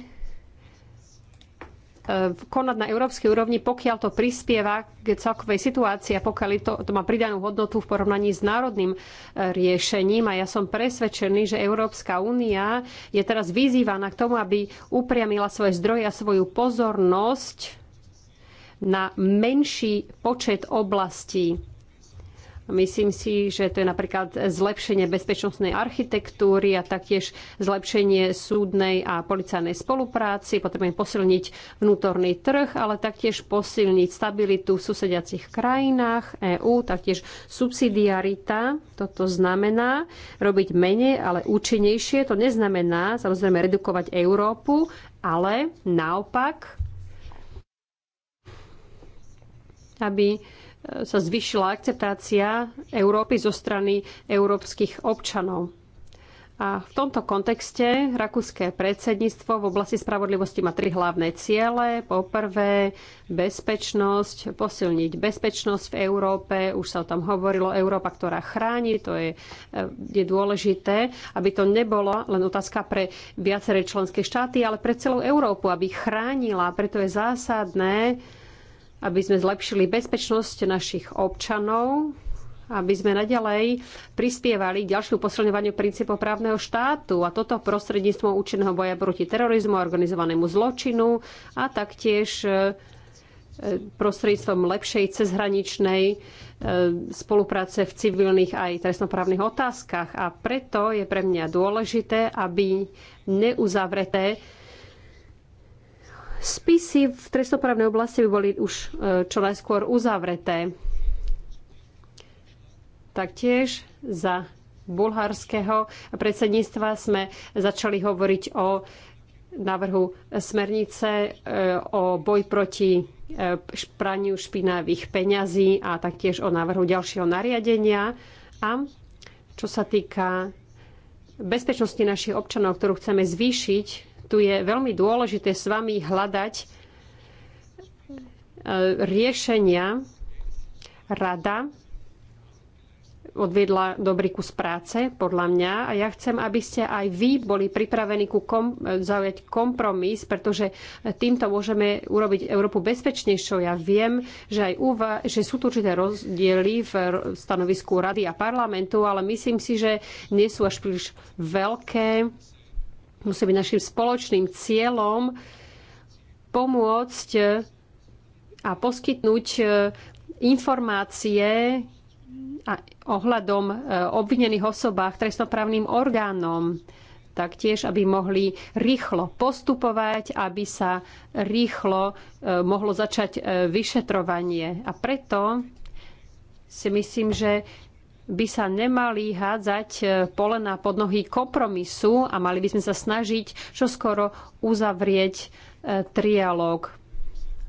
C: konať na európskej úrovni, pokiaľ to prispieva k celkovej situácii a pokiaľ to, to má pridanú hodnotu v porovnaní s národným e, riešením. A ja som presvedčený, že Európska únia je teraz vyzývaná k tomu, aby upriamila svoje zdroje a svoju pozornosť na menší počet oblastí Myslím si, že to je napríklad zlepšenie bezpečnostnej architektúry a taktiež zlepšenie súdnej a policajnej spolupráci. Potrebujeme posilniť vnútorný trh, ale taktiež posilniť stabilitu v susediacich krajinách EÚ, taktiež subsidiarita. Toto znamená robiť menej, ale účinnejšie. To neznamená samozrejme redukovať Európu, ale naopak aby sa zvyšila akceptácia Európy zo strany európskych občanov. A v tomto kontexte rakúske predsedníctvo v oblasti spravodlivosti má tri hlavné ciele. Po prvé, bezpečnosť, posilniť bezpečnosť v Európe. Už sa o tom hovorilo, Európa, ktorá chráni, to je, e, je dôležité, aby to nebola len otázka pre viaceré členské štáty, ale pre celú Európu, aby chránila. Preto je zásadné, aby sme zlepšili bezpečnosť našich občanov, aby sme naďalej prispievali k ďalšiu posilňovaniu princípov právneho štátu a toto prostredníctvom účinného boja proti terorizmu a organizovanému zločinu a taktiež e, prostredníctvom lepšej cezhraničnej e, spolupráce v civilných aj trestnoprávnych otázkach. A preto je pre mňa dôležité, aby neuzavreté Spisy v trestnoprávnej oblasti by boli už e, čo najskôr uzavreté. Taktiež za bulharského predsedníctva sme začali hovoriť o návrhu smernice e, o boj proti e, praniu špinavých peňazí a taktiež o návrhu ďalšieho nariadenia. A čo sa týka bezpečnosti našich občanov, ktorú chceme zvýšiť, tu je veľmi dôležité s vami hľadať e, riešenia. Rada odviedla dobrý kus práce, podľa mňa. A ja chcem, aby ste aj vy boli pripravení ku kom- e, zaujať kompromis, pretože týmto môžeme urobiť Európu bezpečnejšou. Ja viem, že aj uva- že sú tu určité rozdiely v stanovisku Rady a parlamentu, ale myslím si, že nie sú až príliš veľké musí byť našim spoločným cieľom pomôcť a poskytnúť e, informácie a ohľadom e, obvinených osobách trestnoprávnym orgánom taktiež, aby mohli rýchlo postupovať, aby sa rýchlo e, mohlo začať vyšetrovanie. A preto si myslím, že by sa nemali hádzať e, polena pod nohy kompromisu a mali by sme sa snažiť čoskoro uzavrieť e, trialóg,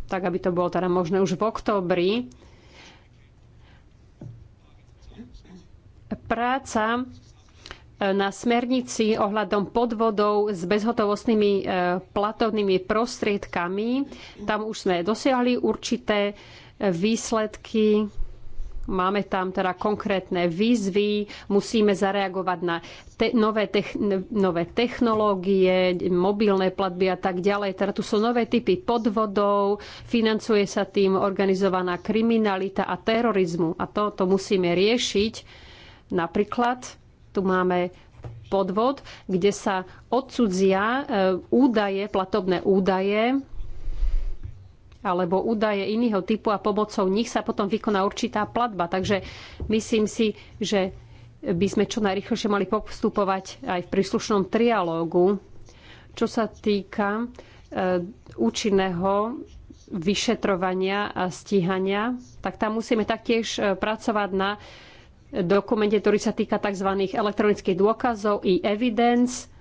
C: tak aby to bolo teda možné už v októbri. Práca e, na smernici ohľadom podvodov s bezhotovostnými platovnými prostriedkami. Tam už sme dosiahli určité výsledky. Máme tam teda konkrétne výzvy, musíme zareagovať na te- nové, te- nové technológie, mobilné platby a tak ďalej. Teda tu sú nové typy podvodov, financuje sa tým organizovaná kriminalita a terorizmu. A to, to musíme riešiť. Napríklad tu máme podvod, kde sa odsudzia e, údaje, platobné údaje alebo údaje iného typu a pomocou nich sa potom vykoná určitá platba. Takže myslím si, že by sme čo najrychlejšie mali postupovať aj v príslušnom trialógu. Čo sa týka e, účinného vyšetrovania a stíhania, tak tam musíme taktiež e, pracovať na dokumente, ktorý sa týka tzv. elektronických dôkazov i e evidence.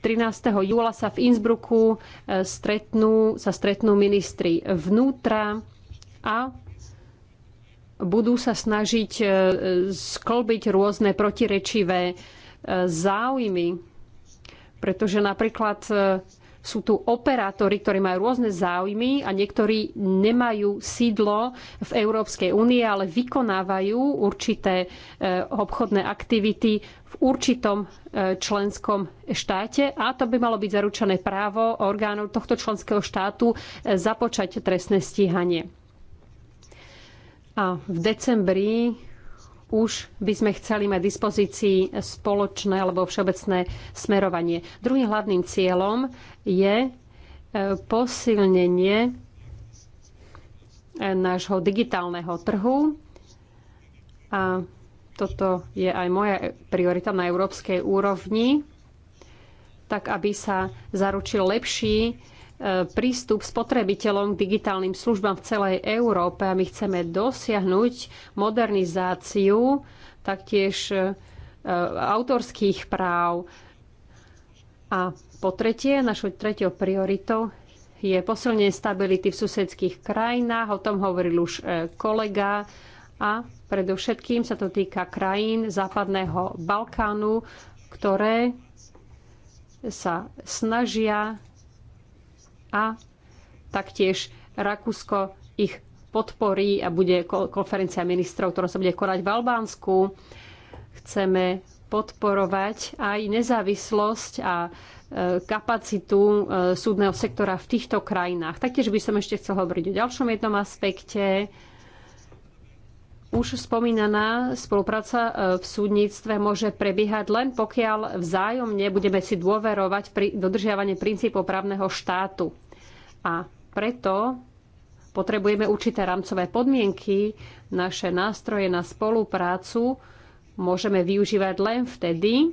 C: 13. júla sa v Innsbrucku e, stretnú, sa stretnú ministri vnútra a budú sa snažiť e, sklbiť rôzne protirečivé e, záujmy. Pretože napríklad sú tu operátori, ktorí majú rôzne záujmy a niektorí nemajú sídlo v Európskej únie, ale vykonávajú určité e, obchodné aktivity v určitom e, členskom štáte a to by malo byť zaručené právo orgánov tohto členského štátu e, započať trestné stíhanie. A v decembri už by sme chceli mať dispozícii spoločné alebo všeobecné smerovanie. Druhým hlavným cieľom je e, posilnenie e, nášho digitálneho trhu a toto je aj moja priorita na európskej úrovni, tak aby sa zaručil lepší prístup spotrebiteľom k digitálnym službám v celej Európe a my chceme dosiahnuť modernizáciu taktiež e, autorských práv. A po tretie, našou tretiou prioritou je posilnenie stability v susedských krajinách, o tom hovoril už e, kolega a predovšetkým sa to týka krajín západného Balkánu, ktoré sa snažia a taktiež Rakúsko ich podporí a bude konferencia ministrov, ktorá sa bude konať v Albánsku. Chceme podporovať aj nezávislosť a e, kapacitu e, súdneho sektora v týchto krajinách. Taktiež by som ešte chcel hovoriť o ďalšom jednom aspekte. Už spomínaná spolupráca e, v súdnictve môže prebiehať len pokiaľ vzájomne budeme si dôverovať pri dodržiavaní princípov právneho štátu. A preto potrebujeme určité rámcové podmienky, naše nástroje na spoluprácu môžeme využívať len vtedy,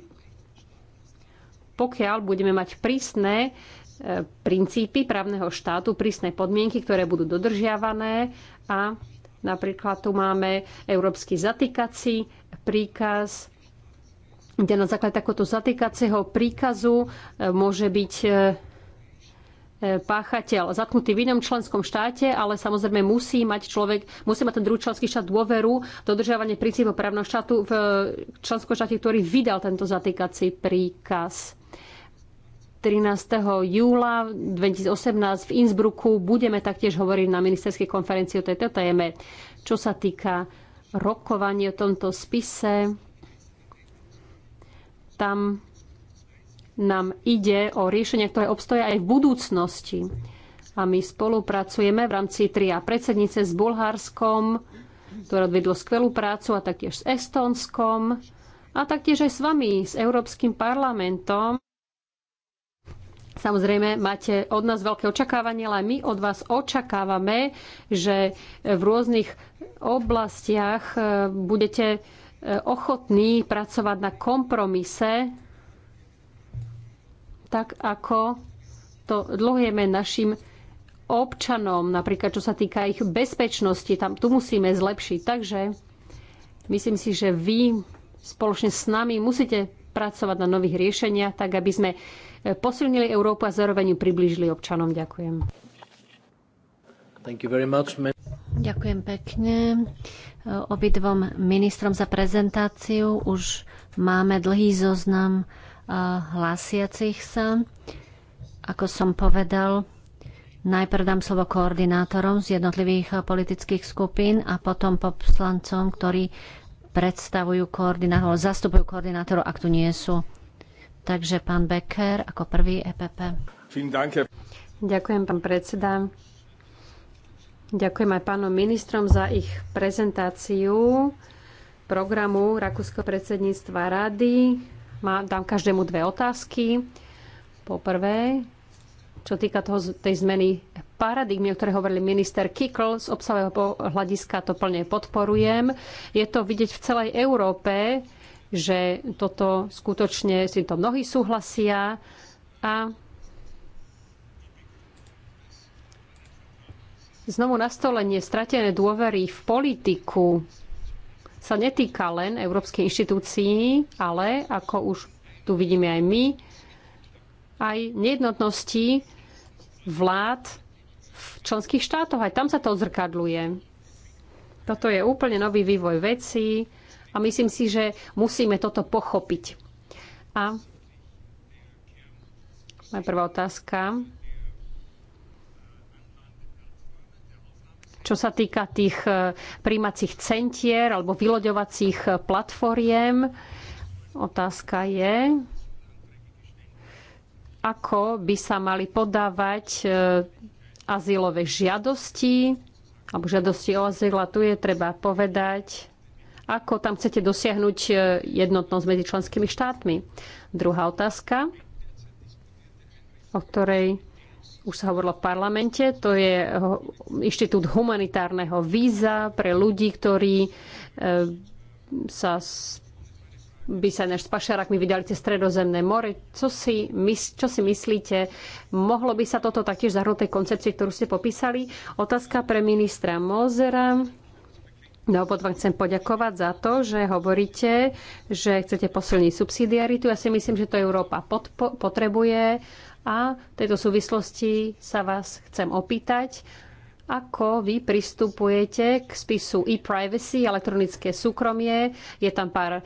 C: pokiaľ budeme mať prísne e, princípy právneho štátu, prísne podmienky, ktoré budú dodržiavané a Napríklad tu máme európsky zatýkací príkaz, kde na základe takéhoto zatýkacieho príkazu e, môže byť e, e, páchateľ zatknutý v inom členskom štáte, ale samozrejme musí mať človek, musí mať ten druhý členský štát dôveru, dodržiavanie princípov právneho štátu v členskom štáte, ktorý vydal tento zatýkací príkaz. 13. júla 2018 v Innsbrucku budeme taktiež hovoriť na ministerskej konferencii o tejto téme. Čo sa týka rokovania o tomto spise, tam nám ide o riešenia, ktoré obstoja aj v budúcnosti. A my spolupracujeme v rámci tria predsednice s Bulharskom, ktoré odvedlo skvelú prácu, a taktiež s Estónskom, a taktiež aj s vami, s Európskym parlamentom Samozrejme, máte od nás veľké očakávanie, ale my od vás očakávame, že v rôznych oblastiach e, budete e, ochotní pracovať na kompromise, tak ako to dlhujeme našim občanom, napríklad čo sa týka ich bezpečnosti, tam tu musíme zlepšiť. Takže myslím si, že vy spoločne s nami musíte pracovať na nových riešeniach, tak aby sme
D: posilnili Európu a zároveň ju priblížili občanom. Ďakujem.
A: Thank you very much.
D: Ďakujem pekne obidvom ministrom za prezentáciu. Už máme dlhý zoznam eh, hlásiacich sa. Ako som povedal, Najprv dám slovo koordinátorom z jednotlivých politických skupín a potom poslancom, ktorí predstavujú koordinátorov, zastupujú koordinátorov, ak tu nie sú. Takže pán Becker ako prvý EPP. Ďakujem, pán predseda.
C: Ďakujem aj pánom ministrom za ich prezentáciu programu Rakúskeho predsedníctva rady. Má, dám každému dve otázky. Po prvé, čo týka toho, tej zmeny paradigmy, o ktorej hovorili minister Kikl, z obsahového hľadiska to plne podporujem. Je to vidieť v celej Európe, že toto skutočne s týmto mnohí súhlasia a znovu nastolenie stratené dôvery v politiku sa netýka len európskej inštitúcií, ale ako už tu vidíme aj my, aj nejednotnosti vlád v členských štátoch. Aj tam sa to zrkadluje. Toto je úplne nový vývoj vecí a myslím si, že musíme toto pochopiť. A moja prvá otázka. Čo sa týka tých e, príjmacích centier alebo vyloďovacích platformiem, otázka je, ako by sa mali podávať e, azylové žiadosti alebo žiadosti o azyl. A tu je treba povedať, ako tam chcete dosiahnuť e, jednotnosť medzi členskými štátmi? Druhá otázka, o ktorej už sa hovorilo v parlamente, to je inštitút humanitárneho víza pre ľudí, ktorí e, sa by sa než s pašerákmi vydali cez stredozemné more. Co si, čo si myslíte? Mohlo by sa toto taktiež zahrnúť tej koncepcii, ktorú ste popísali? Otázka pre ministra Mozera. Na obod vám chcem poďakovať za to, že hovoríte, že chcete posilniť subsidiaritu. Ja si myslím, že to Európa potrebuje a v tejto súvislosti sa vás chcem opýtať, ako vy pristupujete k spisu e-privacy, elektronické súkromie. Je tam pár e,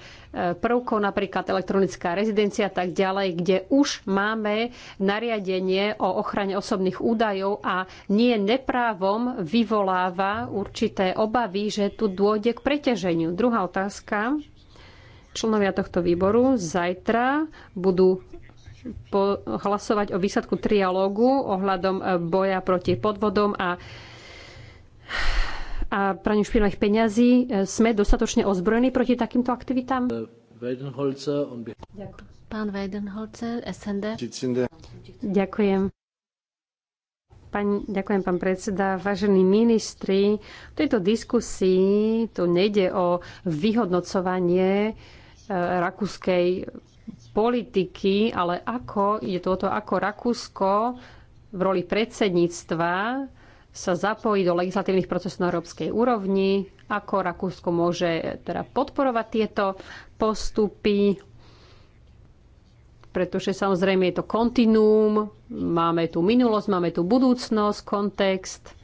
C: prvkov, napríklad elektronická rezidencia a tak ďalej, kde už máme nariadenie o ochrane osobných údajov a nie neprávom vyvoláva určité obavy, že tu dôjde k preťaženiu. Druhá otázka. Členovia tohto výboru zajtra budú hlasovať o výsledku trialógu ohľadom boja proti podvodom a a praniu špinavých peňazí. E, sme dostatočne ozbrojení proti takýmto aktivitám? E, pán Weidenholzer, SND. Ďakujem. Pán, ďakujem, pán predseda. Vážení ministri, v tejto diskusii tu nejde o vyhodnocovanie e, rakúskej politiky, ale ako je toto, ako Rakúsko v roli predsedníctva sa zapojí do legislatívnych procesov na európskej úrovni, ako Rakúsko môže teda podporovať tieto postupy, pretože samozrejme je to kontinuum, máme tu minulosť, máme tu budúcnosť, kontext.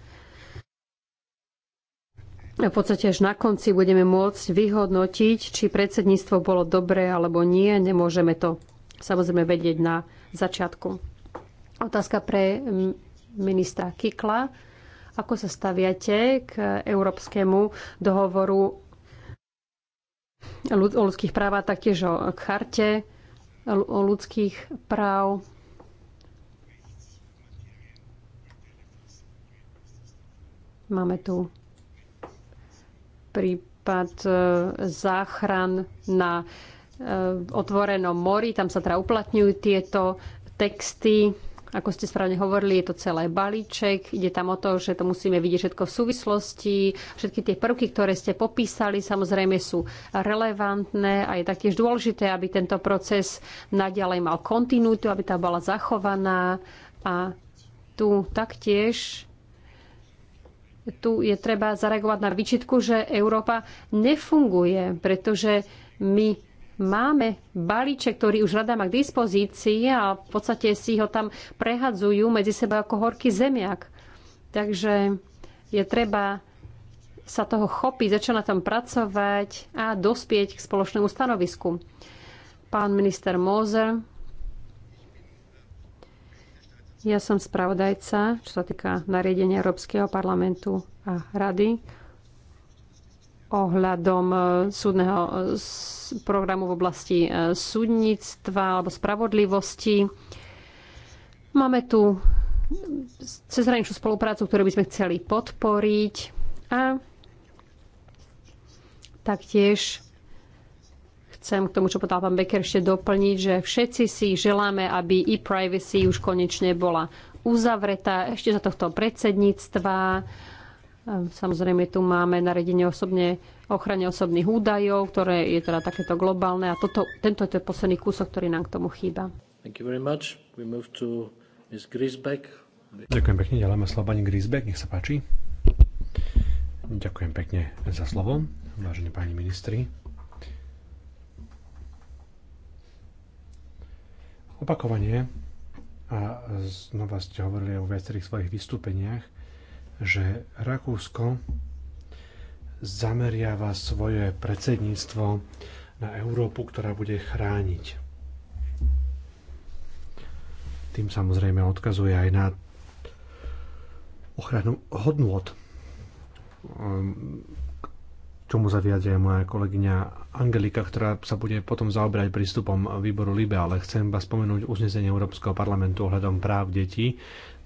C: A v podstate až na konci budeme môcť vyhodnotiť, či predsedníctvo bolo dobré alebo nie. Nemôžeme to samozrejme vedieť na začiatku. Otázka pre ministra Kikla. Ako sa staviate k Európskemu dohovoru o ľudských právach, taktiež o charte o ľudských práv? Máme tu prípad e, záchran na e, otvorenom mori. Tam sa teda uplatňujú tieto texty ako ste správne hovorili, je to celé balíček. Ide tam o to, že to musíme vidieť všetko v súvislosti. Všetky tie prvky, ktoré ste popísali, samozrejme sú relevantné a je taktiež dôležité, aby tento proces naďalej mal kontinuitu, aby tá bola zachovaná. A tu taktiež tu je treba zareagovať na výčitku, že Európa nefunguje, pretože my Máme balíček, ktorý už rada má k dispozícii a v podstate si ho tam prehadzujú medzi seba ako horký zemiak. Takže je treba sa toho chopiť, začať na tom pracovať a dospieť k spoločnému stanovisku. Pán minister Moser, ja som spravodajca, čo sa týka nariadenia Európskeho parlamentu a rady ohľadom e, súdneho e, programu v oblasti e, súdnictva alebo spravodlivosti. Máme tu cezhraničnú spoluprácu, ktorú by sme chceli podporiť a taktiež chcem k tomu, čo povedal pán Becker, ešte doplniť, že všetci si želáme, aby e-privacy už konečne bola uzavretá ešte za tohto predsedníctva Samozrejme, tu máme naredenie osobne, ochrane osobných údajov, ktoré je teda takéto globálne a toto, tento je posledný kúsok, ktorý nám k tomu chýba.
A: Thank you very much. We move to Ms.
B: Ďakujem pekne, ďalej slovo pani Grisbeck, nech sa páči. Ďakujem pekne za slovo, vážení páni ministri. Opakovanie a znova ste hovorili o viacerých svojich vystúpeniach, že Rakúsko zameriava svoje predsedníctvo na Európu, ktorá bude chrániť. Tým samozrejme odkazuje aj na ochranu hodnot. Ehm, čomu sa vyjadria moja kolegyňa Angelika, ktorá sa bude potom zaoberať prístupom výboru LIBE, ale chcem vás spomenúť uznesenie Európskeho parlamentu ohľadom práv detí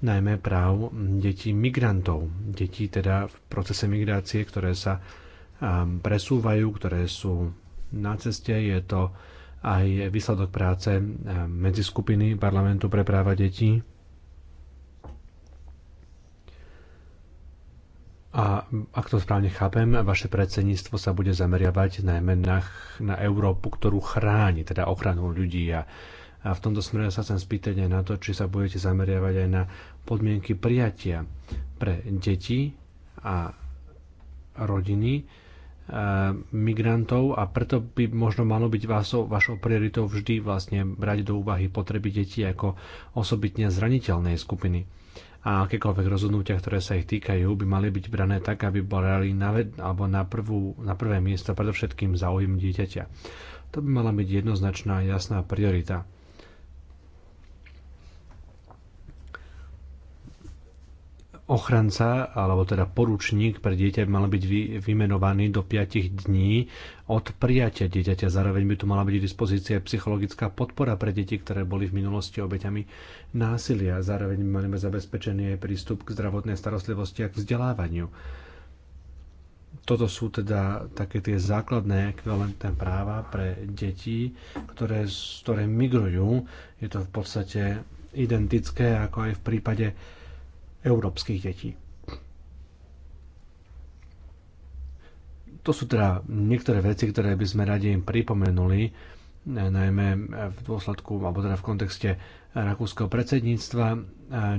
B: najmä práv detí migrantov. Detí teda v procese migrácie, ktoré sa presúvajú, ktoré sú na ceste. Je to aj výsledok práce medzi skupiny parlamentu pre práva detí. A ak to správne chápem, vaše predsedníctvo sa bude zameriavať najmä na, na Európu, ktorú chráni, teda ochranu ľudí a a v tomto smere sa chcem spýtať aj na to, či sa budete zameriavať aj na podmienky prijatia pre deti a rodiny e, migrantov a preto by možno malo byť vašou, vašou prioritou vždy vlastne brať do úvahy potreby detí ako osobitne zraniteľnej skupiny a akékoľvek rozhodnutia, ktoré sa ich týkajú, by mali byť brané tak, aby boli na, alebo na, prvú, na prvé miesto predovšetkým záujem dieťaťa. To by mala byť jednoznačná a jasná priorita. ochranca, alebo teda poručník pre dieťa by mal byť vy, vymenovaný do 5 dní od prijatia dieťaťa. Zároveň by tu mala byť v dispozícii psychologická podpora pre deti, ktoré boli v minulosti obeťami násilia. Zároveň by mali zabezpečený aj prístup k zdravotnej starostlivosti a k vzdelávaniu. Toto sú teda také tie základné ekvivalentné práva pre deti, ktoré, ktoré migrujú. Je to v podstate identické ako aj v prípade európskych detí. To sú teda niektoré veci, ktoré by sme radi im pripomenuli, najmä v dôsledku, alebo teda v kontexte rakúskeho predsedníctva.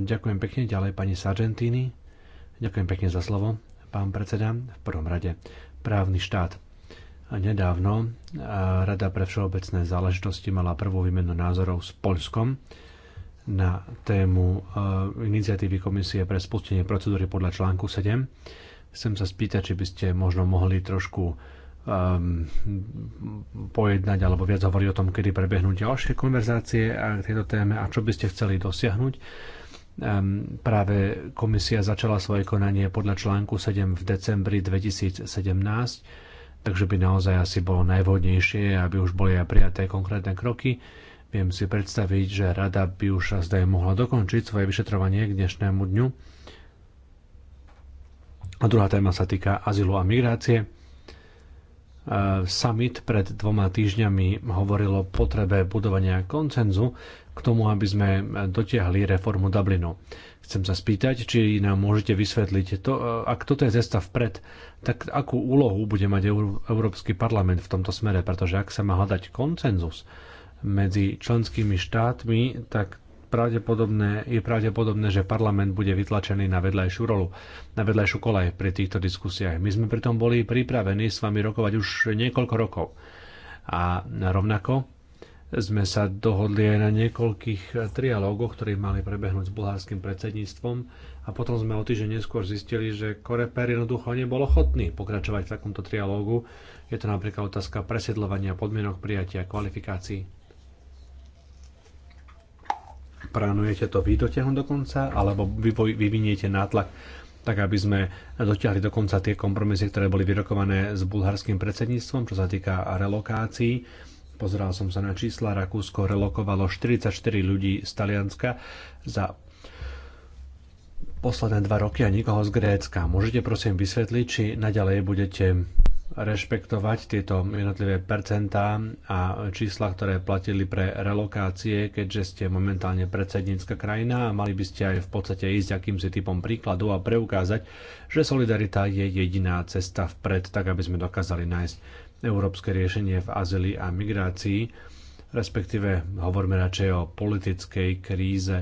B: Ďakujem pekne ďalej pani Sargentini. Ďakujem pekne za slovo, pán predseda. V prvom rade právny štát. Nedávno Rada pre všeobecné záležitosti mala prvú výmenu názorov s Polskom na tému eh, iniciatívy komisie pre spustenie procedúry podľa článku 7. Chcem sa spýtať, či by ste možno mohli trošku um, pojednať alebo viac hovoriť o tom, kedy prebehnú ďalšie konverzácie a k tejto téme a čo by ste chceli dosiahnuť. Um, práve komisia začala svoje konanie podľa článku 7 v decembri 2017, takže by naozaj asi bolo najvhodnejšie, aby už boli aj prijaté konkrétne kroky Viem si predstaviť, že rada by už zdaj mohla dokončiť svoje vyšetrovanie k dnešnému dňu. A druhá téma sa týka azylu a migrácie. E, summit pred dvoma týždňami hovoril o potrebe budovania koncenzu k tomu, aby sme dotiahli reformu Dublinu. Chcem sa spýtať, či nám môžete vysvetliť, to, e, ak toto je cesta vpred, tak akú úlohu bude mať Európsky parlament v tomto smere, pretože ak sa má hľadať koncenzus, medzi členskými štátmi, tak pravdepodobné, je pravdepodobné, že parlament bude vytlačený na vedľajšiu rolu, na vedľajšiu kolej pri týchto diskusiách. My sme pritom boli pripravení s vami rokovať už niekoľko rokov. A rovnako sme sa dohodli aj na niekoľkých trialógoch, ktorí mali prebehnúť s bulharským predsedníctvom a potom sme o týždeň neskôr zistili, že Koreper jednoducho nebol ochotný pokračovať v takomto trialógu. Je to napríklad otázka presedlovania podmienok prijatia kvalifikácií. Plánujete to vy dotiahnuť do konca, alebo vy vyviniete nátlak, tak aby sme dotiahli do konca tie kompromisy, ktoré boli vyrokované s bulharským predsedníctvom, čo sa týka relokácií. Pozeral som sa na čísla, Rakúsko relokovalo 44 ľudí z Talianska za posledné dva roky a nikoho z Grécka. Môžete prosím vysvetliť, či naďalej budete rešpektovať tieto jednotlivé percentá a čísla, ktoré platili pre relokácie, keďže ste momentálne predsednícka krajina a mali by ste aj v podstate ísť akýmsi typom príkladu a preukázať, že solidarita je jediná cesta vpred, tak aby sme dokázali nájsť európske riešenie v azyli a migrácii, respektíve hovorme radšej o politickej kríze,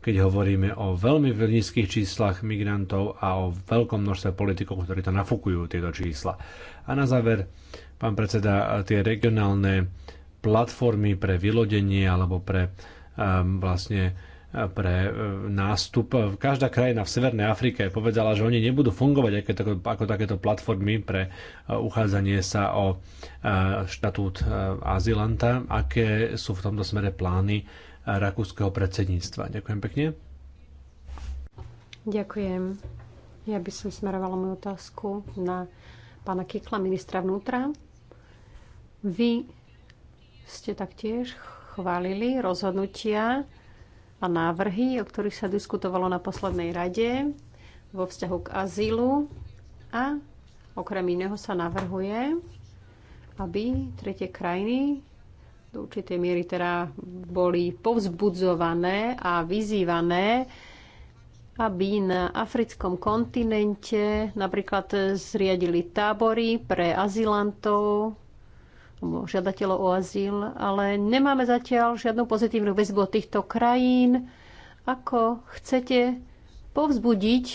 B: keď hovoríme o veľmi nízkych číslach migrantov a o veľkom množstve politikov, ktorí to nafúkujú, tieto čísla. A na záver, pán predseda, tie regionálne platformy pre vylodenie alebo pre um, vlastne e, pre e, nástup. E, každá krajina v Severnej Afrike povedala, že oni nebudú fungovať ako, ako takéto platformy pre uchádzanie sa o štatút azylanta. Aké sú v tomto smere plány rakúskeho predsedníctva. Ďakujem pekne.
C: Ďakujem. Ja by som smerovala moju otázku na pána Kikla, ministra vnútra. Vy ste taktiež chválili rozhodnutia a návrhy, o ktorých sa diskutovalo na poslednej rade vo vzťahu k azylu a okrem iného sa navrhuje, aby tretie krajiny do určitej miery teda boli povzbudzované a vyzývané, aby na africkom kontinente napríklad zriadili tábory pre azylantov, žiadateľov o azyl, ale nemáme zatiaľ žiadnu pozitívnu väzbu od týchto krajín. Ako chcete povzbudiť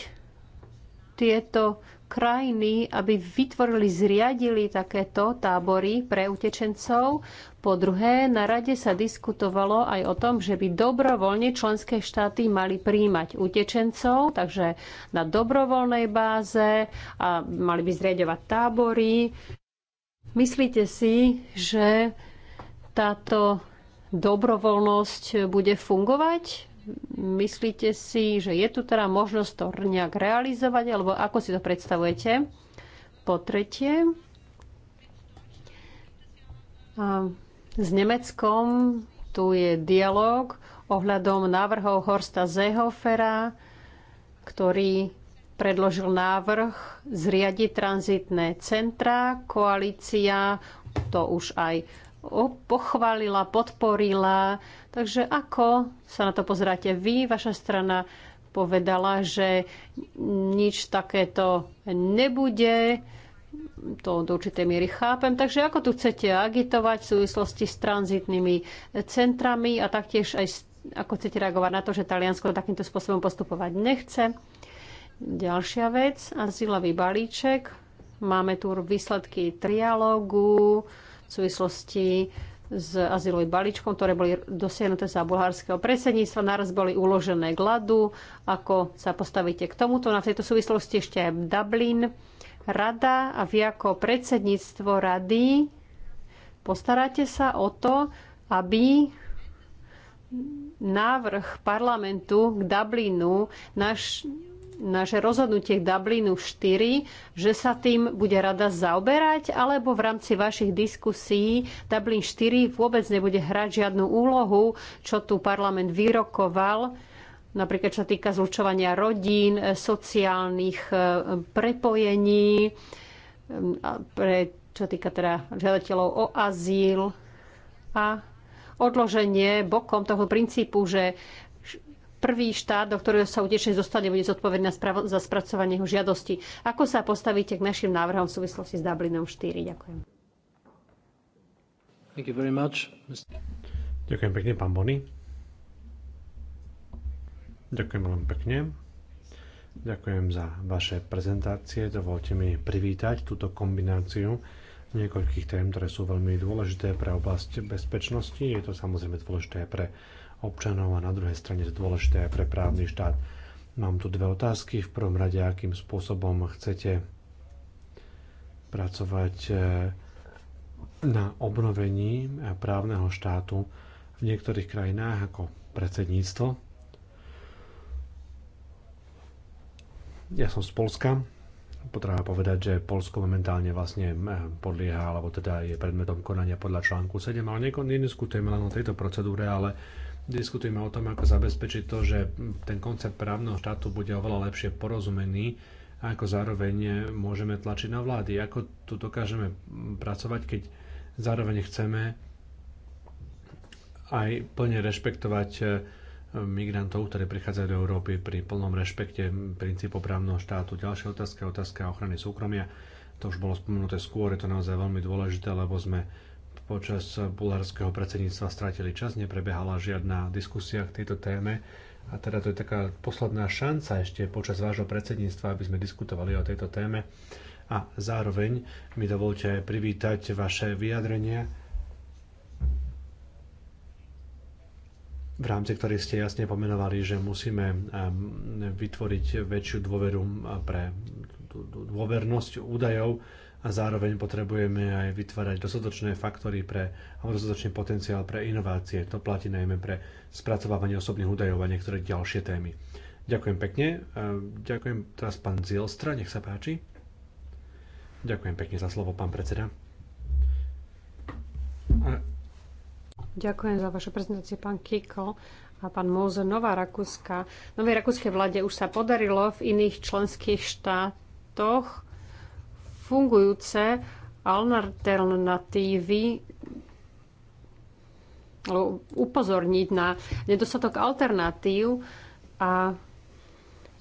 C: tieto krajiny, aby vytvorili, zriadili takéto tábory pre utečencov. Po druhé, na rade sa diskutovalo aj o tom, že by dobrovoľne členské štáty mali príjmať utečencov, takže na dobrovoľnej báze a mali by zriadovať tábory. Myslíte si, že táto dobrovoľnosť bude fungovať Myslíte si, že je tu teda možnosť to nejak realizovať, alebo ako si to predstavujete? Po tretie, a s Nemeckom tu je dialog ohľadom návrhov Horsta Zehofera, ktorý predložil návrh zriadiť tranzitné centra. Koalícia to už aj pochválila, podporila. Takže ako sa na to pozeráte vy? Vaša strana povedala, že nič takéto nebude. To do určitej miery chápem. Takže ako tu chcete agitovať v súvislosti s tranzitnými centrami a taktiež aj ako chcete reagovať na to, že Taliansko takýmto spôsobom postupovať nechce. Ďalšia vec, azylový balíček. Máme tu výsledky trialógu v súvislosti s azylovým balíčkom, ktoré boli dosiahnuté za bulharského predsedníctva. Naraz boli uložené k ladu. Ako sa postavíte k tomuto? Na no tejto súvislosti ešte aj Dublin. Rada a vy ako predsedníctvo rady postaráte sa o to, aby návrh parlamentu k Dublinu naš, naše rozhodnutie k Dublinu 4, že sa tým bude rada zaoberať, alebo v rámci vašich diskusí Dublin 4 vôbec nebude hrať žiadnu úlohu, čo tu parlament vyrokoval, napríklad čo týka zlučovania rodín, sociálnych e, prepojení, pre, čo týka teda žiadateľov o azyl a odloženie bokom toho princípu, že prvý štát, do ktorého sa utečenie dostane, bude zodpovedný za spracovanie jeho žiadosti. Ako sa postavíte k našim návrhom v súvislosti s Dublinom 4? Ďakujem.
A: Thank you very much. Ďakujem pekne, pán Bony.
B: Ďakujem veľmi pekne. Ďakujem za vaše prezentácie. Dovolte mi privítať túto kombináciu niekoľkých tém, ktoré sú veľmi dôležité pre oblasť bezpečnosti. Je to samozrejme dôležité pre občanov a na druhej strane je dôležité aj pre právny štát. Mám tu dve otázky. V prvom rade, akým spôsobom chcete pracovať eh, na obnovení právneho štátu v niektorých krajinách ako predsedníctvo. Ja som z Polska. Potreba povedať, že Polsko momentálne vlastne eh, podlieha, alebo teda je predmetom konania podľa článku 7, ale nediskutujeme len o tejto procedúre, ale Diskutujeme o tom, ako zabezpečiť to, že ten koncept právneho štátu bude oveľa lepšie porozumený a ako zároveň môžeme tlačiť na vlády. Ako tu dokážeme pracovať, keď zároveň chceme aj plne rešpektovať eh, migrantov, ktorí prichádzajú do Európy pri plnom rešpekte princípov právneho štátu. Ďalšia otázka je otázka ochrany súkromia. To už bolo spomenuté skôr, je to naozaj veľmi dôležité, lebo sme počas bulharského predsedníctva stratili čas, neprebehala žiadna diskusia k tejto téme. A teda to je taká posledná šanca ešte počas vášho predsedníctva, aby sme diskutovali o tejto téme. A zároveň mi dovolte privítať vaše vyjadrenia, v rámci ktorých ste jasne pomenovali, že musíme vytvoriť väčšiu dôveru pre dôvernosť údajov a zároveň potrebujeme aj vytvárať dostatočné faktory pre alebo dostatočný potenciál pre inovácie. To platí najmä pre spracovávanie osobných údajov a niektoré ďalšie témy. Ďakujem pekne. Ďakujem teraz pán Zielstra, nech sa páči. Ďakujem pekne za slovo, pán predseda. A...
C: Ďakujem za vaše prezentáciu, pán Kiko a pán Moze. Nová Rakúska, novej rakúskej vláde už sa podarilo v iných členských štátoch fungujúce alternatívy upozorniť na nedostatok alternatív a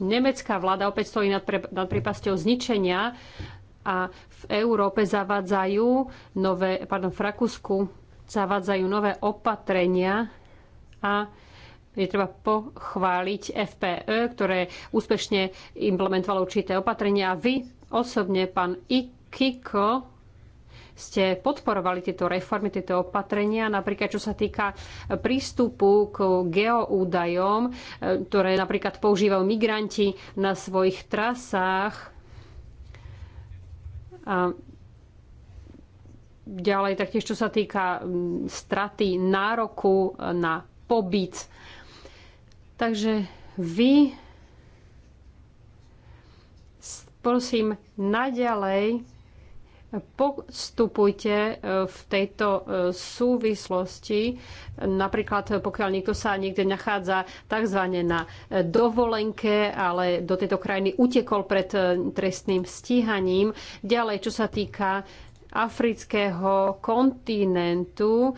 C: nemecká vláda opäť stojí nad, pre, nad prípasťou zničenia a v Európe zavádzajú nové, pardon, v Rakúsku zavádzajú nové opatrenia a je treba pochváliť FPE, ktoré úspešne implementovalo určité opatrenia a vy Osobne pán Ikiko ste podporovali tieto reformy, tieto opatrenia, napríklad čo sa týka prístupu k geoúdajom, e, ktoré napríklad používajú migranti na svojich trasách. A ďalej taktiež čo sa týka straty nároku na pobyt. Takže vy prosím, naďalej postupujte e, v tejto e, súvislosti. Napríklad, pokiaľ niekto sa niekde nachádza tzv. na e, dovolenke, ale do tejto krajiny utekol pred trestným stíhaním. Ďalej, čo sa týka afrického kontinentu,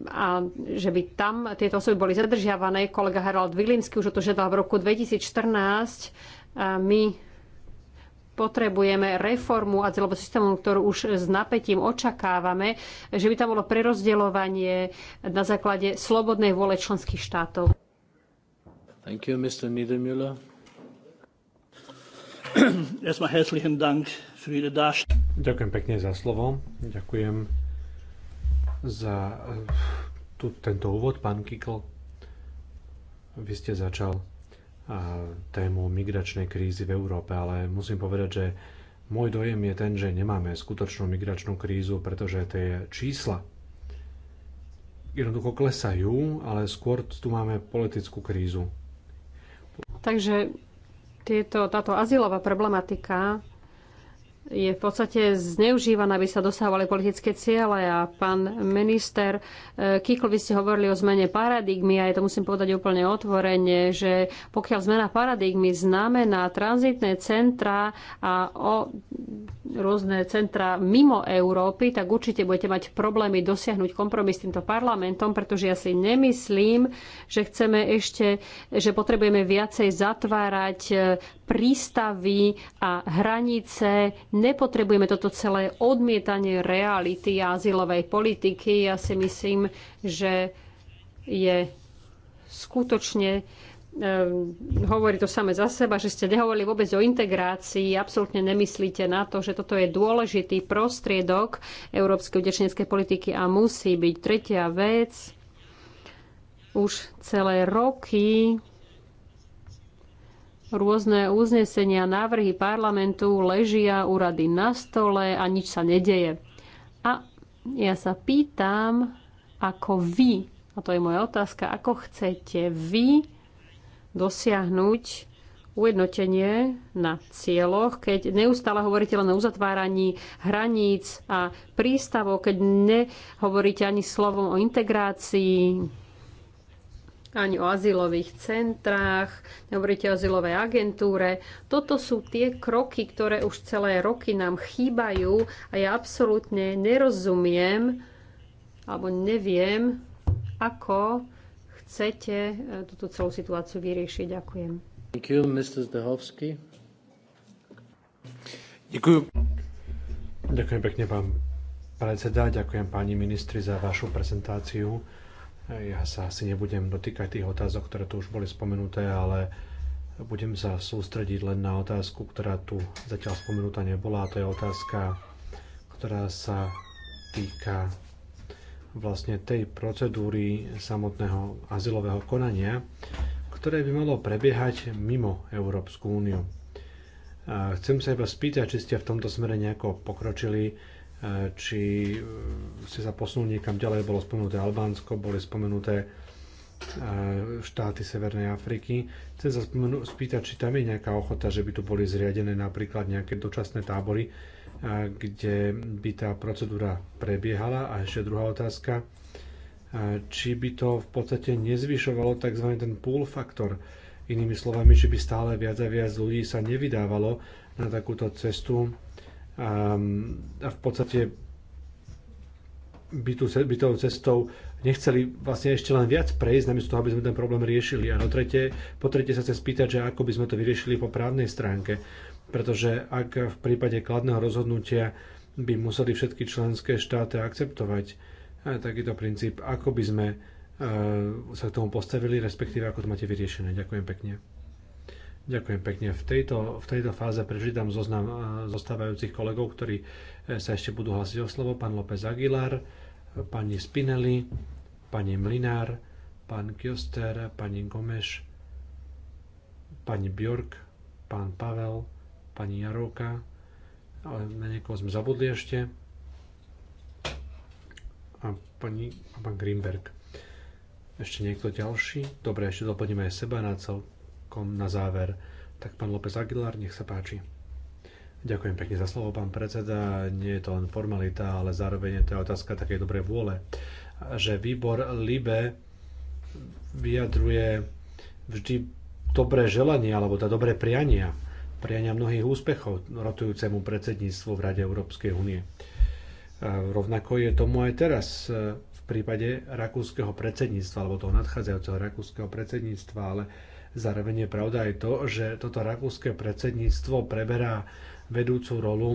C: a že by tam tieto osoby boli zadržiavané. Kolega Harald Vilinsky už o to žiadal v roku 2014 a my potrebujeme reformu azylového systému, ktorú už s napätím očakávame, že by tam bolo prerozdeľovanie na základe slobodnej vôle členských štátov.
A: Thank you, Mr. Niedermüller.
B: [clears throat] Erstmal
A: herzlichen Dank für Ihre Darstellung.
B: Ďakujem pekne za slovo. Ďakujem za eh, tu, tento úvod, pán Kikl. Vy ste začal tému migračnej krízy v Európe, ale musím povedať, že môj dojem je ten, že nemáme skutočnú migračnú krízu, pretože tie čísla jednoducho klesajú, ale skôr tu máme
C: politickú krízu. Takže tieto, táto azylová problematika je v podstate zneužívaná, aby sa dosávali politické ciele. A pán minister eh, Kikl, vy ste hovorili o zmene paradigmy a ja to musím povedať úplne otvorene, že pokiaľ zmena paradigmy znamená tranzitné centra a o rôzne centra mimo Európy, tak určite budete mať problémy dosiahnuť kompromis s týmto parlamentom, pretože ja si nemyslím, že chceme ešte, že potrebujeme viacej zatvárať eh, prístavy a hranice. Nepotrebujeme toto celé odmietanie reality a azylovej politiky. Ja si myslím, že je skutočne e, hovorí to same za seba, že ste nehovorili vôbec o integrácii, absolútne nemyslíte na to, že toto je dôležitý prostriedok európskej utečeneckej politiky a musí byť tretia vec. Už celé roky Rôzne uznesenia, návrhy parlamentu ležia úrady na stole a nič sa nedeje. A ja sa pýtam, ako vy, a to je moja otázka, ako chcete vy dosiahnuť ujednotenie na cieľoch, keď neustále hovoríte len o uzatváraní hraníc a prístavov, keď nehovoríte ani slovom o integrácii, ani o azylových centrách, nehovoríte o azylovej agentúre. Toto sú tie kroky, ktoré už celé roky nám chýbajú a ja absolútne nerozumiem alebo neviem, ako chcete e, túto celú situáciu vyriešiť. Ďakujem.
A: Thank you, Mr. Zdehovský. Ďakujem. Ďakujem pekne, pán predseda.
B: Ďakujem pani ministri za vašu prezentáciu. Ja sa asi nebudem dotýkať tých otázok, ktoré tu už boli spomenuté, ale budem sa sústrediť len na otázku, ktorá tu zatiaľ spomenutá nebola, a to je otázka, ktorá sa týka vlastne tej procedúry samotného azylového konania, ktoré by malo prebiehať mimo Európsku úniu. Chcem sa iba spýtať, či ste v tomto smere nejako pokročili, či e, ste sa posunuli niekam ďalej, bolo spomenuté Albánsko, boli spomenuté e, štáty Severnej Afriky. Chcem sa spýtať, či tam je nejaká ochota, že by tu boli zriadené napríklad nejaké dočasné tábory, e, kde by tá procedúra prebiehala. A ešte druhá otázka, či by to v podstate nezvyšovalo tzv. ten pool faktor. Inými slovami, či by stále viac a viac ľudí sa nevydávalo na takúto cestu a v podstate by, tú, by tou cestou nechceli vlastne ešte len viac prejsť, namiesto toho, aby sme ten problém riešili. A tretie, po tretie sa chcem spýtať, že ako by sme to vyriešili po právnej stránke. Pretože ak v prípade kladného rozhodnutia by museli všetky členské štáty akceptovať eh, takýto princíp, ako by sme eh, sa k tomu postavili, respektíve ako to máte vyriešené. Ďakujem pekne. Ďakujem pekne. V tejto, v tejto fáze prečítam zoznam eh, zostávajúcich kolegov, ktorí eh, sa ešte budú hlasiť o slovo. Pán López Aguilar, pani Spinelli, pani Mlinár, pán Kjoster, pani Gomeš, pani Bjork, pán Pavel, pani Jarovka, ale na niekoho sme zabudli ešte, a pani a pán Greenberg. Ešte niekto ďalší? Dobre, ešte doplníme aj seba na cel, kom na záver. Tak pán López Aguilar, nech sa páči. Ďakujem pekne za slovo, pán predseda. Nie je to len formalita, ale zároveň je to otázka takej dobrej vôle, že výbor LIBE vyjadruje vždy dobré želanie alebo tá dobré priania, priania mnohých úspechov rotujúcemu predsedníctvu v Rade Európskej únie. Rovnako je tomu aj teraz prípade rakúskeho predsedníctva alebo toho nadchádzajúceho rakúskeho predsedníctva, ale zároveň je pravda aj to, že toto rakúske predsedníctvo preberá vedúcu rolu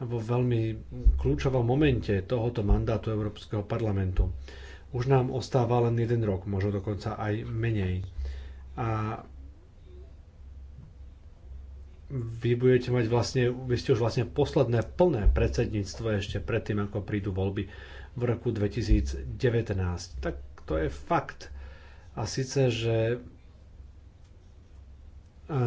B: vo veľmi kľúčovom momente tohoto mandátu Európskeho parlamentu. Už nám ostáva len jeden rok, možno dokonca aj menej. A vy budete mať vlastne, vy ste už vlastne posledné plné predsedníctvo ešte predtým, ako prídu voľby v roku 2019. Tak to je fakt. A síce, že, e,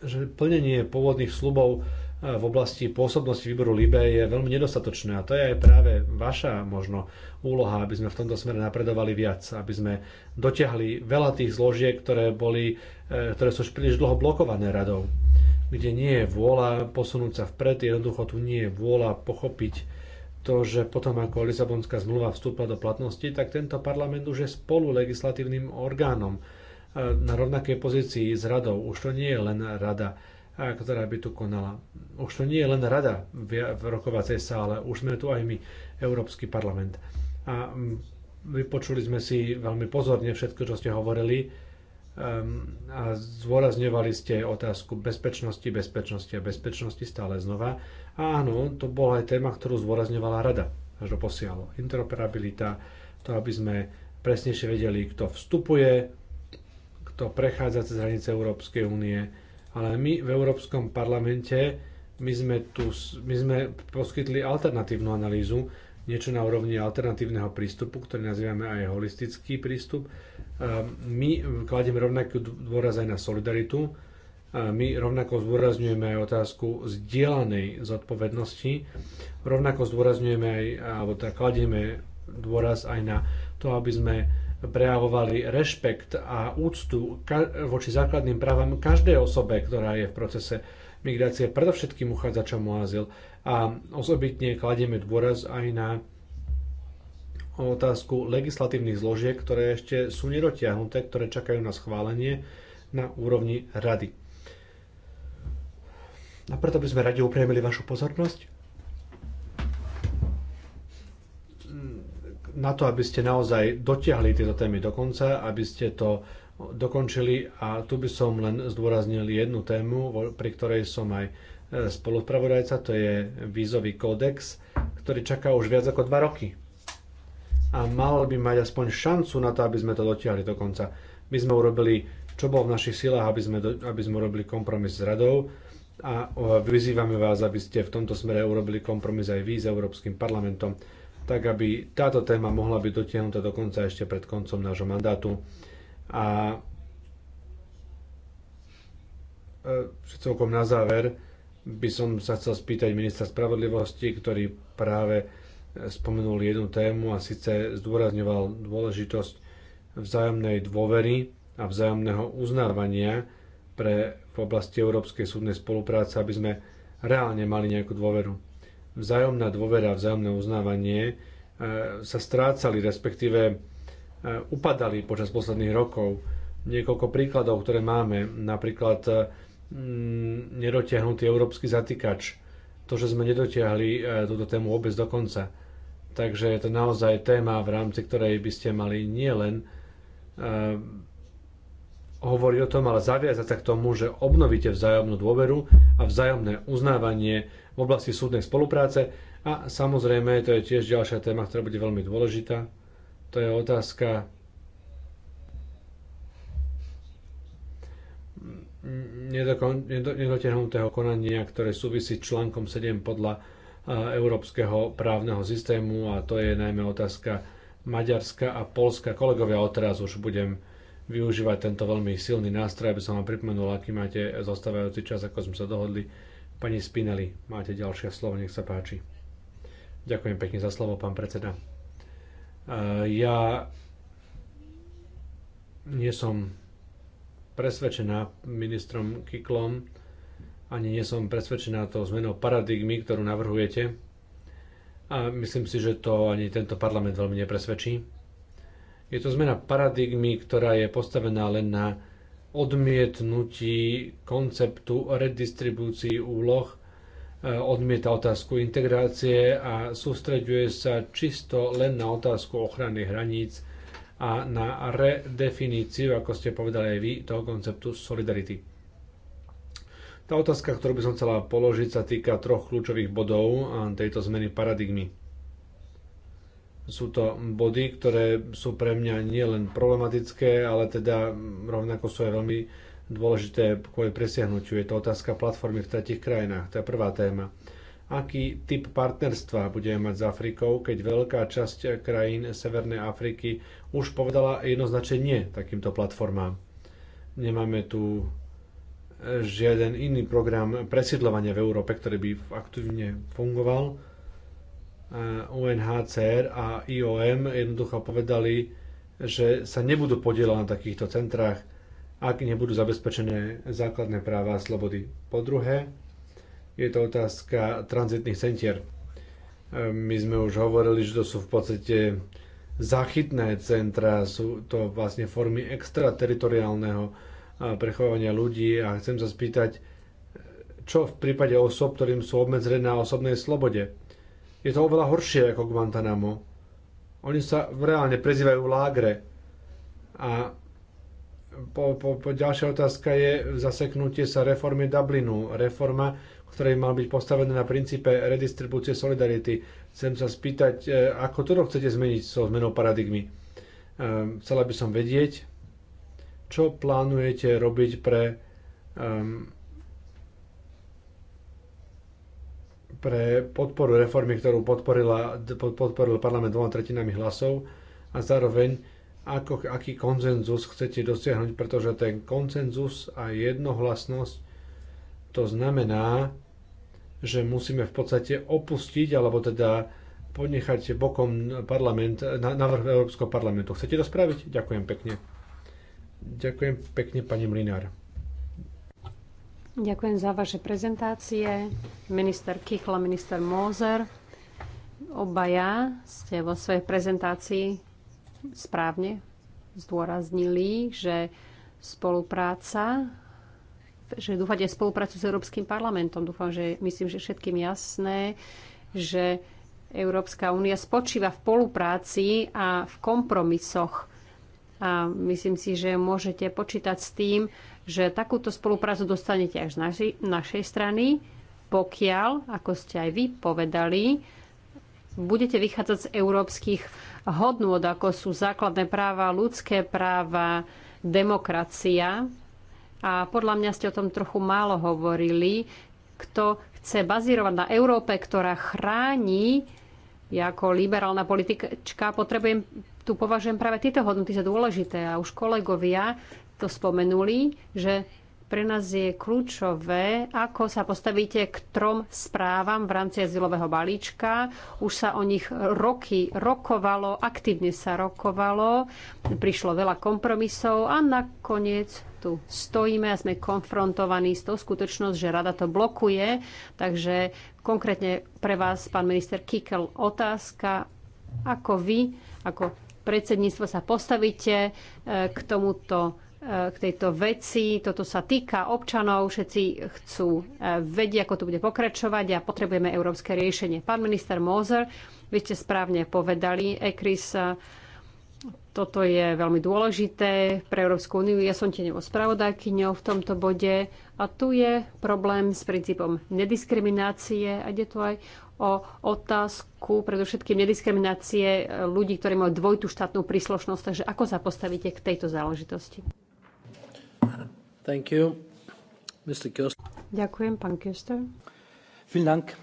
B: že plnenie pôvodných slubov e, v oblasti pôsobnosti výboru LIBE je veľmi nedostatočné a to je aj práve vaša možno úloha, aby sme v tomto smere napredovali viac, aby sme dotiahli veľa tých zložiek, ktoré, boli, e, ktoré sú už príliš dlho blokované radou, kde nie je vôľa posunúť sa vpred, jednoducho tu nie je vôľa pochopiť to, že potom ako Lisabonská zmluva vstúpla do platnosti, tak tento parlament už je spolu legislatívnym orgánom e, na rovnakej pozícii s radou. Už to nie je len rada, e, ktorá by tu konala. Už to nie je len rada v rokovacej sále, už sme tu aj my, Európsky parlament. A vypočuli sme si veľmi pozorne všetko, čo ste hovorili a zvorazňovali ste otázku bezpečnosti, bezpečnosti a bezpečnosti stále znova Áno, to bola aj téma, ktorú zdôrazňovala rada až doposiaľ. Interoperabilita, to aby sme presnejšie vedeli, kto vstupuje, kto prechádza cez hranice Európskej únie, ale my v Európskom parlamente my sme, tu, my sme poskytli alternatívnu analýzu, niečo na úrovni alternatívneho prístupu, ktorý nazývame aj holistický prístup. Ehm, my kladieme rovnaký dôraz aj na solidaritu, my rovnako zdôrazňujeme aj otázku zdieľanej zodpovednosti, rovnako zdôrazňujeme aj, alebo tak teda kladieme dôraz aj na to, aby sme prejavovali rešpekt a úctu voči základným právam každej osobe, ktorá je v procese migrácie, predovšetkým uchádzačom o azyl. A osobitne kladieme dôraz aj na otázku legislatívnych zložiek, ktoré ešte sú nedotiahnuté, ktoré čakajú na schválenie na úrovni rady. A preto by sme radi upriemili vašu pozornosť na to, aby ste naozaj dotiahli tieto témy do konca, aby ste to dokončili a tu by som len zdôraznil jednu tému, pri ktorej som aj e, spolupravodajca, to je vízový kódex, ktorý čaká už viac ako 2 roky. A mal by mať aspoň šancu na to, aby sme to dotiahli do konca. My sme urobili, čo bolo v našich silách, aby sme, do, aby sme urobili kompromis s radou, a vyzývame vás, aby ste v tomto smere urobili kompromis aj vy s Európskym parlamentom, tak aby táto téma mohla byť dotiahnutá dokonca ešte pred koncom nášho mandátu. A e, celkom na záver by som sa chcel spýtať ministra spravodlivosti, ktorý práve e, spomenul jednu tému a síce zdôrazňoval dôležitosť vzájomnej dôvery a vzájomného uznávania pre v oblasti európskej súdnej spolupráce, aby sme reálne mali nejakú dôveru. Vzájomná dôvera, vzájomné uznávanie e, sa strácali, respektíve e, upadali počas posledných rokov. Niekoľko príkladov, ktoré máme, napríklad e, nedotiahnutý európsky zatýkač, to, že sme nedotiahli túto tému vôbec dokonca. Takže je to naozaj téma, v rámci ktorej by ste mali nielen hovoriť o tom, ale zaviazať sa k tomu, že obnovíte vzájomnú dôveru a vzájomné uznávanie v oblasti súdnej spolupráce. A samozrejme, to je tiež ďalšia téma, ktorá bude veľmi dôležitá. To je otázka nedotiahnutého konania, ktoré súvisí s článkom 7 podľa európskeho právneho systému a to je najmä otázka Maďarska a Polska. Kolegovia, odteraz už budem využívať tento veľmi silný nástroj, aby som vám pripomenul, aký máte zostávajúci čas, ako sme sa dohodli. Pani Spinelli, máte ďalšie slovo, nech sa páči. Ďakujem pekne za slovo, pán predseda. E, ja nie som presvedčená ministrom Kiklom, ani nie som presvedčená tou zmenou paradigmy, ktorú navrhujete. A myslím si, že to ani tento parlament veľmi nepresvedčí je to zmena paradigmy, ktorá je postavená len na odmietnutí konceptu redistribúcii úloh, e, odmieta otázku integrácie a sústreďuje sa čisto len na otázku ochrany hraníc a na redefiníciu, ako ste povedali aj vy, toho konceptu solidarity. Tá otázka, ktorú by som chcela položiť, sa týka troch kľúčových bodov tejto zmeny paradigmy. Sú to body, ktoré sú pre mňa nielen problematické, ale teda rovnako sú aj veľmi dôležité kvôli presiahnutiu. Je to otázka platformy v tretich krajinách. To je prvá téma. Aký typ partnerstva budeme mať s Afrikou, keď veľká časť krajín Severnej Afriky už povedala jednoznačne nie takýmto platformám? Nemáme tu eh, žiaden iný program presidlovania v Európe, ktorý by aktívne fungoval UNHCR eh, a IOM jednoducho povedali, že sa nebudú podielať na takýchto centrách, ak nebudú zabezpečené základné práva a slobody. Po druhé, je to otázka tranzitných centier. Eh, my sme už hovorili, že to sú v podstate záchytné centra, sú to vlastne formy extrateritoriálneho eh, prechovania ľudí a chcem sa spýtať, čo v prípade osob, ktorým sú obmedzené na osobnej slobode? Je to oveľa horšie ako Guantanamo. Oni sa reálne prezývajú lágre. A po, po, po ďalšia otázka je zaseknutie sa reformy Dublinu. Reforma, ktorej mal byť postavené na princípe redistribúcie solidarity. Chcem sa spýtať, e, ako toto chcete zmeniť so zmenou paradigmy. E, chcela by som vedieť, čo plánujete robiť pre um, pre podporu reformy, ktorú podporila, podporil parlament dvoma tretinami hlasov a zároveň ako, aký konsenzus chcete dosiahnuť, pretože ten konsenzus a jednohlasnosť to znamená, že musíme v podstate opustiť alebo teda ponechať bokom parlament, návrh Európskeho parlamentu. Chcete to spraviť? Ďakujem pekne. Ďakujem pekne, pani Mlinár.
C: Ďakujem za vaše prezentácie. Minister Kichla, minister Mózer, obaja ste vo svojej prezentácii správne zdôraznili, že spolupráca, že dúfate spoluprácu s Európskym parlamentom. Dúfam, že myslím, že všetkým jasné, že Európska únia spočíva v spolupráci a v kompromisoch. A myslím si, že môžete počítať s tým, že takúto spoluprácu dostanete až z naši, našej strany, pokiaľ, ako ste aj vy povedali, budete vychádzať z európskych hodnôt, ako sú základné práva, ľudské práva, demokracia. A podľa mňa ste o tom trochu málo hovorili. Kto chce bazírovať na Európe, ktorá chráni, ja ako liberálna politička potrebujem, tu považujem práve tieto hodnoty za dôležité. A už kolegovia to spomenuli, že pre nás je kľúčové, ako sa postavíte k trom správam v rámci azylového balíčka. Už sa o nich roky rokovalo, aktívne sa rokovalo, prišlo veľa kompromisov a nakoniec tu stojíme a sme konfrontovaní s tou skutočnosť, že rada to blokuje. Takže konkrétne pre vás, pán minister Kikel, otázka, ako vy, ako predsedníctvo sa postavíte eh, k tomuto Eh, k tejto veci. Toto sa týka občanov, všetci chcú eh, vedieť, ako to bude pokračovať a potrebujeme európske riešenie. Pán minister Moser, vy ste správne povedali, ECRIS, eh, toto je veľmi dôležité pre Európsku úniu. Ja som tieňovou spravodajkyňou v tomto bode a tu je problém s princípom nediskriminácie a ide tu aj o otázku predovšetkým nediskriminácie ľudí, ktorí majú dvojtú štátnu príslušnosť. Takže ako sa postavíte k tejto záležitosti?
A: Thank you. Mr.
C: Ďakujem, pán Köster. Dank.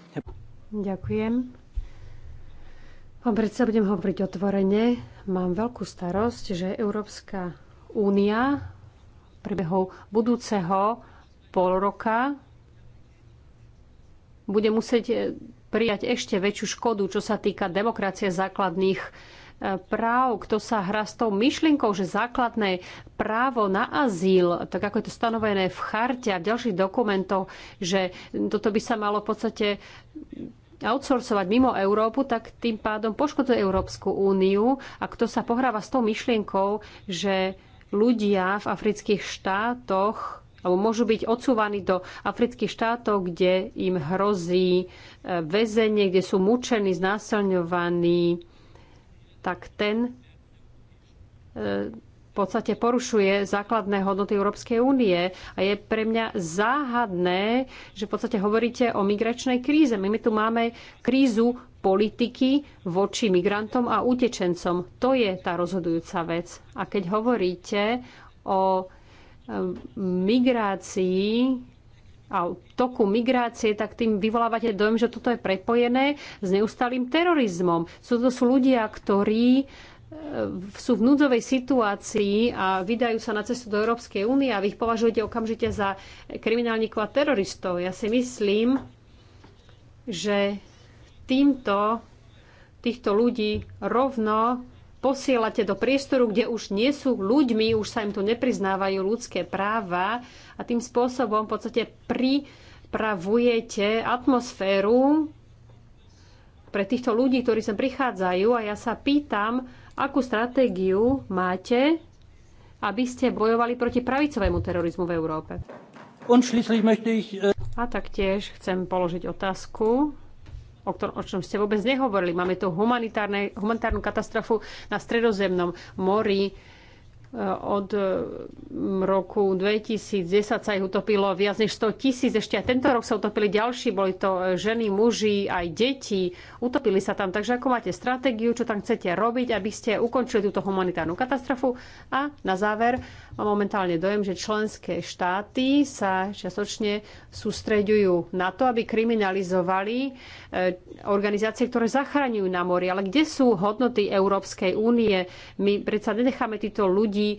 C: Ďakujem. Pán predsa budem hovoriť otvorene. Mám veľkú starosť, že Európska únia v priebehu budúceho pol roka bude musieť eh, prijať ešte väčšiu škodu, čo sa týka demokracie základných práv, kto sa hrá s tou myšlienkou, že základné právo na azyl, tak ako je to stanovené v charte a v ďalších dokumentoch, že toto by sa malo v podstate outsourcovať mimo Európu, tak tým pádom poškoduje Európsku úniu a kto sa pohráva s tou myšlienkou, že ľudia v afrických štátoch alebo môžu byť odsúvaní do afrických štátov, kde im hrozí eh, väzenie, kde sú mučení, znásilňovaní, tak ten e, v podstate porušuje základné hodnoty Európskej únie a je pre mňa záhadné, že v podstate hovoríte o migračnej kríze. My, my tu máme krízu politiky voči migrantom a utečencom. To je tá rozhodujúca vec. A keď hovoríte o e, migrácii, a toku migrácie, tak tým vyvolávate dojem, že toto je prepojené s neustalým terorizmom. Sú to sú ľudia, ktorí e, sú v núdzovej situácii a vydajú sa na cestu do Európskej únie a vy ich považujete okamžite za kriminálnikov a teroristov. Ja si myslím, že týmto týchto ľudí rovno posielate do priestoru, kde už nie sú ľuďmi, už sa im tu nepriznávajú ľudské práva a tým spôsobom v podstate pripravujete atmosféru pre týchto ľudí, ktorí sem prichádzajú a ja sa pýtam, akú stratégiu máte, aby ste bojovali proti pravicovému terorizmu v Európe. Äh, a taktiež chcem položiť otázku o, ktor- o čom ste vôbec nehovorili. Máme tu humanitárnu katastrofu na stredozemnom mori, od eh, roku 2010 sa ich utopilo viac než 100 tisíc. Ešte aj tento rok sa utopili ďalší. Boli to eh, ženy, muži, aj deti. Utopili sa tam. Takže ako máte stratégiu, čo tam chcete robiť, aby ste ukončili túto humanitárnu katastrofu. A na záver mám momentálne dojem, že členské štáty sa čiastočne sústreďujú na to, aby kriminalizovali eh, organizácie, ktoré zachraňujú na mori. Ale kde sú hodnoty Európskej únie? My predsa nenecháme týchto ľudí ľudí e,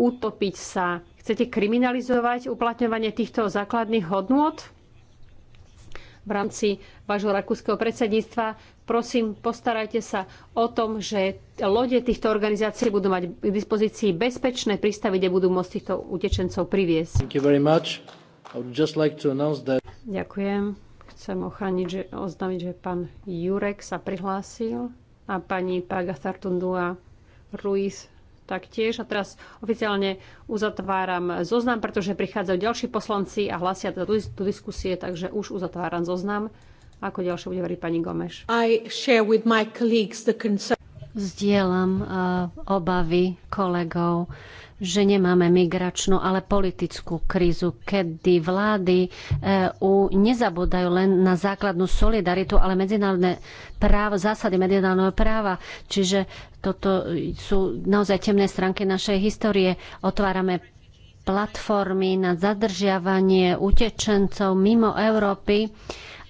C: utopiť sa. Chcete kriminalizovať uplatňovanie týchto základných hodnôt? v rámci vášho rakúskeho predsedníctva. Prosím, postarajte sa o tom, že lode týchto organizácií budú mať k dispozícii bezpečné prístavy, kde budú môcť týchto utečencov priviesť. Ďakujem. Chcem ochrániť, že, oznámiť, že pán Jurek sa prihlásil a pani Pagatartundua Ruiz taktiež. A teraz oficiálne uzatváram zoznam, pretože prichádzajú ďalší poslanci a hlasia do, do diskusie, takže už uzatváram zoznam. Ako ďalšie bude veriť pani Gomeš?
D: I share with my colleagues the concern. Zdieľam uh, obavy kolegov že nemáme migračnú, ale politickú krízu, kedy vlády EU eh, nezabúdajú len na základnú solidaritu, ale medzinárodné právo, zásady medzinárodného práva. Čiže toto sú naozaj temné stránky našej histórie. Otvárame platformy na zadržiavanie utečencov mimo Európy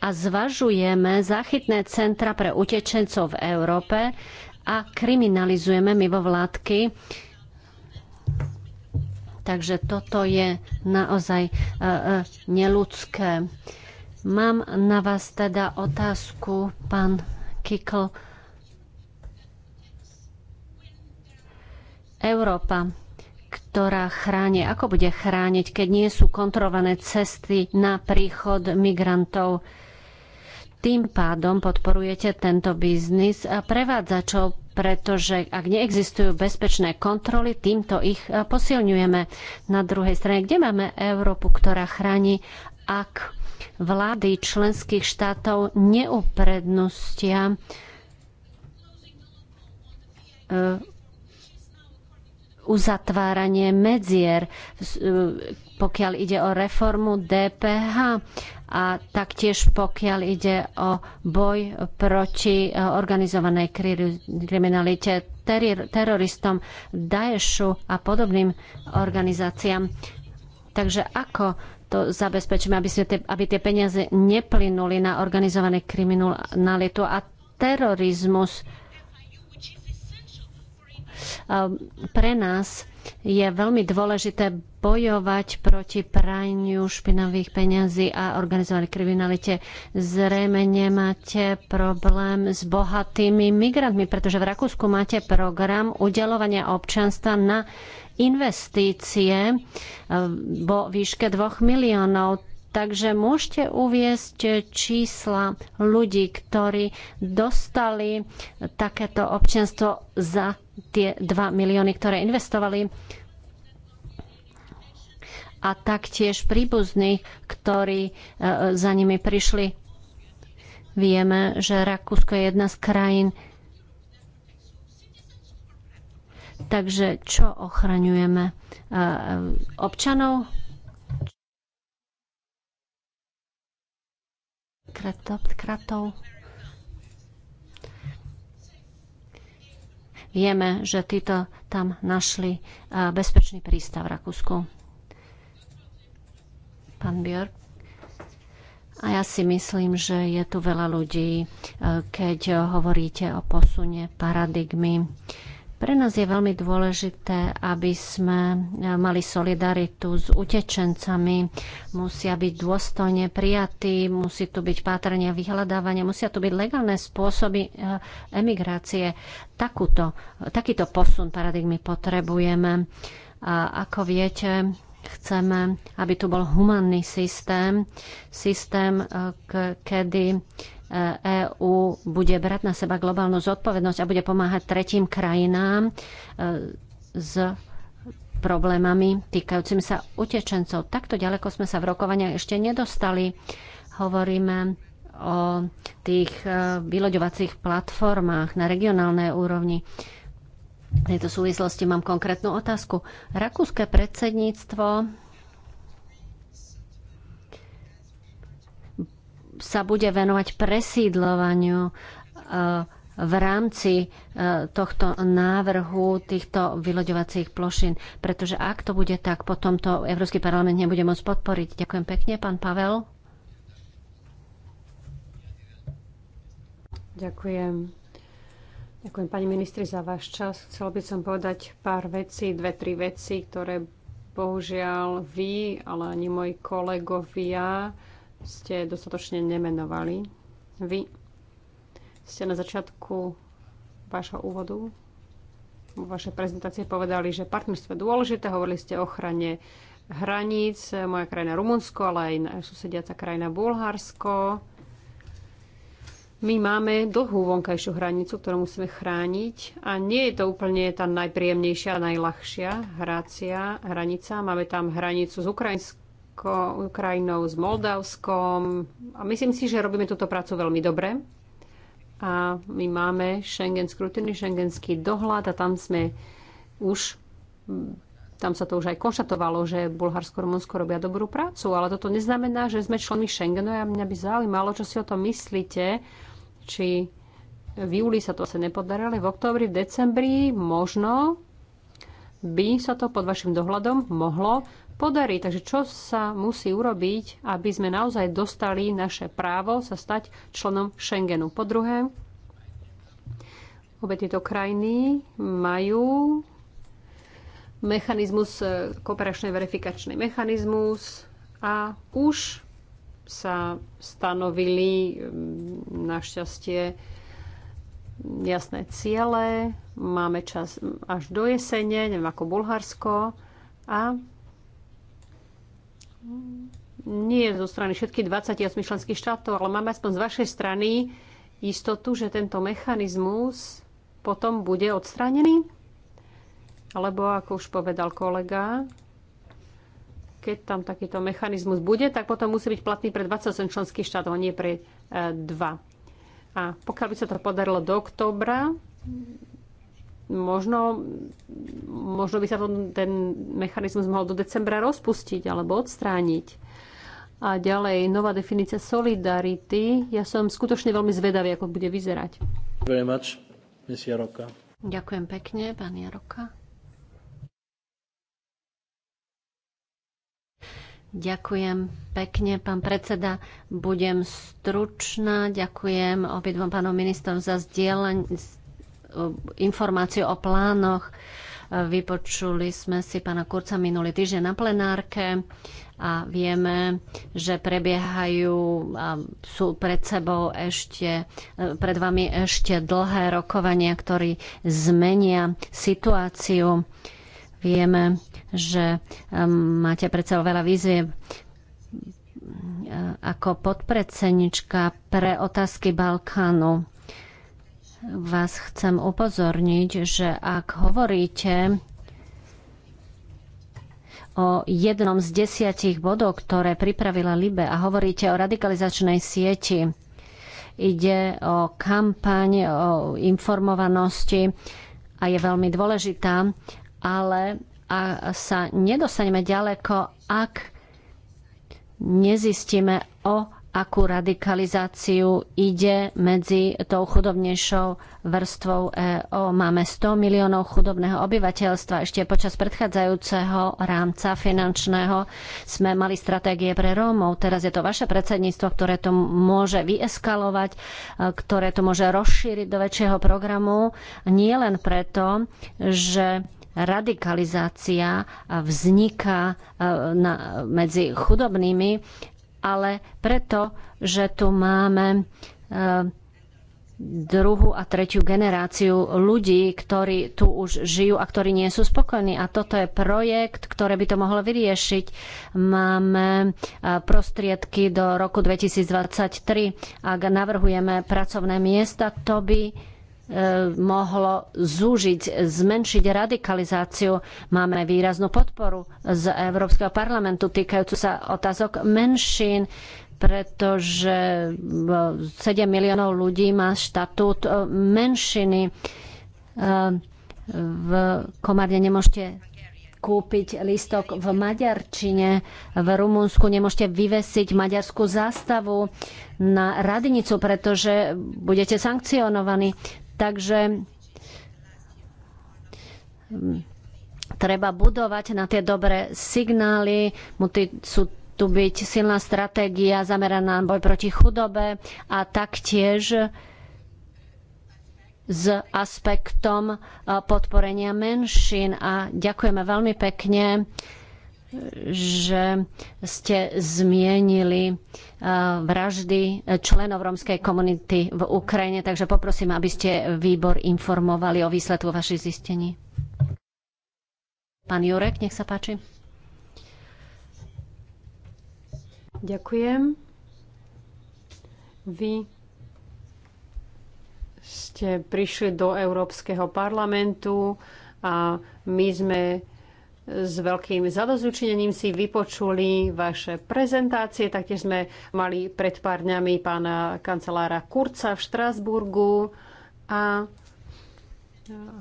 D: a zvažujeme záchytné centra pre utečencov v Európe a kriminalizujeme mimovládky, vládky Takže toto je naozaj e, e, neludské. Mám na vás teda otázku, pán Kikl. Európa, ktorá chráni, ako bude chrániť, keď nie sú kontrolované cesty na príchod migrantov? Tým pádom podporujete tento biznis a prevádzačov pretože ak neexistujú bezpečné kontroly, týmto ich e, posilňujeme. Na druhej strane, kde máme Európu, ktorá chráni, ak vlády členských štátov neuprednostia e, uzatváranie medzier, e, pokiaľ ide o reformu DPH a taktiež pokiaľ ide o boj proti e, organizovanej kriminalite, teroristom, Daešu a podobným organizáciám. Takže ako to zabezpečíme, aby, tie, aby tie peniaze neplynuli na organizované kriminalitu a terorizmus e, pre nás je veľmi dôležité bojovať proti praniu špinavých peňazí a organizovanej kriminalite. Zrejme nemáte problém s bohatými migrantmi, pretože v Rakúsku máte program udelovania občanstva na investície e, vo výške 2 miliónov. Takže môžete uviesť čísla ľudí, ktorí dostali takéto občianstvo za tie 2 milióny, ktoré investovali a taktiež príbuzných, ktorí e, za nimi prišli. Vieme, že Rakúsko je jedna z krajín. Takže čo ochraňujeme? E, občanov? kratov, kratov. Vieme, že títo tam našli bezpečný prístav v Rakúsku. Pán Björk. A ja si myslím, že je tu veľa ľudí, keď hovoríte o posune paradigmy. Pre nás je veľmi dôležité, aby sme eh, mali solidaritu s utečencami. Musia byť dôstojne prijatí, musí tu byť pátrenie vyhľadávanie, musia tu byť legálne spôsoby eh, emigrácie. Takúto, takýto posun paradigmy potrebujeme. A ako viete, chceme, aby tu bol humanný systém, systém, eh, kedy EÚ e bude brať na seba globálnu zodpovednosť a bude pomáhať tretím krajinám e, s problémami týkajúcimi sa utečencov. Takto ďaleko sme sa v rokovaniach ešte nedostali. Hovoríme o tých e, vyloďovacích platformách na regionálnej úrovni. V tejto súvislosti mám konkrétnu otázku. Rakúske predsedníctvo sa bude venovať presídlovaniu e, v rámci e, tohto návrhu týchto vyloďovacích plošín. Pretože ak to bude tak, potom to Európsky parlament nebude môcť podporiť. Ďakujem pekne, pán Pavel.
C: Ďakujem. Ďakujem pani ministri za váš čas. Chcela by som povedať pár vecí, dve, tri veci, ktoré bohužiaľ vy, ale ani moji kolegovia ste dostatočne nemenovali. Vy ste na začiatku vášho úvodu vaše vašej povedali, že partnerstvo je dôležité, hovorili ste o ochrane hraníc, moja krajina Rumunsko, ale aj susediaca krajina Bulharsko. My máme dlhú vonkajšiu hranicu, ktorú musíme chrániť a nie je to úplne tá najpríjemnejšia, najľahšia hrácia, hranica. Máme tam hranicu s Ukrajinskou. Ukrajinou, s Moldavskom a myslím si, že robíme túto prácu veľmi dobre. A my máme Schengen skrutiny, šengenský dohľad a tam sme už tam sa to už aj konštatovalo, že Bulharsko a Rumunsko robia dobrú prácu, ale toto neznamená, že sme členmi Schengenu a mňa by zaujímalo, čo si o tom myslíte, či v júli sa to asi nepodarilo, v októbri, v decembri možno by sa to pod vašim dohľadom mohlo podarí. Takže čo sa musí urobiť, aby sme naozaj dostali naše právo sa stať členom Schengenu? Po druhé, obe tieto krajiny majú mechanizmus, e, kooperačný verifikačný mechanizmus a už sa stanovili mm, našťastie jasné ciele, máme čas až do jesene, neviem ako Bulharsko a nie zo strany všetkých 28 členských štátov, ale máme aspoň z vašej strany istotu, že tento mechanizmus potom bude odstránený? Alebo, ako už povedal kolega, keď tam takýto mechanizmus bude, tak potom musí byť platný pre 28 členských štátov, nie pre e, 2. A pokiaľ by sa to podarilo do októbra, možno, možno by sa to, ten mechanizmus mohol do decembra rozpustiť alebo odstrániť. A ďalej, nová definícia solidarity. Ja som skutočne veľmi zvedavý, ako bude vyzerať.
A: Very much, Miss Jaroka.
D: Ďakujem pekne, pán Jaroka. Ďakujem pekne, pán predseda. Budem stručná. Ďakujem obidvom pánom ministrom za zdieľanie informáciu o plánoch. Vypočuli sme si pána Kurca minulý týždeň na plenárke a vieme, že prebiehajú a sú pred sebou ešte, pred vami ešte dlhé rokovania, ktorí zmenia situáciu. Vieme, že um, máte sebou veľa výziev um, ako podpredsednička pre otázky Balkánu vás chcem upozorniť, že ak hovoríte o jednom z desiatich bodov, ktoré pripravila Libe a hovoríte o radikalizačnej sieti, ide o kampaň, o informovanosti a je veľmi dôležitá, ale a sa nedostaneme ďaleko, ak nezistíme, o akú radikalizáciu ide medzi tou chudobnejšou vrstvou EO. Máme 100 miliónov chudobného obyvateľstva. Ešte počas predchádzajúceho rámca finančného sme mali stratégie pre Rómov. Teraz je to vaše predsedníctvo, ktoré to môže vyeskalovať, eh, ktoré to môže rozšíriť do väčšieho programu. Nie len preto, že radikalizácia vzniká eh, medzi chudobnými, ale preto, že tu máme eh, druhú a tretiu generáciu ľudí, ktorí tu už žijú a ktorí nie sú spokojní. A toto je projekt, ktoré by to mohlo vyriešiť. Máme eh, prostriedky do roku 2023. Ak navrhujeme pracovné miesta, to by Eh, mohlo zúžiť, zmenšiť radikalizáciu. Máme výraznú podporu z Európskeho parlamentu týkajúcu sa otázok menšín, pretože 7 eh, miliónov ľudí má štatút eh, menšiny. V Komárne nemôžete kúpiť lístok v maďarčine, v Rumunsku nemôžete vyvesiť maďarskú zástavu na radnicu, pretože budete sankcionovaní. Takže hm, treba budovať na tie dobré signály, sú tu byť silná stratégia zameraná na boj proti chudobe a taktiež s aspektom podporenia menšín. A ďakujeme veľmi pekne že ste zmienili eh, vraždy členov rómskej komunity v Ukrajine, takže poprosím, aby ste výbor informovali o výsledku vašich zistení. Pán Jurek, nech sa páči. Ďakujem.
C: Vy ste prišli do Európskeho parlamentu a my sme s veľkým zadozučinením si vypočuli vaše prezentácie. Taktiež sme mali pred pár dňami pána kancelára Kurca v Štrásburgu a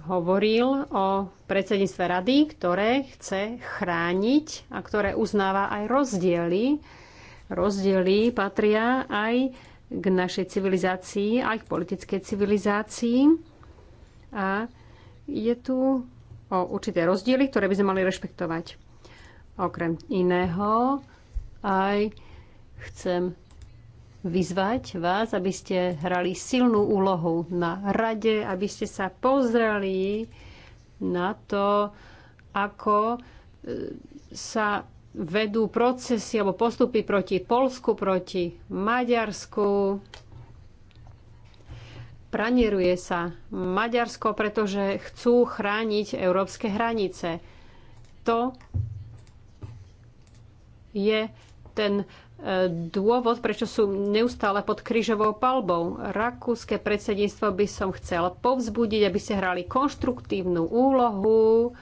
C: hovoril o predsedníctve rady, ktoré chce chrániť a ktoré uznáva aj rozdiely. Rozdiely patria aj k našej civilizácii, aj k politickej civilizácii. A je tu o určité rozdiely, ktoré by sme mali rešpektovať. Okrem iného aj chcem vyzvať vás, aby ste hrali silnú úlohu na rade, aby ste sa pozreli na to, ako e, sa vedú procesy alebo postupy proti Polsku, proti Maďarsku, Pranieruje sa Maďarsko, pretože chcú chrániť európske hranice. To je ten e, dôvod, prečo sú neustále pod krížovou palbou. Rakúske predsedníctvo by som chcel povzbudiť, aby ste hrali konštruktívnu úlohu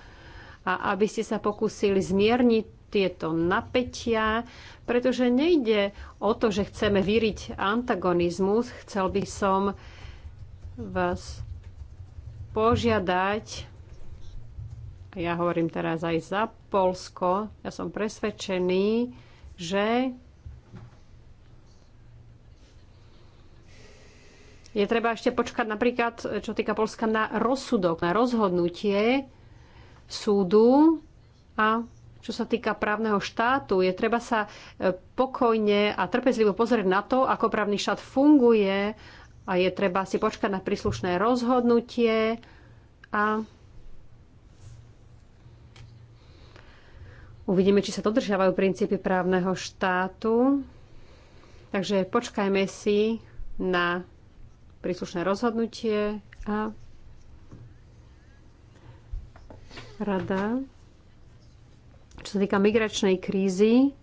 C: a aby ste sa pokúsili zmierniť tieto napätia, pretože nejde o to, že chceme vyriť antagonizmus. Chcel by som vás požiadať, ja hovorím teraz aj za Polsko, ja som presvedčený, že je treba ešte počkať napríklad, čo týka Polska, na rozsudok, na rozhodnutie súdu a čo sa týka právneho štátu, je treba sa pokojne a trpezlivo pozrieť na to, ako právny štát funguje, a je treba si počkať na príslušné rozhodnutie a uvidíme, či sa dodržiavajú princípy právneho štátu. Takže počkajme si na príslušné rozhodnutie a rada. Čo sa týka migračnej krízy,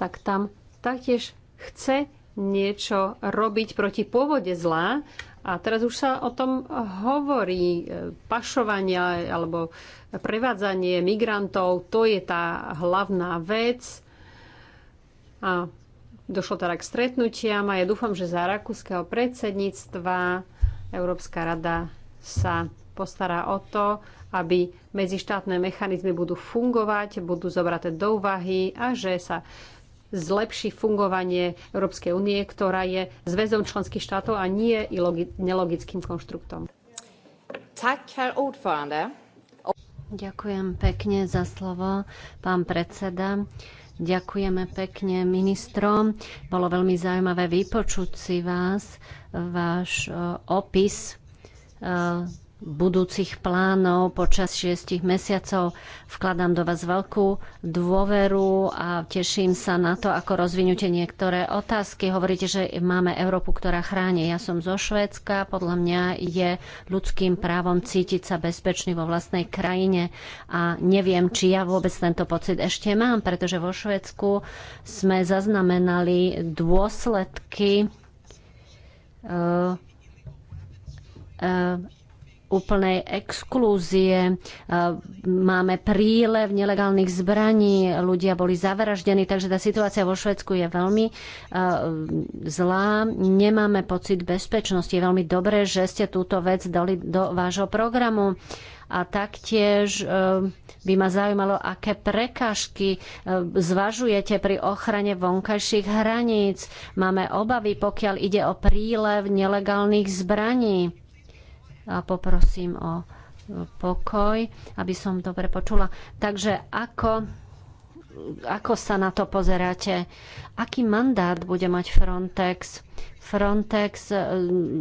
C: tak tam taktiež chce niečo robiť proti pôvode zla. A teraz už sa o tom hovorí. E, pašovanie alebo prevádzanie migrantov, to je tá hlavná vec. A došlo teda k stretnutiam a ja dúfam, že za rakúskeho predsedníctva Európska rada sa postará o to, aby medzištátne mechanizmy budú fungovať, budú zobraté do úvahy a že sa zlepší fungovanie Európskej únie, ktorá je zväzom členských štátov a nie nelogickým konštruktom.
D: Tak, Ďakujem pekne za slovo, pán predseda. Ďakujeme pekne ministrom. Bolo veľmi zaujímavé vypočuť si vás, váš e, opis e, budúcich plánov počas šiestich mesiacov. Vkladám do vás veľkú dôveru a teším sa na to, ako rozvinúte niektoré otázky. Hovoríte, že máme Európu, ktorá chráni. Ja som zo Švédska. Podľa mňa je ľudským právom cítiť sa bezpečný vo vlastnej krajine a neviem, či ja vôbec tento pocit ešte mám, pretože vo Švédsku sme zaznamenali dôsledky uh, uh, úplnej exklúzie. E, máme prílev nelegálnych zbraní, ľudia boli zavraždení, takže tá situácia vo Švedsku je veľmi e, zlá. Nemáme pocit bezpečnosti. Je veľmi dobré, že ste túto vec dali do vášho programu a taktiež e, by ma zaujímalo, aké prekážky zvažujete pri ochrane vonkajších hraníc. Máme obavy, pokiaľ ide o prílev nelegálnych zbraní a poprosím o e, pokoj, aby som dobre počula. Takže ako, ako sa na to pozeráte? Aký mandát bude mať Frontex? Frontex e,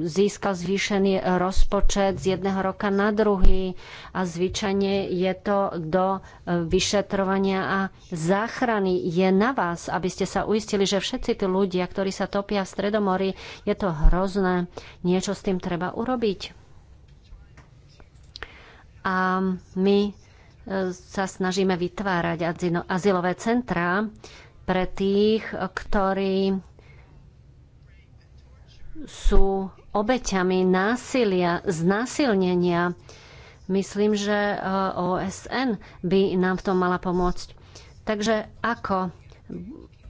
D: získal zvýšený rozpočet z jedného roka na druhý a zvyčajne je to do e, vyšetrovania a záchrany. Je na vás, aby ste sa uistili, že všetci tí ľudia, ktorí sa topia v Stredomori, je to hrozné. Niečo s tým treba urobiť a my e, sa snažíme vytvárať azylové centrá pre tých, ktorí sú obeťami násilia, znásilnenia. Myslím, že e, OSN by nám v tom mala pomôcť. Takže ako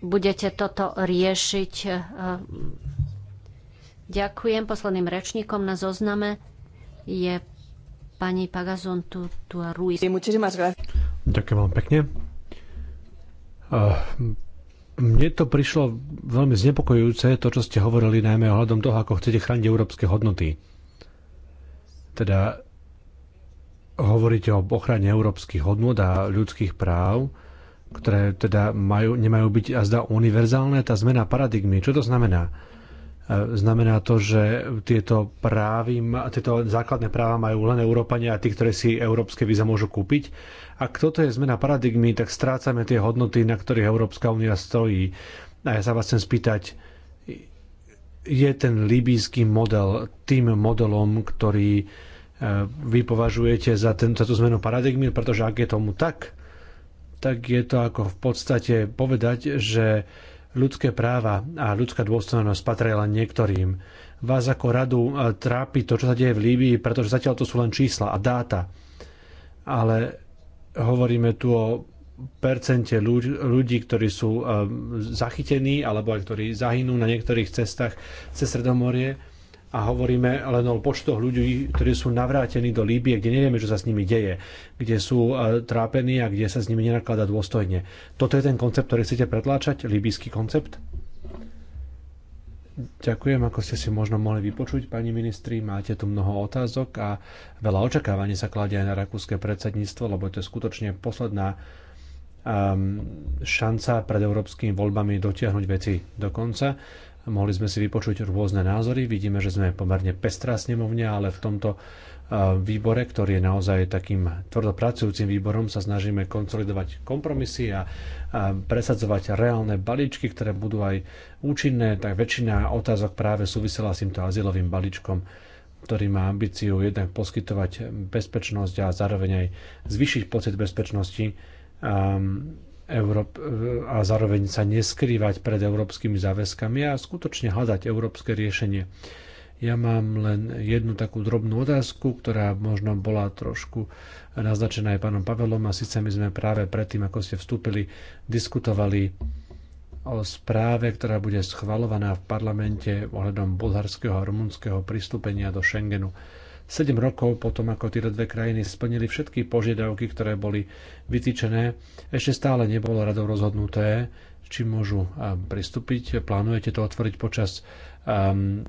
D: budete toto riešiť? E, ďakujem. Posledným rečníkom na zozname je pani Pagazon tu a Ruiz.
B: Ďakujem vám pekne. Mne to prišlo veľmi znepokojujúce, to, čo ste hovorili, najmä ohľadom toho, ako chcete chrániť európske hodnoty. Teda hovoríte o ochrane európskych hodnot a ľudských práv, ktoré teda majú, nemajú byť a zdá univerzálne, tá zmena paradigmy. Čo to znamená? E, znamená to, že tieto, právy, tieto základné práva majú len Európania a tí, ktorí si európske víza môžu kúpiť. Ak toto je zmena paradigmy, tak strácame tie hodnoty, na ktorých Európska únia stojí. A ja sa vás chcem spýtať, je ten libýsky model tým modelom, ktorý e, vy považujete za tento, tú zmenu paradigmy, pretože ak je tomu tak, tak je to ako v podstate povedať, že ľudské práva a ľudská dôstojnosť patria len niektorým. Vás ako radu eh, trápi to, čo sa deje v Líbii, pretože zatiaľ to sú len čísla a dáta. Ale hovoríme tu o percente ľudí, ktorí sú eh, zachytení alebo aj ktorí zahynú na niektorých cestách cez Sredomorie a hovoríme len o počtoch ľudí, ktorí sú navrátení do Líbie, kde nevieme, čo sa s nimi deje, kde sú e, trápení a kde sa s nimi nenakladá dôstojne. Toto je ten koncept, ktorý chcete pretláčať? Líbyský koncept? Ďakujem, ako ste si možno mohli vypočuť, pani ministri. Máte tu mnoho otázok a veľa očakávaní sa kladie aj na rakúske predsedníctvo, lebo to je skutočne posledná um, šanca pred európskymi voľbami dotiahnuť veci do konca. Mohli sme si vypočuť rôzne názory. Vidíme, že sme pomerne pestrá snemovňa, ale v tomto výbore, ktorý je naozaj takým tvrdopracujúcim výborom, sa snažíme konsolidovať kompromisy a presadzovať reálne balíčky, ktoré budú aj účinné. Tak väčšina otázok práve súvisela s týmto azylovým balíčkom ktorý má ambíciu jednak poskytovať bezpečnosť a zároveň aj zvyšiť pocit bezpečnosti Európ- a zároveň sa neskrývať pred európskymi záväzkami a skutočne hľadať európske riešenie. Ja mám len jednu takú drobnú otázku, ktorá možno bola trošku naznačená aj pánom Pavelom a síce my sme práve predtým, ako ste vstúpili, diskutovali o správe, ktorá bude schvalovaná v parlamente ohľadom bulharského a rumunského pristúpenia do Schengenu. 7 rokov potom, ako tieto dve krajiny splnili všetky požiadavky, ktoré boli vytýčené, ešte stále nebolo radov rozhodnuté, či môžu pristúpiť. Plánujete to otvoriť počas um,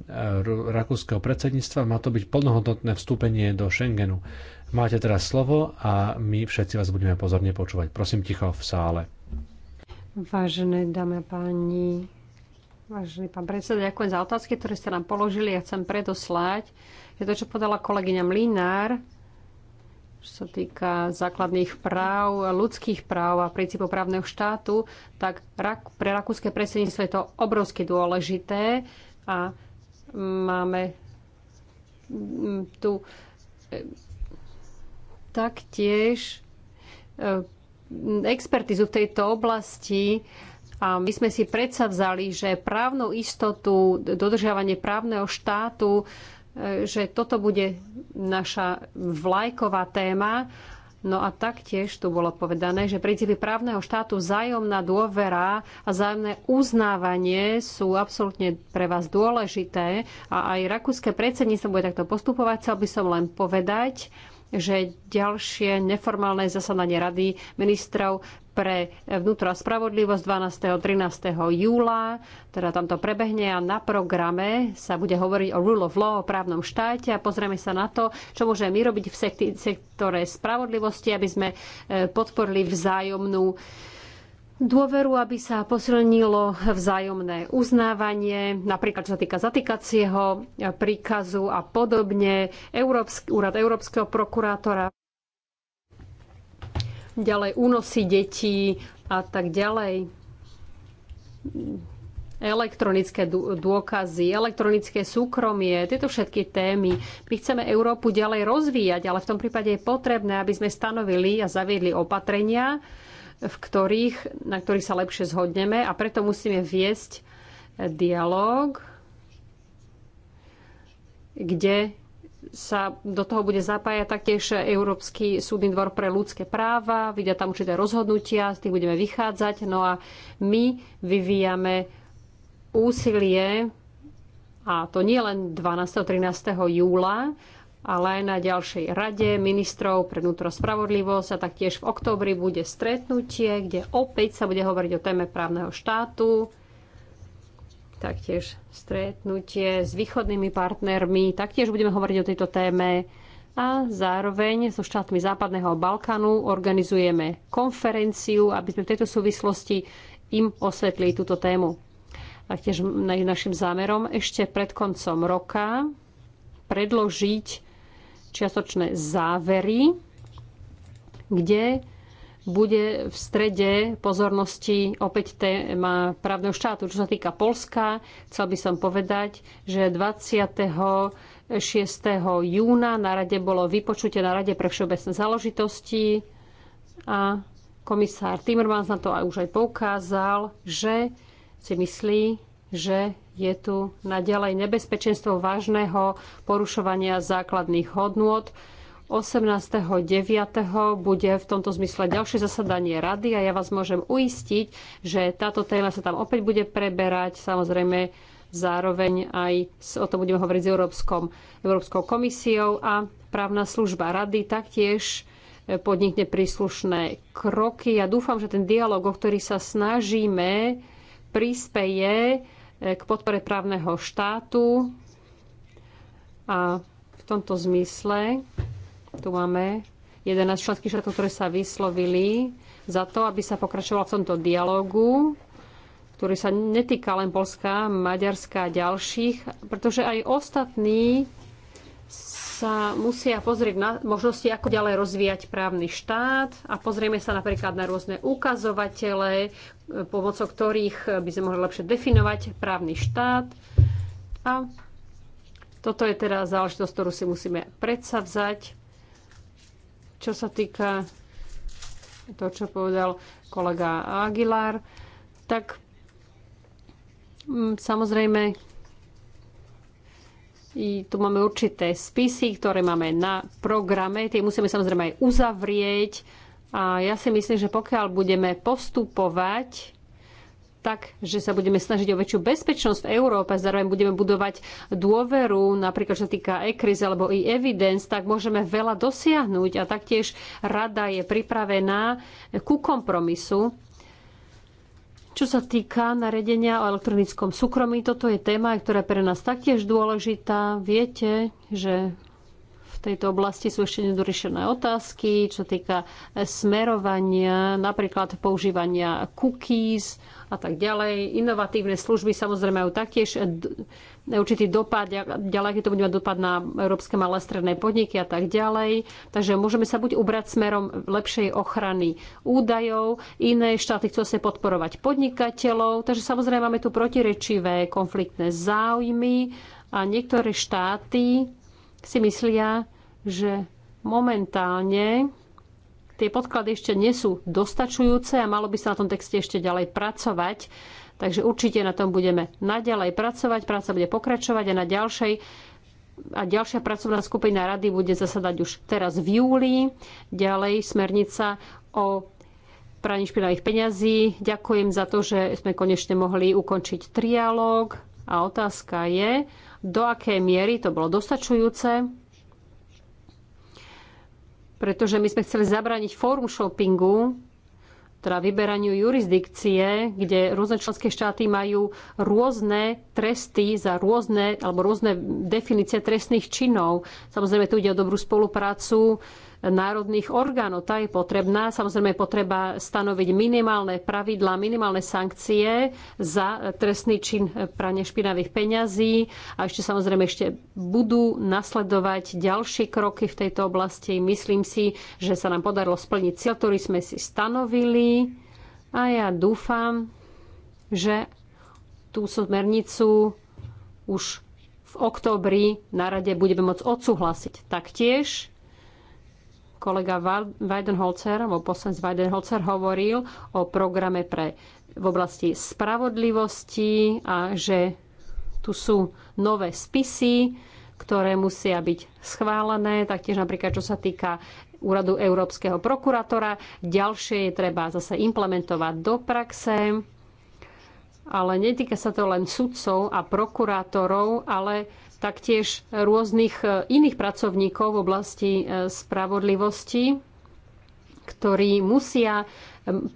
B: rakúskeho predsedníctva. Má to byť plnohodnotné vstúpenie do Schengenu. Máte teraz slovo a my všetci vás budeme pozorne počúvať. Prosím ticho v sále.
C: Vážené dámy a páni, vážený pán predseda, ďakujem za otázky, ktoré ste nám položili. Ja chcem predoslať, je to, čo podala kolegyňa Mlinár, čo sa týka základných práv, ľudských práv a princípov právneho štátu, tak pre rakúske predsedníctvo je to obrovsky dôležité a máme mm, tu e, taktiež e, expertizu v tejto oblasti a my sme si predsa vzali, že právnu istotu, dodržiavanie právneho štátu že toto bude naša vlajková téma. No a taktiež tu bolo povedané, že princípy právneho štátu, vzájomná dôvera a vzájomné uznávanie sú absolútne pre vás dôležité a aj rakúske predsedníctvo bude takto postupovať. Chcel by som len povedať, že ďalšie neformálne zasadanie rady ministrov pre vnútro a spravodlivosť 12. 13. júla. Teda tam to prebehne a na programe sa bude hovoriť o rule of law, o právnom štáte a pozrieme sa na to, čo môžeme my robiť v sektore spravodlivosti, aby sme e, podporili vzájomnú dôveru, aby sa posilnilo vzájomné uznávanie, napríklad čo sa týka zatýkacieho príkazu a podobne. Európsky, úrad Európskeho prokurátora ďalej únosy detí a tak ďalej. Elektronické dôkazy, elektronické súkromie, tieto všetky témy. My chceme Európu ďalej rozvíjať, ale v tom prípade je potrebné, aby sme stanovili a zaviedli opatrenia, v ktorých, na ktorých sa lepšie zhodneme a preto musíme viesť dialog, kde sa do toho bude zapájať taktiež Európsky súdny dvor pre ľudské práva, vidia tam určité rozhodnutia, z tých budeme vychádzať. No a my vyvíjame úsilie, a to nie len 12. 13. júla, ale aj na ďalšej rade ministrov pre vnútro spravodlivosť a taktiež v oktobri bude stretnutie, kde opäť sa bude hovoriť o téme právneho štátu taktiež stretnutie s východnými partnermi, taktiež budeme hovoriť o tejto téme a zároveň so štátmi Západného Balkánu organizujeme konferenciu, aby sme v tejto súvislosti im osvetli túto tému. A tiež našim zámerom ešte pred koncom roka predložiť čiastočné závery, kde bude v strede pozornosti opäť téma právneho štátu. Čo sa týka Polska, chcel by som povedať, že 20. 6. júna na rade bolo vypočutie na rade pre všeobecné záležitosti a komisár Timmermans na to aj už aj poukázal, že si myslí, že je tu naďalej nebezpečenstvo vážneho porušovania základných hodnôt 18.9. bude v tomto zmysle ďalšie zasadanie rady a ja vás môžem uistiť, že táto téma sa tam opäť bude preberať. Samozrejme, zároveň aj o tom budeme hovoriť s Európskom, Európskou komisiou a právna služba rady taktiež e, podnikne príslušné kroky. Ja dúfam, že ten dialog, o ktorý sa snažíme, prispeje e, k podpore právneho štátu a v tomto zmysle tu máme 11 členských štátov, ktoré sa vyslovili za to, aby sa pokračovalo v tomto dialogu, ktorý sa netýka len Polska, Maďarska a ďalších, pretože aj ostatní sa musia pozrieť na možnosti, ako ďalej rozvíjať právny štát a pozrieme sa napríklad na rôzne ukazovatele, pomocou ktorých by sme mohli lepšie definovať právny štát. A toto je teda záležitosť, ktorú si musíme predsavzať čo sa týka to, čo povedal kolega Aguilar, tak mm, samozrejme i tu máme určité spisy, ktoré máme na programe. Tie musíme samozrejme aj uzavrieť. A ja si myslím, že pokiaľ budeme postupovať tak, že sa budeme snažiť o väčšiu bezpečnosť v Európe, zároveň budeme budovať dôveru, napríklad čo týka ECRIS alebo i e evidence, tak môžeme veľa dosiahnuť a taktiež rada je pripravená ku kompromisu. Čo sa týka naredenia o elektronickom súkromí, toto je téma, ktorá je pre nás taktiež dôležitá. Viete, že tejto oblasti sú ešte nedorešené otázky, čo týka smerovania, napríklad používania cookies a tak ďalej. Inovatívne služby samozrejme majú taktiež určitý dopad, ďalej keď to bude mať dopad na európske malé stredné podniky a tak ďalej. Takže môžeme sa buď ubrať smerom lepšej ochrany údajov, iné štáty chcú sa podporovať podnikateľov, takže samozrejme máme tu protirečivé konfliktné záujmy a niektoré štáty si myslia, že momentálne tie podklady ešte nie sú dostačujúce a malo by sa na tom texte ešte ďalej pracovať. Takže určite na tom budeme naďalej pracovať, práca bude pokračovať a na ďalšej a ďalšia pracovná skupina rady bude zasadať už teraz v júli. Ďalej smernica o praní špinavých peňazí. Ďakujem za to, že sme konečne mohli ukončiť trialóg. A otázka je, do akej miery to bolo dostačujúce, pretože my sme chceli zabrániť forum shoppingu, teda vyberaniu jurisdikcie, kde rôzne členské štáty majú rôzne tresty za rôzne, alebo rôzne definície trestných činov. Samozrejme, tu ide o dobrú spoluprácu národných orgánov. Tá je potrebná. Samozrejme, je potreba stanoviť minimálne pravidlá, minimálne sankcie za trestný čin prania špinavých peňazí. A ešte samozrejme ešte budú nasledovať ďalšie kroky v tejto oblasti. Myslím si, že sa nám podarilo splniť cieľ, ktorý sme si stanovili. A ja dúfam, že tú smernicu už v októbri na rade budeme môcť odsúhlasiť. Taktiež kolega Weidenholzer, alebo poslanec Weidenholzer hovoril o programe pre v oblasti spravodlivosti a že tu sú nové spisy, ktoré musia byť schválené, taktiež napríklad čo sa týka úradu Európskeho prokurátora. Ďalšie je treba zase implementovať do praxe, ale netýka sa to len sudcov a prokurátorov, ale taktiež rôznych e, iných pracovníkov v oblasti e, spravodlivosti, ktorí musia e,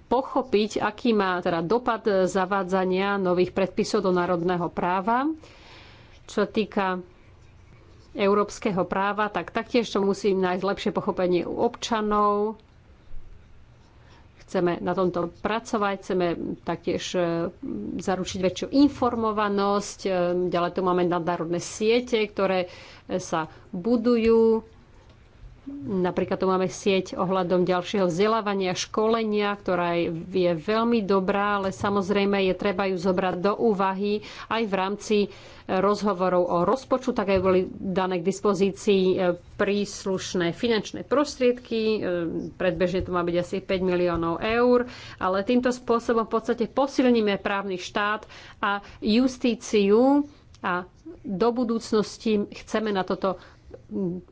C: pochopiť, aký má teda dopad zavádzania nových predpisov do národného práva. Čo týka európskeho práva, tak taktiež to musí nájsť lepšie pochopenie u občanov, Chceme na tomto pracovať, chceme taktiež e, zaručiť väčšiu informovanosť. E, ďalej tu máme nadnárodné siete, ktoré e, sa budujú Napríklad tu máme sieť ohľadom ďalšieho vzdelávania, školenia, ktorá je veľmi dobrá, ale samozrejme je treba ju zobrať do úvahy aj v rámci e, rozhovorov o rozpočtu, tak aj boli dané k dispozícii e, príslušné finančné prostriedky. E, predbežne to má byť asi 5 miliónov eur, ale týmto spôsobom v podstate posilníme právny štát a justíciu a do budúcnosti chceme na toto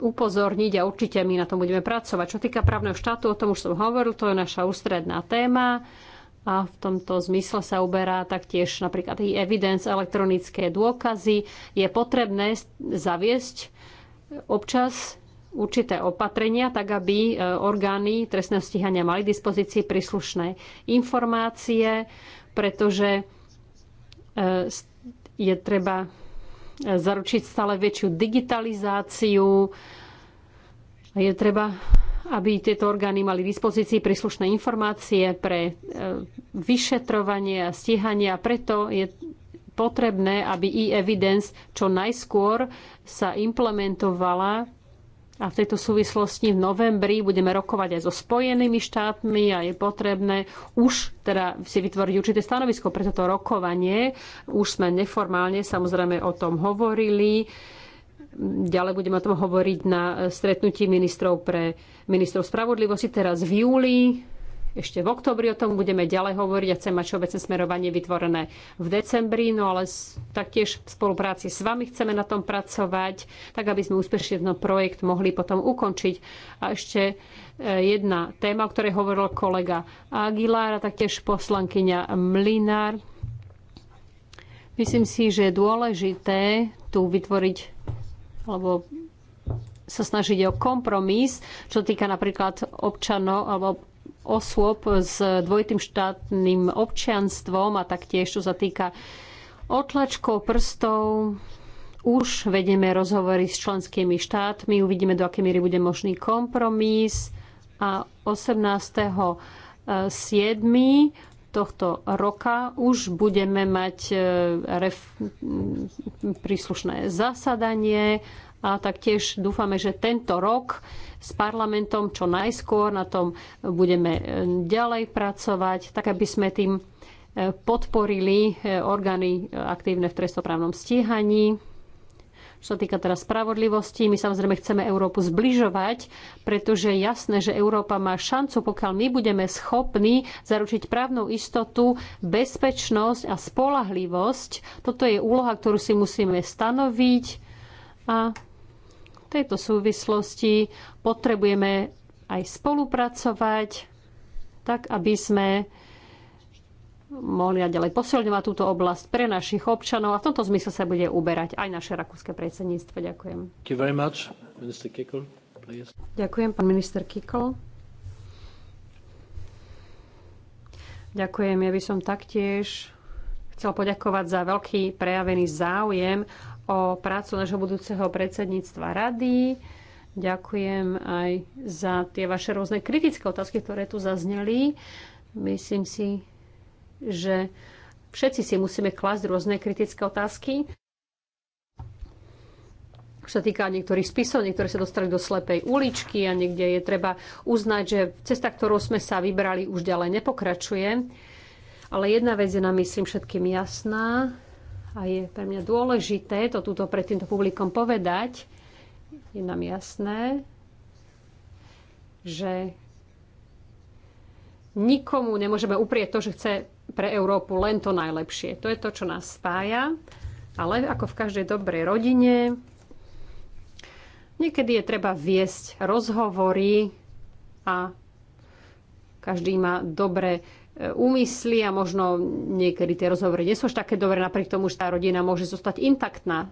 C: upozorniť a určite my na tom budeme pracovať. Čo týka právneho štátu, o tom už som hovoril, to je naša ústredná téma a v tomto zmysle sa uberá taktiež napríklad i evidence, elektronické dôkazy. Je potrebné zaviesť občas určité opatrenia, tak aby e, orgány trestného stíhania mali k dispozícii príslušné informácie, pretože e, je treba zaručiť stále väčšiu digitalizáciu. Je treba, aby tieto orgány mali v dispozícii príslušné informácie pre e, vyšetrovanie a stíhanie a preto je potrebné, aby e-evidence čo najskôr sa implementovala a v tejto súvislosti v novembri budeme rokovať aj so Spojenými štátmi a je potrebné už teda si vytvoriť určité stanovisko pre toto rokovanie. Už sme neformálne samozrejme o tom hovorili. Ďalej budeme o tom hovoriť na stretnutí ministrov, pre, ministrov spravodlivosti teraz v júli ešte v oktobri, o tom budeme ďalej hovoriť a chcem mať všeobecné smerovanie vytvorené v decembri, no ale taktiež v spolupráci s vami chceme na tom pracovať, tak aby sme úspešne ten projekt mohli potom ukončiť. A ešte e, jedna téma, o ktorej hovoril kolega Aguilar a taktiež poslankyňa Mlinár. Myslím si, že je dôležité tu vytvoriť alebo sa snažiť o kompromis, čo týka napríklad občanov alebo osôb s dvojitým štátnym občianstvom a taktiež, čo sa týka otlačkov prstov, už vedeme rozhovory s členskými štátmi, uvidíme, do aké miery bude možný kompromis. A 18. 7. tohto roka už budeme mať eh, príslušné zasadanie a taktiež dúfame, že tento rok s parlamentom čo najskôr na tom budeme e, ďalej pracovať, tak aby sme tým e, podporili e, orgány aktívne v trestoprávnom stíhaní. Čo sa týka teraz spravodlivosti, my samozrejme chceme Európu zbližovať, pretože je jasné, že Európa má šancu, pokiaľ my budeme schopní zaručiť právnu istotu, bezpečnosť a spolahlivosť. Toto je úloha, ktorú si musíme stanoviť a v tejto súvislosti potrebujeme aj spolupracovať, tak aby sme mohli ďalej posilňovať túto oblasť pre našich občanov a v tomto zmysle sa bude uberať aj naše rakúske predsedníctvo. Ďakujem. Ďakujem, pán minister Kikol. Ďakujem, ja by som taktiež chcel poďakovať za veľký prejavený záujem o prácu nášho budúceho predsedníctva rady. Ďakujem aj za tie vaše rôzne kritické otázky, ktoré tu zazneli. Myslím si, že všetci si musíme klásť rôzne kritické otázky. Čo sa týka niektorých spisov, niektoré sa dostali do slepej uličky a niekde je treba uznať, že cesta, ktorou sme sa vybrali, už ďalej nepokračuje. Ale jedna vec je nám, myslím, všetkým jasná a je pre mňa dôležité to túto pred týmto publikom povedať. Je nám jasné, že nikomu nemôžeme uprieť to, že chce pre Európu len to najlepšie. To je to, čo nás spája. Ale ako v každej dobrej rodine, niekedy je treba viesť rozhovory a každý má dobre úmysly a možno niekedy tie rozhovory nie sú až také dobré, napriek tomu, že tá rodina môže zostať intaktná.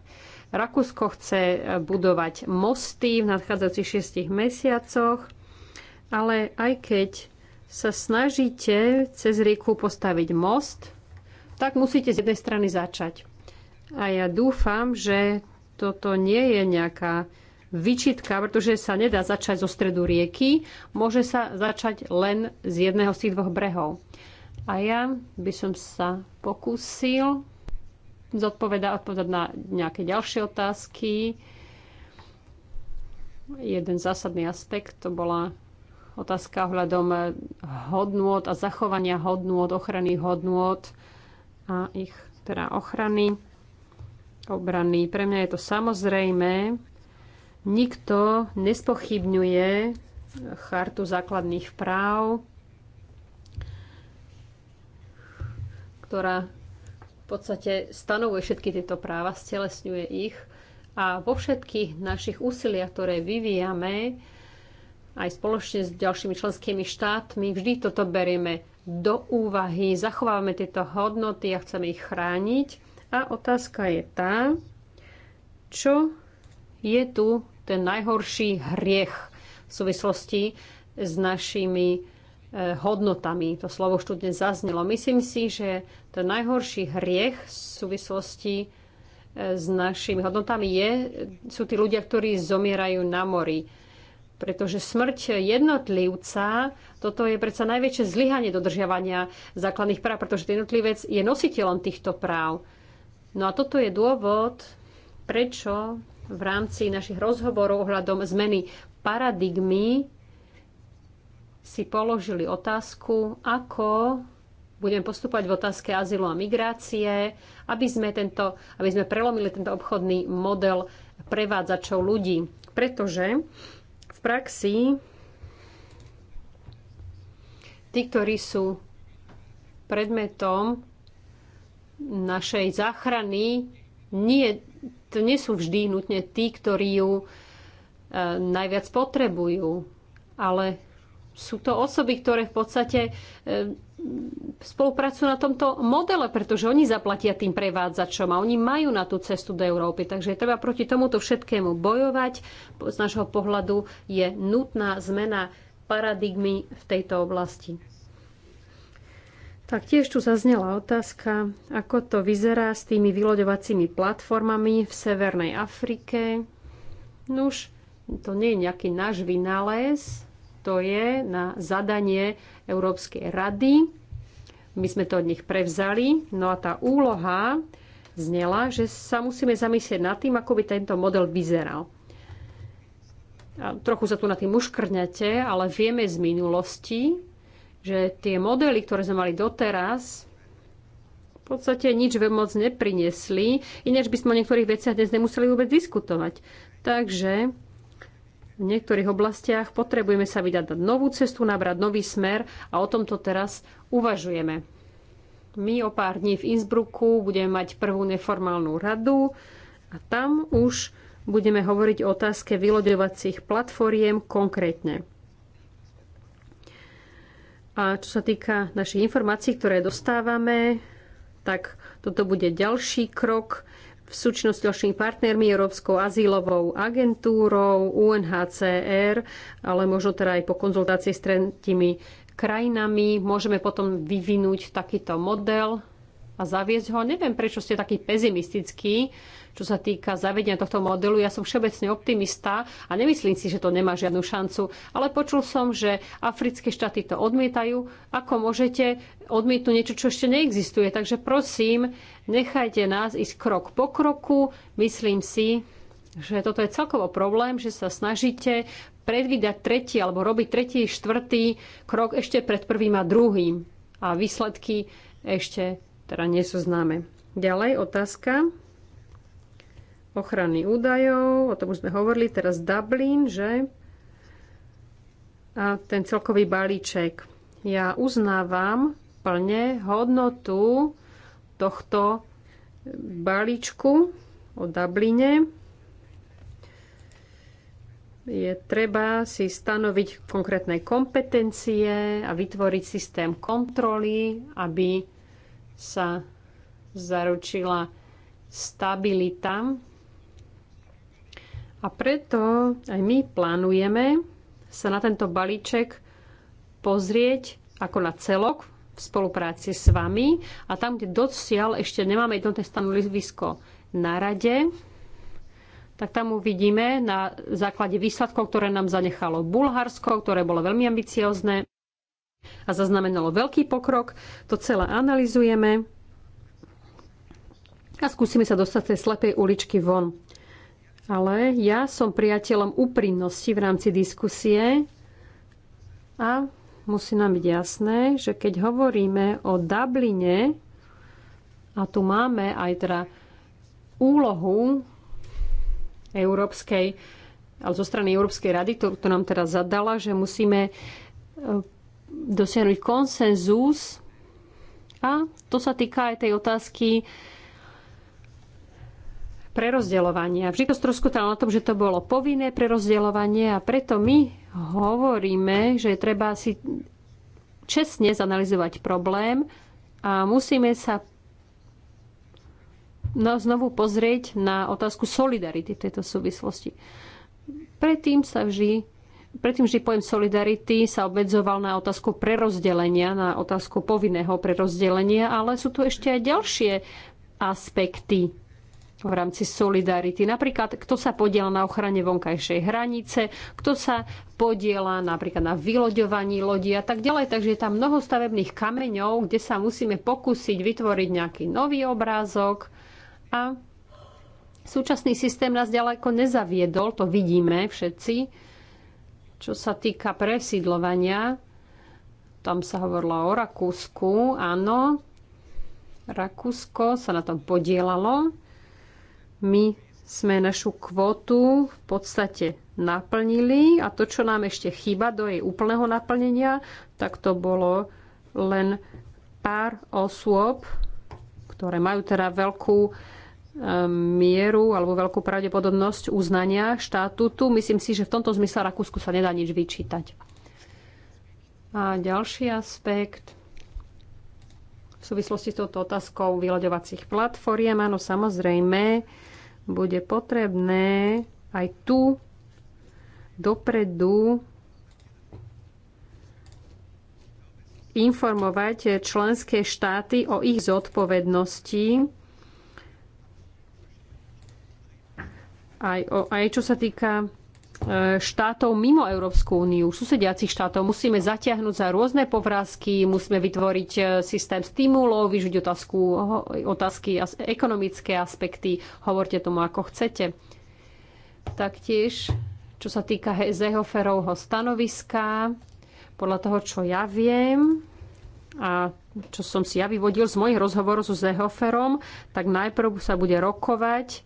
C: Rakúsko chce budovať mosty v nadchádzajúcich šiestich mesiacoch, ale aj keď sa snažíte cez rieku postaviť most, tak musíte z jednej strany začať. A ja dúfam, že toto nie je nejaká vyčitka, pretože sa nedá začať zo stredu rieky, môže sa začať len z jedného z tých dvoch brehov. A ja by som sa pokúsil zodpovedať, odpovedať na nejaké ďalšie otázky. Jeden zásadný aspekt to bola otázka ohľadom hodnôt a zachovania hodnôt, ochrany hodnôt a ich teda ochrany, obrany. Pre mňa je to samozrejme, Nikto nespochybňuje chartu základných práv, ktorá v podstate stanovuje všetky tieto práva, stelesňuje ich a vo všetkých našich úsiliach, ktoré vyvíjame, aj spoločne s ďalšími členskými štátmi, vždy toto berieme do úvahy, zachovávame tieto hodnoty a chceme ich chrániť. A otázka je tá, čo je tu ten najhorší hriech v súvislosti s našimi e, hodnotami. To slovo už tu dnes zaznelo. Myslím si, že ten najhorší hriech v súvislosti e, s našimi hodnotami je, sú tí ľudia, ktorí zomierajú na mori. Pretože smrť jednotlivca, toto je predsa najväčšie zlyhanie dodržiavania základných práv, pretože ten jednotlivec je nositeľom týchto práv. No a toto je dôvod, prečo v rámci našich rozhovorov ohľadom zmeny paradigmy si položili otázku, ako budem postupovať v otázke azylu a migrácie, aby sme, tento, aby sme prelomili tento obchodný model prevádzačov ľudí. Pretože v praxi tí, ktorí sú predmetom našej záchrany, nie to nie sú vždy nutne tí, ktorí ju e, najviac potrebujú, ale sú to osoby, ktoré v podstate e, spolupracujú na tomto modele, pretože oni zaplatia tým prevádzačom a oni majú na tú cestu do Európy. Takže treba proti tomuto všetkému bojovať. Z našho pohľadu je nutná zmena paradigmy v tejto oblasti. Taktiež tu zaznela otázka, ako to vyzerá s tými vyloďovacími platformami v Severnej Afrike. Nuž, to nie je nejaký náš vynález, to je na zadanie Európskej rady. My sme to od nich prevzali. No a tá úloha znela, že sa musíme zamyslieť nad tým, ako by tento model vyzeral. A trochu sa tu na tým uškrňate, ale vieme z minulosti, že tie modely, ktoré sme mali doteraz, v podstate nič moc neprinesli, ináč by sme o niektorých veciach dnes nemuseli vôbec diskutovať. Takže v niektorých oblastiach potrebujeme sa vydať novú cestu, nabrať nový smer a o tomto teraz uvažujeme. My o pár dní v Innsbrucku budeme mať prvú neformálnu radu a tam už budeme hovoriť o otázke vyloďovacích platformiem konkrétne. A čo sa týka našich informácií, ktoré dostávame, tak toto bude ďalší krok v súčnosti s ďalšími partnermi, Európskou azylovou agentúrou, UNHCR, ale možno teda aj po konzultácii s tretimi krajinami môžeme potom vyvinúť takýto model a zaviesť ho. Neviem, prečo ste taký pesimistický, čo sa týka zavedenia tohto modelu. Ja som všeobecne optimista a nemyslím si, že to nemá žiadnu šancu. Ale počul som, že africké štáty to odmietajú. Ako môžete odmietnúť niečo, čo ešte neexistuje? Takže prosím, nechajte nás ísť krok po kroku. Myslím si, že toto je celkovo problém, že sa snažíte predvídať tretí alebo robiť tretí, štvrtý krok ešte pred prvým a druhým a výsledky ešte teda nie sú známe. Ďalej otázka ochrany údajov, o tom už sme hovorili, teraz Dublin, že? A ten celkový balíček. Ja uznávam plne hodnotu tohto balíčku o Dubline. Je treba si stanoviť konkrétne kompetencie a vytvoriť systém kontroly, aby sa zaručila stabilita. A preto aj my plánujeme sa na tento balíček pozrieť ako na celok v spolupráci s vami a tam, kde dosiaľ ešte nemáme jednotné stanovisko na rade, tak tam uvidíme na základe výsledkov, ktoré nám zanechalo Bulharsko, ktoré bolo veľmi ambiciozne, a zaznamenalo veľký pokrok. To celé analizujeme a skúsime sa dostať z tej slepej uličky von. Ale ja som priateľom úprimnosti v rámci diskusie a musí nám byť jasné, že keď hovoríme o Dubline, a tu máme aj teda úlohu Európskej, ale zo strany Európskej rady, to nám teraz zadala, že musíme e, dosiahnuť konsenzus a to sa týka aj tej otázky prerozdeľovania. Vždy to stroskotalo na tom, že to bolo povinné prerozdeľovanie a preto my hovoríme, že treba si čestne zanalizovať problém a musíme sa no, znovu pozrieť na otázku solidarity v tejto súvislosti. Predtým sa vždy Predtým že pojem solidarity sa obmedzoval na otázku prerozdelenia, na otázku povinného prerozdelenia, ale sú tu ešte aj ďalšie aspekty v rámci solidarity. Napríklad, kto sa podiela na ochrane vonkajšej hranice, kto sa podiela napríklad na vyloďovaní lodi a tak ďalej. Takže je tam mnoho stavebných kameňov, kde sa musíme pokúsiť vytvoriť nejaký nový obrázok. A súčasný systém nás ďaleko nezaviedol, to vidíme všetci. Čo sa týka presídlovania, tam sa hovorilo o Rakúsku, áno. Rakúsko sa na tom podielalo. My sme našu kvotu v podstate naplnili a to, čo nám ešte chýba do jej úplného naplnenia, tak to bolo len pár osôb, ktoré majú teda veľkú mieru alebo veľkú pravdepodobnosť uznania štatútu. Myslím si, že v tomto zmysle Rakúsku sa nedá nič vyčítať. A ďalší aspekt v súvislosti s touto otázkou vyľadovacích platformiem, áno, samozrejme, bude potrebné aj tu dopredu informovať členské štáty o ich zodpovednosti aj, o, aj čo sa týka e, štátov mimo Európsku úniu, susediacich štátov. Musíme zatiahnuť za rôzne povrázky, musíme vytvoriť e, systém stimulov, vyžiť otázku, otázky, ekonomické aspekty. Hovorte tomu, ako chcete. Taktiež, čo sa týka Zehoferovho stanoviska, podľa toho, čo ja viem a čo som si ja vyvodil z mojich rozhovorov so Zehoferom, tak najprv sa bude rokovať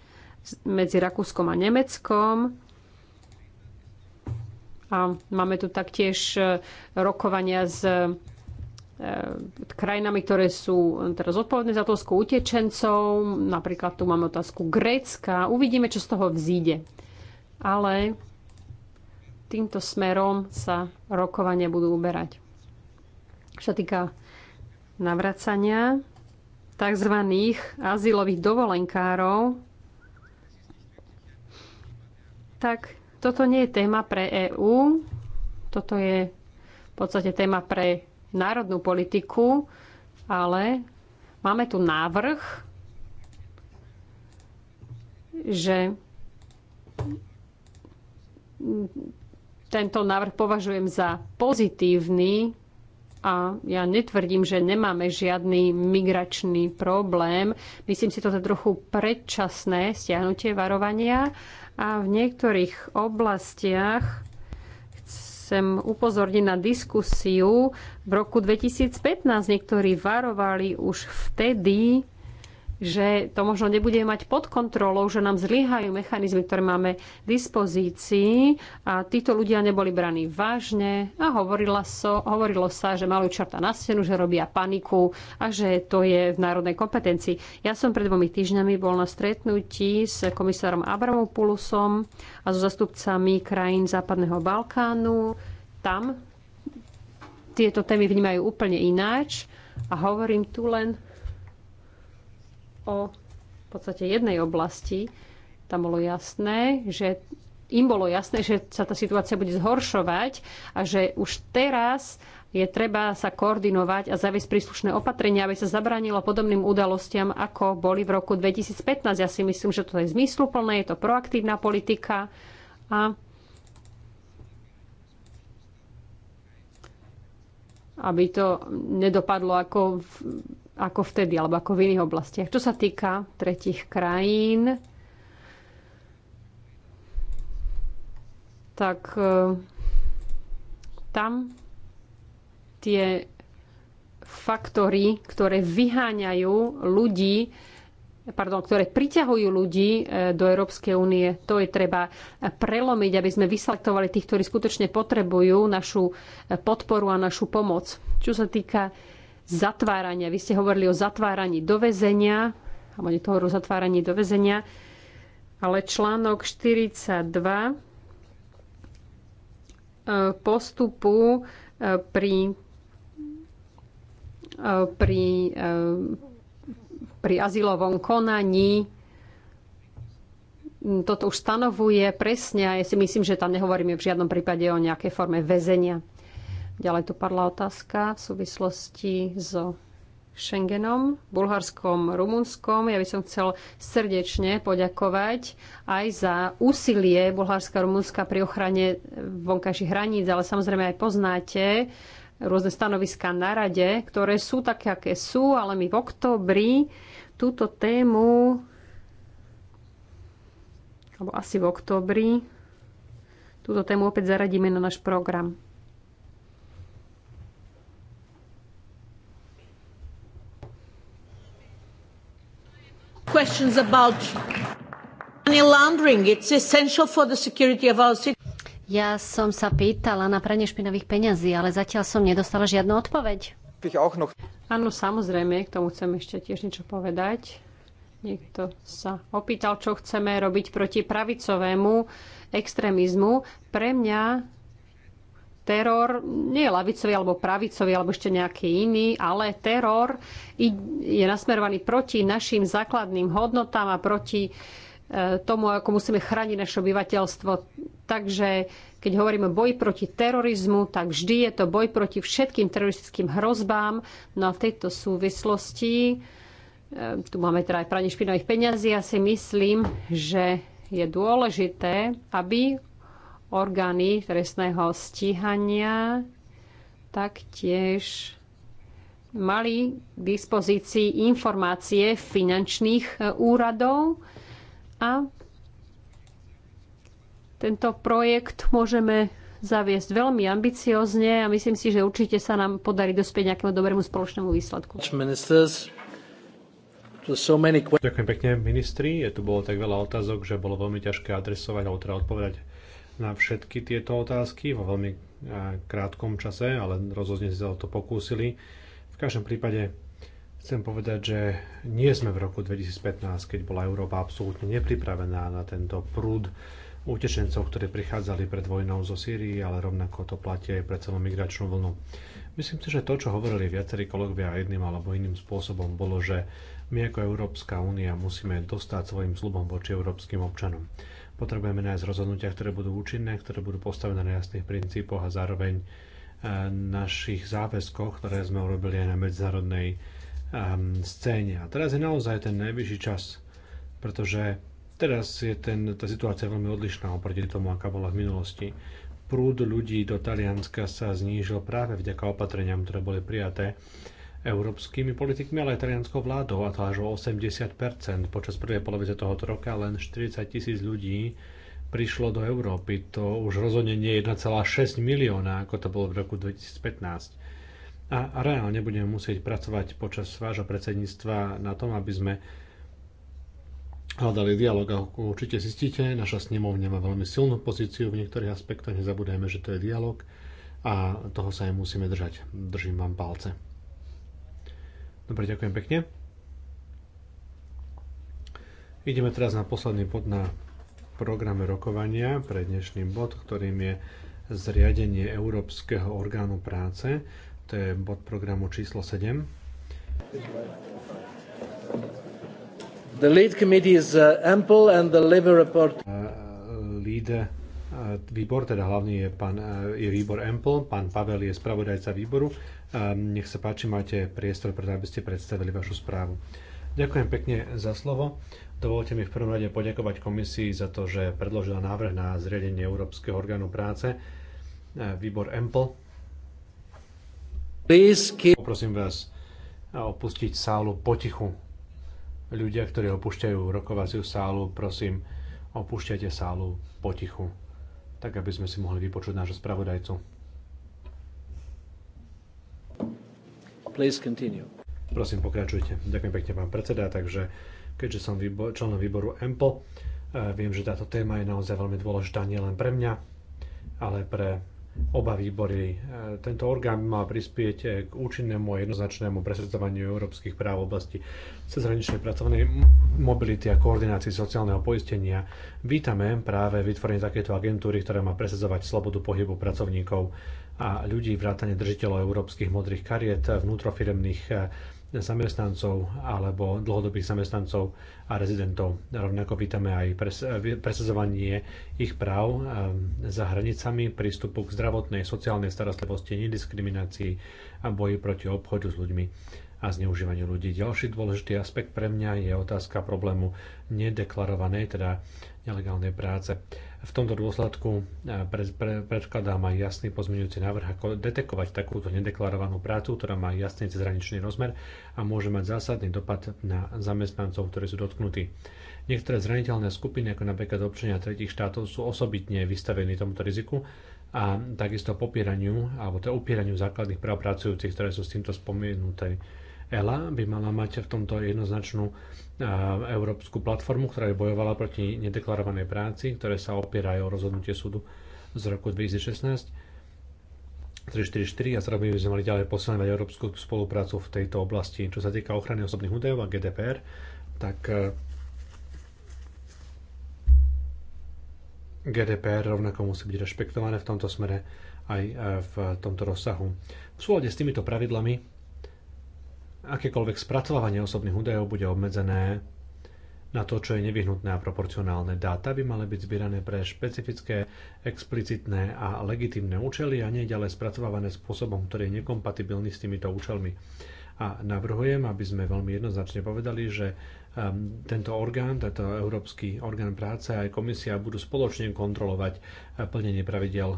C: medzi Rakúskom a Nemeckom. A máme tu taktiež e, rokovania s e, krajinami, ktoré sú teraz odpovedné za otázku utečencov. Napríklad tu máme otázku Grécka. Uvidíme, čo z toho vzíde. Ale týmto smerom sa rokovania budú uberať. Čo týka navracania tzv. azylových dovolenkárov, tak toto nie je téma pre EÚ, toto je v podstate téma pre národnú politiku, ale máme tu návrh, že tento návrh považujem za pozitívny, a ja netvrdím, že nemáme žiadny migračný problém. Myslím si to je trochu predčasné stiahnutie varovania. A v niektorých oblastiach chcem upozorniť na diskusiu. V roku 2015 niektorí varovali už vtedy, že to možno nebude mať pod kontrolou, že nám zlyhajú mechanizmy, ktoré máme k dispozícii a títo ľudia neboli braní vážne a hovorilo, so, hovorilo sa, že majú čerta na stenu, že robia paniku a že to je v národnej kompetencii. Ja som pred dvomi týždňami bol na stretnutí s komisárom Abramopulusom a so zastupcami krajín Západného Balkánu. Tam tieto témy vnímajú úplne ináč a hovorím tu len o v podstate jednej oblasti. Tam bolo jasné, že im bolo jasné, že sa tá situácia bude zhoršovať a že už teraz je treba sa koordinovať a zaviesť príslušné opatrenia, aby sa zabránilo podobným udalostiam, ako boli v roku 2015. Ja si myslím, že to je zmysluplné, je to proaktívna politika a aby to nedopadlo ako v ako vtedy, alebo ako v iných oblastiach. Čo sa týka tretich krajín, tak e, tam tie faktory, ktoré vyháňajú ľudí, pardon, ktoré priťahujú ľudí e, do Európskej únie, to je treba prelomiť, aby sme vyselektovali tých, ktorí skutočne potrebujú našu podporu a našu pomoc. Čo sa týka zatvárania. Vy ste hovorili o zatváraní do väzenia, alebo nie to hovorí o zatváraní do väzenia, ale článok 42 e, postupu e, pri, e, pri, pri azylovom konaní toto už stanovuje presne a ja si myslím, že tam nehovoríme v žiadnom prípade o nejakej forme väzenia. Ďalej tu padla otázka v súvislosti s Schengenom, Bulharskom, Rumunskom. Ja by som chcel srdečne poďakovať aj za úsilie Bulharska a Rumunska pri ochrane vonkajších hraníc, ale samozrejme aj poznáte rôzne stanoviská na rade, ktoré sú také, aké sú, ale my v oktobri túto tému alebo asi v oktobri túto tému opäť zaradíme na náš program.
D: questions about money laundering. It's essential for the security of our citizens. Ja som sa pýtala na pranie špinavých peňazí, ale zatiaľ som nedostala žiadnu odpoveď. Áno,
C: samozrejme, k tomu chcem ešte tiež niečo povedať. Niekto sa opýtal, čo chceme robiť proti pravicovému extrémizmu. Pre mňa teror nie je lavicový alebo pravicový alebo ešte nejaký iný, ale teror je nasmerovaný proti našim základným hodnotám a proti e, tomu, ako musíme chrániť naše obyvateľstvo. Takže keď hovoríme boj proti terorizmu, tak vždy je to boj proti všetkým teroristickým hrozbám. No a v tejto súvislosti, e, tu máme teda aj pranie špinových peňazí, ja si myslím, že je dôležité, aby orgány trestného stíhania taktiež mali k dispozícii informácie finančných e, úradov a tento projekt môžeme zaviesť veľmi ambiciozne a myslím si, že určite sa nám podarí dospieť nejakému dobrému spoločnému výsledku.
A: Ďakujem pekne, ministri. Je tu bolo tak veľa
B: otázok, že bolo veľmi ťažké adresovať alebo teda odpovedať na všetky tieto otázky vo veľmi eh, krátkom čase, ale rozhodne si sa o to pokúsili. V každom prípade chcem povedať, že nie sme v roku 2015, keď bola Európa absolútne nepripravená na tento prúd utečencov, ktorí prichádzali pred vojnou zo Sýrii, ale rovnako to platie aj pre celú migračnú vlnu. Myslím si, že to, čo hovorili viacerí kolegovia jedným alebo iným spôsobom, bolo, že my ako Európska únia musíme dostať svojim slubom voči európskym občanom. Potrebujeme nájsť rozhodnutia, ktoré budú účinné, ktoré budú postavené na jasných princípoch a zároveň e, našich záväzkoch, ktoré sme urobili aj na medzinárodnej ehm, scéne. A teraz je naozaj ten najvyšší čas, pretože teraz je ten, tá situácia veľmi odlišná oproti tomu, aká bola v minulosti. Prúd ľudí do Talianska sa znížil práve vďaka opatreniam, ktoré boli prijaté európskymi politikmi, ale aj talianskou vládou, a to až o 80 Počas prvej polovice tohoto roka len 40 tisíc ľudí prišlo do Európy. To už rozhodne nie je 1,6 milióna, ako to bolo v roku 2015. A reálne budeme musieť pracovať počas vášho predsedníctva na tom, aby sme hľadali dialog. Ako určite zistíte, naša snemovňa má veľmi silnú pozíciu v niektorých aspektoch, nezabudajme, že to je dialog a toho sa aj musíme držať. Držím vám palce. Dobre, ďakujem pekne. Ideme teraz na posledný bod na programe rokovania pre dnešný bod, ktorým je zriadenie Európskeho orgánu práce. To je bod programu číslo 7. The lead committee is uh, ample and the report. Uh, lead Výbor, teda hlavný je, pán, e, je výbor EMPL, pán Pavel je spravodajca výboru. Nech sa páči, máte priestor, preto aby ste predstavili vašu správu. Ďakujem pekne za slovo. Dovolte mi v prvom rade poďakovať komisii za to, že predložila návrh na zriadenie Európskeho orgánu práce, e, výbor EMPL. Poprosím vás e, opustiť sálu potichu. Ľudia, ktorí opúšťajú rokovaciu sálu, prosím, opúšťajte sálu potichu tak aby sme si mohli vypočuť nášho spravodajcu.
A: Please continue.
B: Prosím, pokračujte. Ďakujem pekne, pán predseda. Takže keďže som výbor, členom výboru EMPO, eh, viem, že táto téma je naozaj veľmi dôležitá nielen pre mňa, ale pre Oba výbory. E, tento orgán by mal prispieť e, k účinnému a jednoznačnému presvedzovaniu európskych práv v oblasti cezhraničnej pracovnej mobility a koordinácii sociálneho poistenia. Vítame práve vytvorenie takéto agentúry, ktorá má presadzovať slobodu pohybu pracovníkov a ľudí vrátane držiteľov európskych modrých kariet, vnútrofiremných e, zamestnancov alebo dlhodobých zamestnancov a rezidentov. Rovnako vítame aj presadzovanie ich práv um, za hranicami, prístupu k zdravotnej, sociálnej starostlivosti, nediskriminácii a boji proti obchodu s ľuďmi a zneužívaniu ľudí. Ďalší dôležitý aspekt pre mňa je otázka problému nedeklarovanej, teda nelegálnej práce. V tomto dôsledku e, pred, predkladám aj jasný pozmeňujúci návrh, ako detekovať takúto nedeklarovanú prácu, ktorá má jasný cezhraničný rozmer a môže mať zásadný dopad na zamestnancov, ktorí sú dotknutí. Niektoré zraniteľné skupiny, ako napríklad občania tretich štátov, sú osobitne vystavení tomuto riziku a takisto popieraniu alebo to teda upieraniu základných práv pracujúcich, ktoré sú s týmto spomenuté ELA by mala mať v tomto jednoznačnú e, európsku platformu, ktorá by bojovala proti nedeklarovanej práci, ktoré sa opierajú o rozhodnutie súdu z roku 2016 344 a zároveň by sme mali ďalej posilňovať európsku spoluprácu v tejto oblasti. Čo sa týka ochrany osobných údajov a GDPR, tak e, GDPR rovnako musí byť rešpektované v tomto smere aj e, v tomto rozsahu. V súlade s týmito pravidlami akékoľvek spracovávanie osobných údajov bude obmedzené na to, čo je nevyhnutné a proporcionálne. Dáta by mali byť zbierané pre špecifické, explicitné a legitimné účely a nie ďalej spracovávané spôsobom, ktorý je nekompatibilný s týmito účelmi. A navrhujem, aby sme veľmi jednoznačne povedali, že ehm, tento orgán, tento Európsky orgán práce a aj komisia budú spoločne kontrolovať eh, plnenie pravidel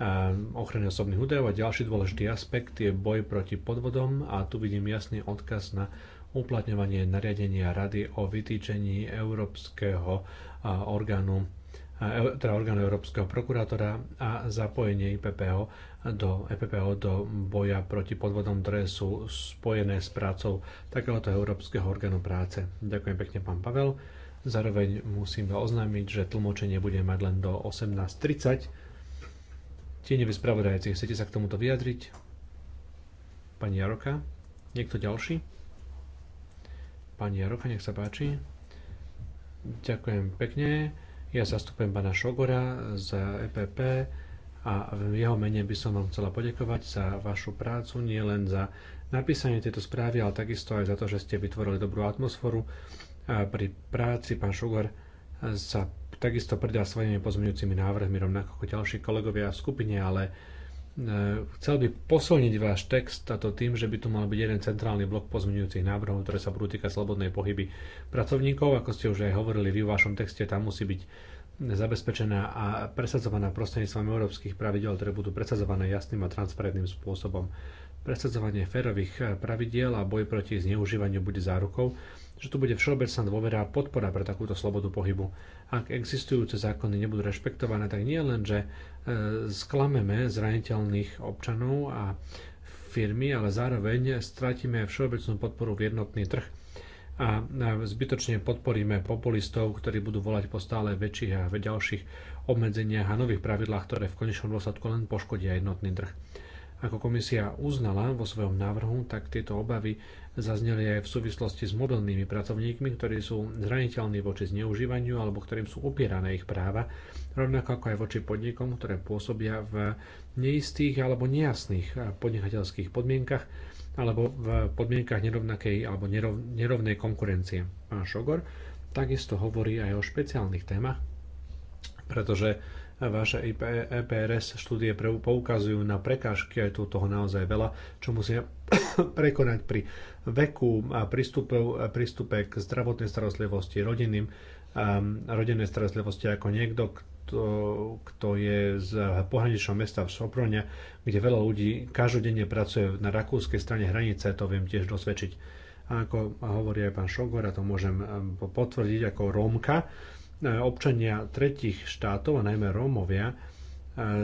B: Ehm, ochrany osobných údajov a ďalší dôležitý aspekt je boj proti podvodom a tu vidím jasný odkaz na uplatňovanie nariadenia Rady o vytýčení Európskeho orgánu e, teda orgánu Európskeho prokurátora a zapojenie IPPO do, EPPO do boja proti podvodom, ktoré sú spojené s prácou takéhoto Európskeho orgánu práce. Ďakujem pekne, pán Pavel. Zároveň musím oznámiť, že tlmočenie bude mať len do 18.30 Tieňoví spravodajci, chcete sa k tomuto vyjadriť? Pani Jaroka? Niekto ďalší? Pani Jaroka, nech sa páči. Ďakujem pekne. Ja zastupujem pána Šogora z EPP a v jeho mene by som vám chcela poďakovať za vašu prácu, nie len za napísanie tejto správy, ale takisto aj za to, že ste vytvorili dobrú atmosféru pri práci. Pán Šugor sa takisto predal svojimi pozmeňujúcimi návrhmi, rovnako ako ďalší kolegovia v skupine, ale e, chcel by posilniť váš text a to tým, že by tu mal byť jeden centrálny blok pozmeňujúcich návrhov, ktoré sa budú týkať slobodnej pohyby pracovníkov. Ako ste už aj hovorili vy v vašom texte, tam musí byť zabezpečená a presadzovaná prostredníctvom európskych pravidel, ktoré budú presadzované jasným a transparentným spôsobom. Presadzovanie férových e, pravidiel a boj proti zneužívaniu bude zárukou, že tu bude všeobecná dôvera a podpora pre takúto slobodu pohybu ak existujúce zákony nebudú rešpektované, tak nie len, že e, sklameme zraniteľných občanov a firmy, ale zároveň stratíme všeobecnú podporu v jednotný trh a zbytočne podporíme populistov, ktorí budú volať po stále väčších a ďalších obmedzeniach a nových pravidlách, ktoré v konečnom dôsledku len poškodia jednotný trh. Ako komisia uznala vo svojom návrhu, tak tieto obavy zazneli aj v súvislosti s mobilnými pracovníkmi, ktorí sú zraniteľní voči zneužívaniu alebo ktorým sú upierané ich práva, rovnako ako aj voči podnikom, ktoré pôsobia v neistých alebo nejasných eh, podnikateľských podmienkach alebo v podmienkach nerovnakej alebo nerov, nerovnej konkurencie. Pán Šogor takisto hovorí aj o špeciálnych témach, pretože Vaše EPRS štúdie poukazujú na prekážky, aj tu toho naozaj veľa, čo musíme [coughs] prekonať pri veku a prístupe, prístupe k zdravotnej starostlivosti rodinným, um, rodinnej starostlivosti ako niekto, kto, kto je z pohraničného mesta v Soprone, kde veľa ľudí každodenne pracuje na rakúskej strane hranice, to viem tiež dosvedčiť. A ako hovorí aj pán Šogor, a to môžem um, potvrdiť ako Rómka, Eh, občania tretich štátov, a najmä Rómovia, eh,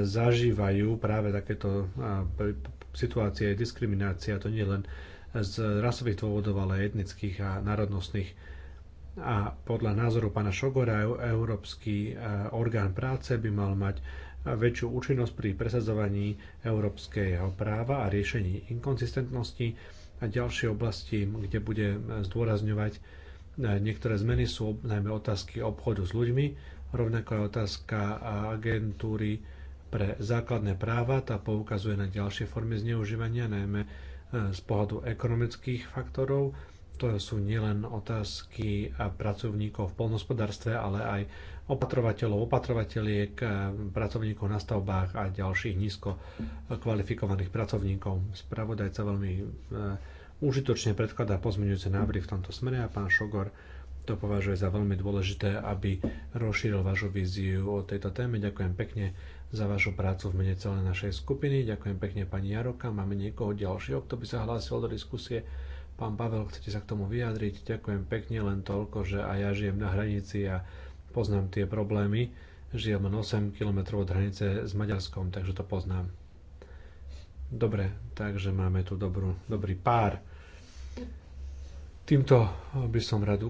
B: zažívajú práve takéto eh, situácie diskriminácia, to nie len z rasových dôvodov, ale etnických a národnostných. A podľa názoru pána Šogora, e-, Európsky orgán práce by mal mať väčšiu účinnosť pri presadzovaní európskeho práva a riešení inkonsistentnosti a ďalšie oblasti, kde bude zdôrazňovať Niektoré zmeny sú najmä otázky obchodu s ľuďmi, rovnako je otázka agentúry pre základné práva, tá poukazuje na ďalšie formy zneužívania, najmä e, z pohľadu ekonomických faktorov. To sú nielen otázky pracovníkov v polnospodárstve, ale aj opatrovateľov, opatrovateľiek, e, pracovníkov na stavbách a ďalších nízko e, kvalifikovaných pracovníkov. Spravodajca veľmi užitočne predkladá pozmeňujúce návrhy v tomto smere a pán Šogor to považuje za veľmi dôležité, aby rozšíril vašu víziu o tejto téme. Ďakujem pekne za vašu prácu v mene celej našej skupiny. Ďakujem pekne pani Jaroka. Máme niekoho ďalšieho, kto by sa hlásil do diskusie. Pán Pavel, chcete sa k tomu vyjadriť? Ďakujem pekne, len toľko, že aj ja žijem na hranici a poznám tie problémy. Žijem len 8 km od hranice s Maďarskom, takže to poznám. Dobre, takže máme tu dobrú, dobrý pár. Týmto by som, rád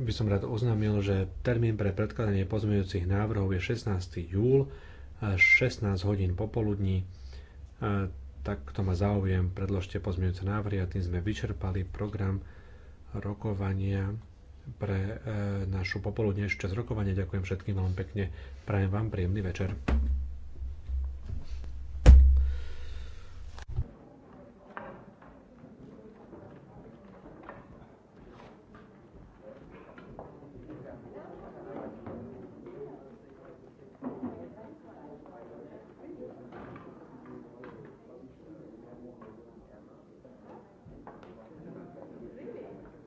B: by som rád oznámil, že termín pre predkladanie pozmeňujúcich návrhov je 16. júl 16 hodín popoludní. Tak to ma záujem, predložte pozmeňujúce návrhy a tým sme vyčerpali program rokovania pre e, našu popoludnejšiu časť rokovania. Ďakujem všetkým veľmi pekne, prajem vám príjemný večer.